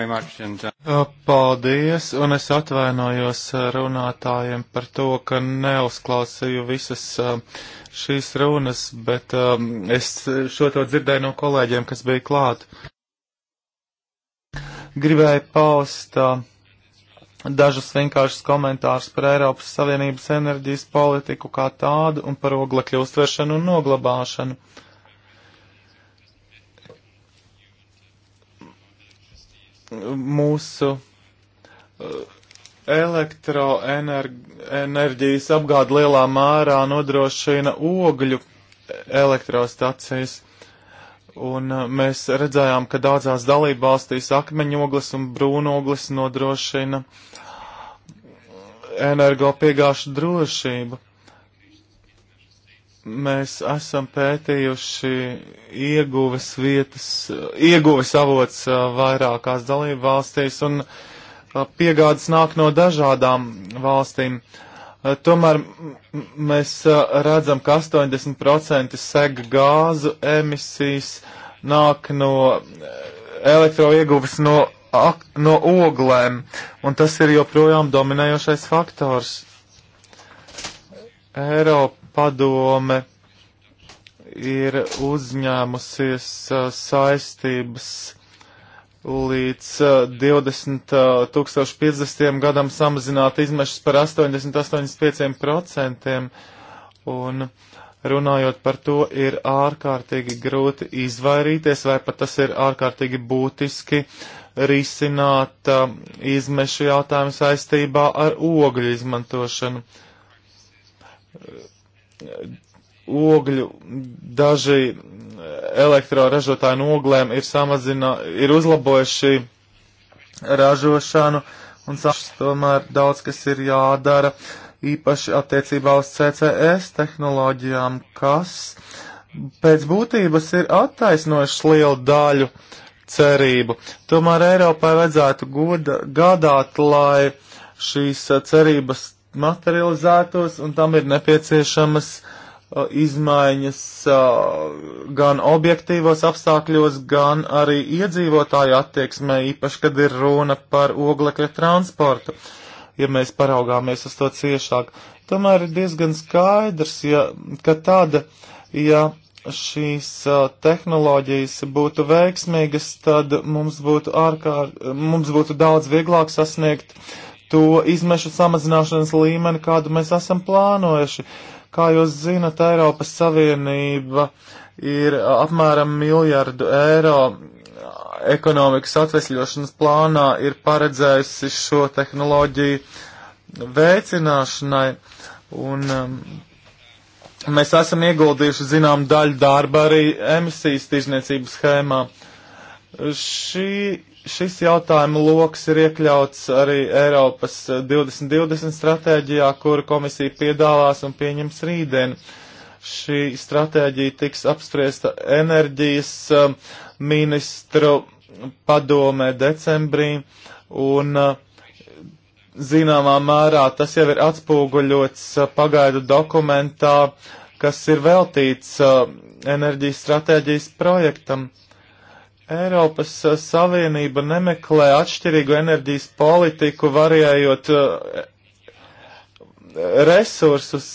Much, and... Uh, uh, paldies, un es atvainojos uh, runātājiem par to, ka neuzklausīju visas šīs runas, bet um, es šo to dzirdēju no kolēģiem, kas bija klāt gribēju paust uh, dažus vienkāršus komentārus par Eiropas Savienības enerģijas politiku kā tādu un par oglekļu uztveršanu un noglabāšanu. Mūsu uh, elektroenerģijas apgāde lielā mērā nodrošina ogļu elektrostacijas. Un uh, mēs redzējām, ka daudzās dalībvalstīs akmeņoglis un brūnoglis nodrošina energopiegāšu drošību. Mēs esam pētījuši ieguves vietas, ieguves avots uh, vairākās dalībvalstīs un uh, piegādes nāk no dažādām valstīm. Uh, Eh, tomēr mēs eh, redzam, ka 80% sega gāzu emisijas nāk no eh, elektroieguvas no, no oglēm, un tas ir joprojām dominējošais faktors. Eiropadome ir uzņēmusies saistības līdz 2050. Uh, uh, gadam samazināt izmešas par 80-85%. Un runājot par to, ir ārkārtīgi grūti izvairīties, vai pat tas ir ārkārtīgi būtiski risināt uh, izmešu jautājumu saistībā ar ogļu izmantošanu ogļu, daži eh, elektroražotāji no oglēm ir, samazina, ir uzlabojuši ražošanu, un sašas tomēr daudz, kas ir jādara, īpaši attiecībā uz CCS tehnoloģijām, kas pēc būtības ir attaisnojušas lielu daļu cerību. Tomēr Eiropai vajadzētu goda, gādāt, lai šīs cerības materializētos, un tam ir nepieciešamas uh, izmaiņas gan objektīvos apstākļos, gan arī iedzīvotāju attieksmē, īpaši, kad ir runa par oglekļa transportu, ja mēs paraugāmies uz to ciešāk. Tomēr ir diezgan skaidrs, ja, ka tāda, ja šīs tehnoloģijas būtu veiksmīgas, tad mums būtu ārkārt, mums būtu daudz vieglāk sasniegt to izmešu samazināšanas līmeni, kādu mēs esam plānojuši. Uh, Kā jūs zinat, Eiropas Savienība ir apmēram miljardu eiro ekonomikas atvesļošanas plānā ir paredzējusi šo tehnoloģiju veicināšanai, un um, mēs esam ieguldījuši zinām daļu darba arī emisijas tirzniecības schēmā. Šī Šis jautājuma loks ir iekļauts arī Eiropas 2020 eh, stratēģijā, kuru komisija piedāvās un pieņems rītdien. Šī stratēģija tiks apspriesta enerģijas eh, ministru padomē decembrī, un eh, zināmā mērā tas jau ir atspūguļots pagaidu dokumentā, kas ir veltīts enerģijas stratēģijas projektam. Eiropas eh, Savienība nemeklē atšķirīgu enerģijas politiku, variējot eh, resursus.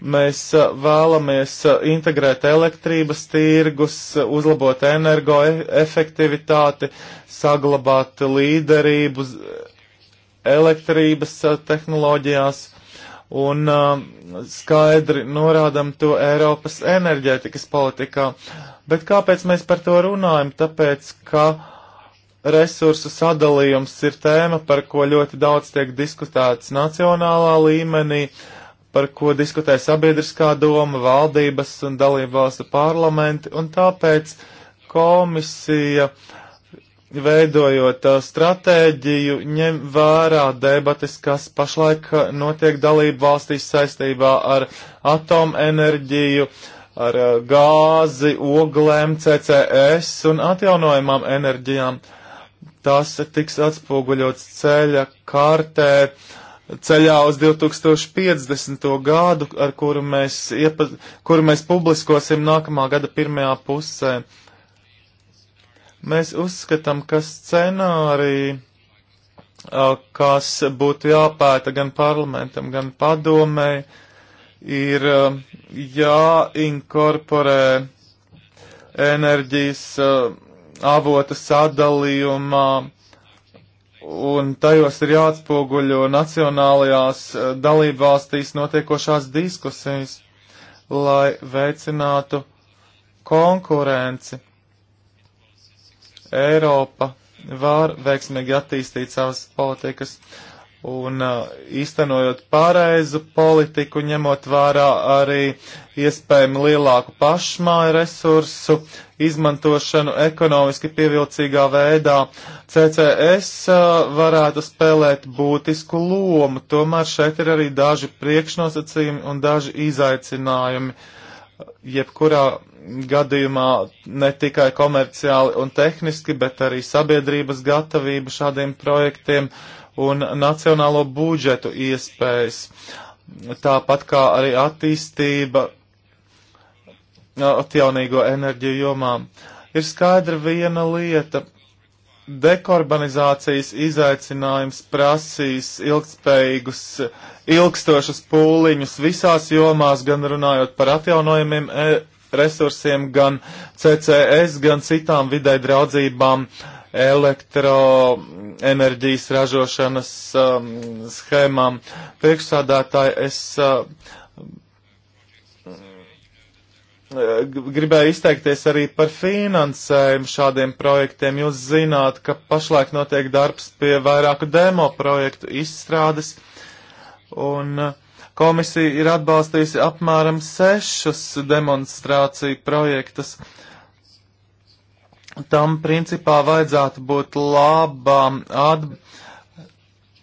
Mēs eh, vēlamies integrēt elektrības tirgus, uzlabot energoefektivitāti, e, saglabāt līderību elektrības tehnoloģijās un skaidri norādam to Eiropas enerģētikas politikā Bet kāpēc mēs par to runājam? Tāpēc, ka resursu sadalījums ir tēma, par ko ļoti daudz tiek diskutēts nacionālā līmenī, par ko diskutē sabiedriskā doma, valdības un dalību valstu parlamenti, un tāpēc komisija, veidojot uh, stratēģiju, ņem vērā debates, kas pašlaik uh, notiek dalību valstīs saistībā ar atomenerģiju, uh, ar eh, gāzi, oglēm, CCS un atjaunojumām enerģijām. Tas tiks atspoguļots ceļa kartē, ceļā uz 2050. gadu, ar kuru mēs, iepa, kuru mēs publiskosim nākamā gada pirmajā pusē. Mēs uzskatām, ka scenārija, kas būtu jāpēta gan parlamentam, gan padomēji, ir uh, jāinkorporē enerģijas uh, avota sadalījumā, un tajos ir jāatspoguļo nacionālajās uh, dalībvalstīs notiekošās diskusijas, lai veicinātu konkurenci. Eiropa var veiksmīgi attīstīt savas politikas. Uh, un uh, īstenojot pareizu politiku, ņemot vērā arī iespējami lielāku pašmāju resursu izmantošanu ekonomiski pievilcīgā veidā, CCS uh, varētu spēlēt būtisku lomu. Tomēr šeit ir arī daži priekšnosacījumi un daži izaicinājumi. Jebkurā gadījumā ne tikai komerciāli un tehniski, bet arī sabiedrības gatavība šādiem projektiem uh, un nacionālo budžetu iespējas, tāpat kā arī attīstība atjaunīgo enerģiju jomām. Ir skaidra viena lieta. Dekarbonizācijas izaicinājums prasīs ilgspējīgus, ilgstošus pūliņus visās jomās, gan runājot par atjaunojumiem e resursiem, gan CCS, gan citām vidē draudzībām uh, elektroenerģijas ražošanas um, schēmām. Priekšsādātāji, es uh, gribēju izteikties arī par finansējumu šādiem projektiem. Jūs zināt, ka pašlaik notiek darbs pie vairāku demo projektu izstrādes, un uh, komisija ir atbalstījusi apmēram sešus demonstrāciju projektus. Uh, tam principā vajadzētu būt labām atbildēm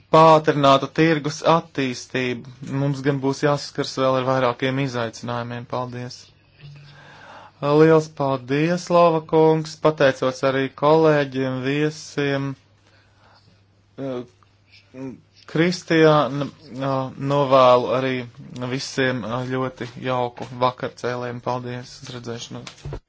pātrinātu tirgus attīstību. Mums gan būs jāsaskars vēl ar vairākiem izaicinājumiem. Paldies! Liels paldies, Lava kungs! Pateicos arī kolēģiem, viesiem. Kristiāna novēlu arī visiem ļoti jauku vakarcēlēm. Paldies! Uz redzēšanos!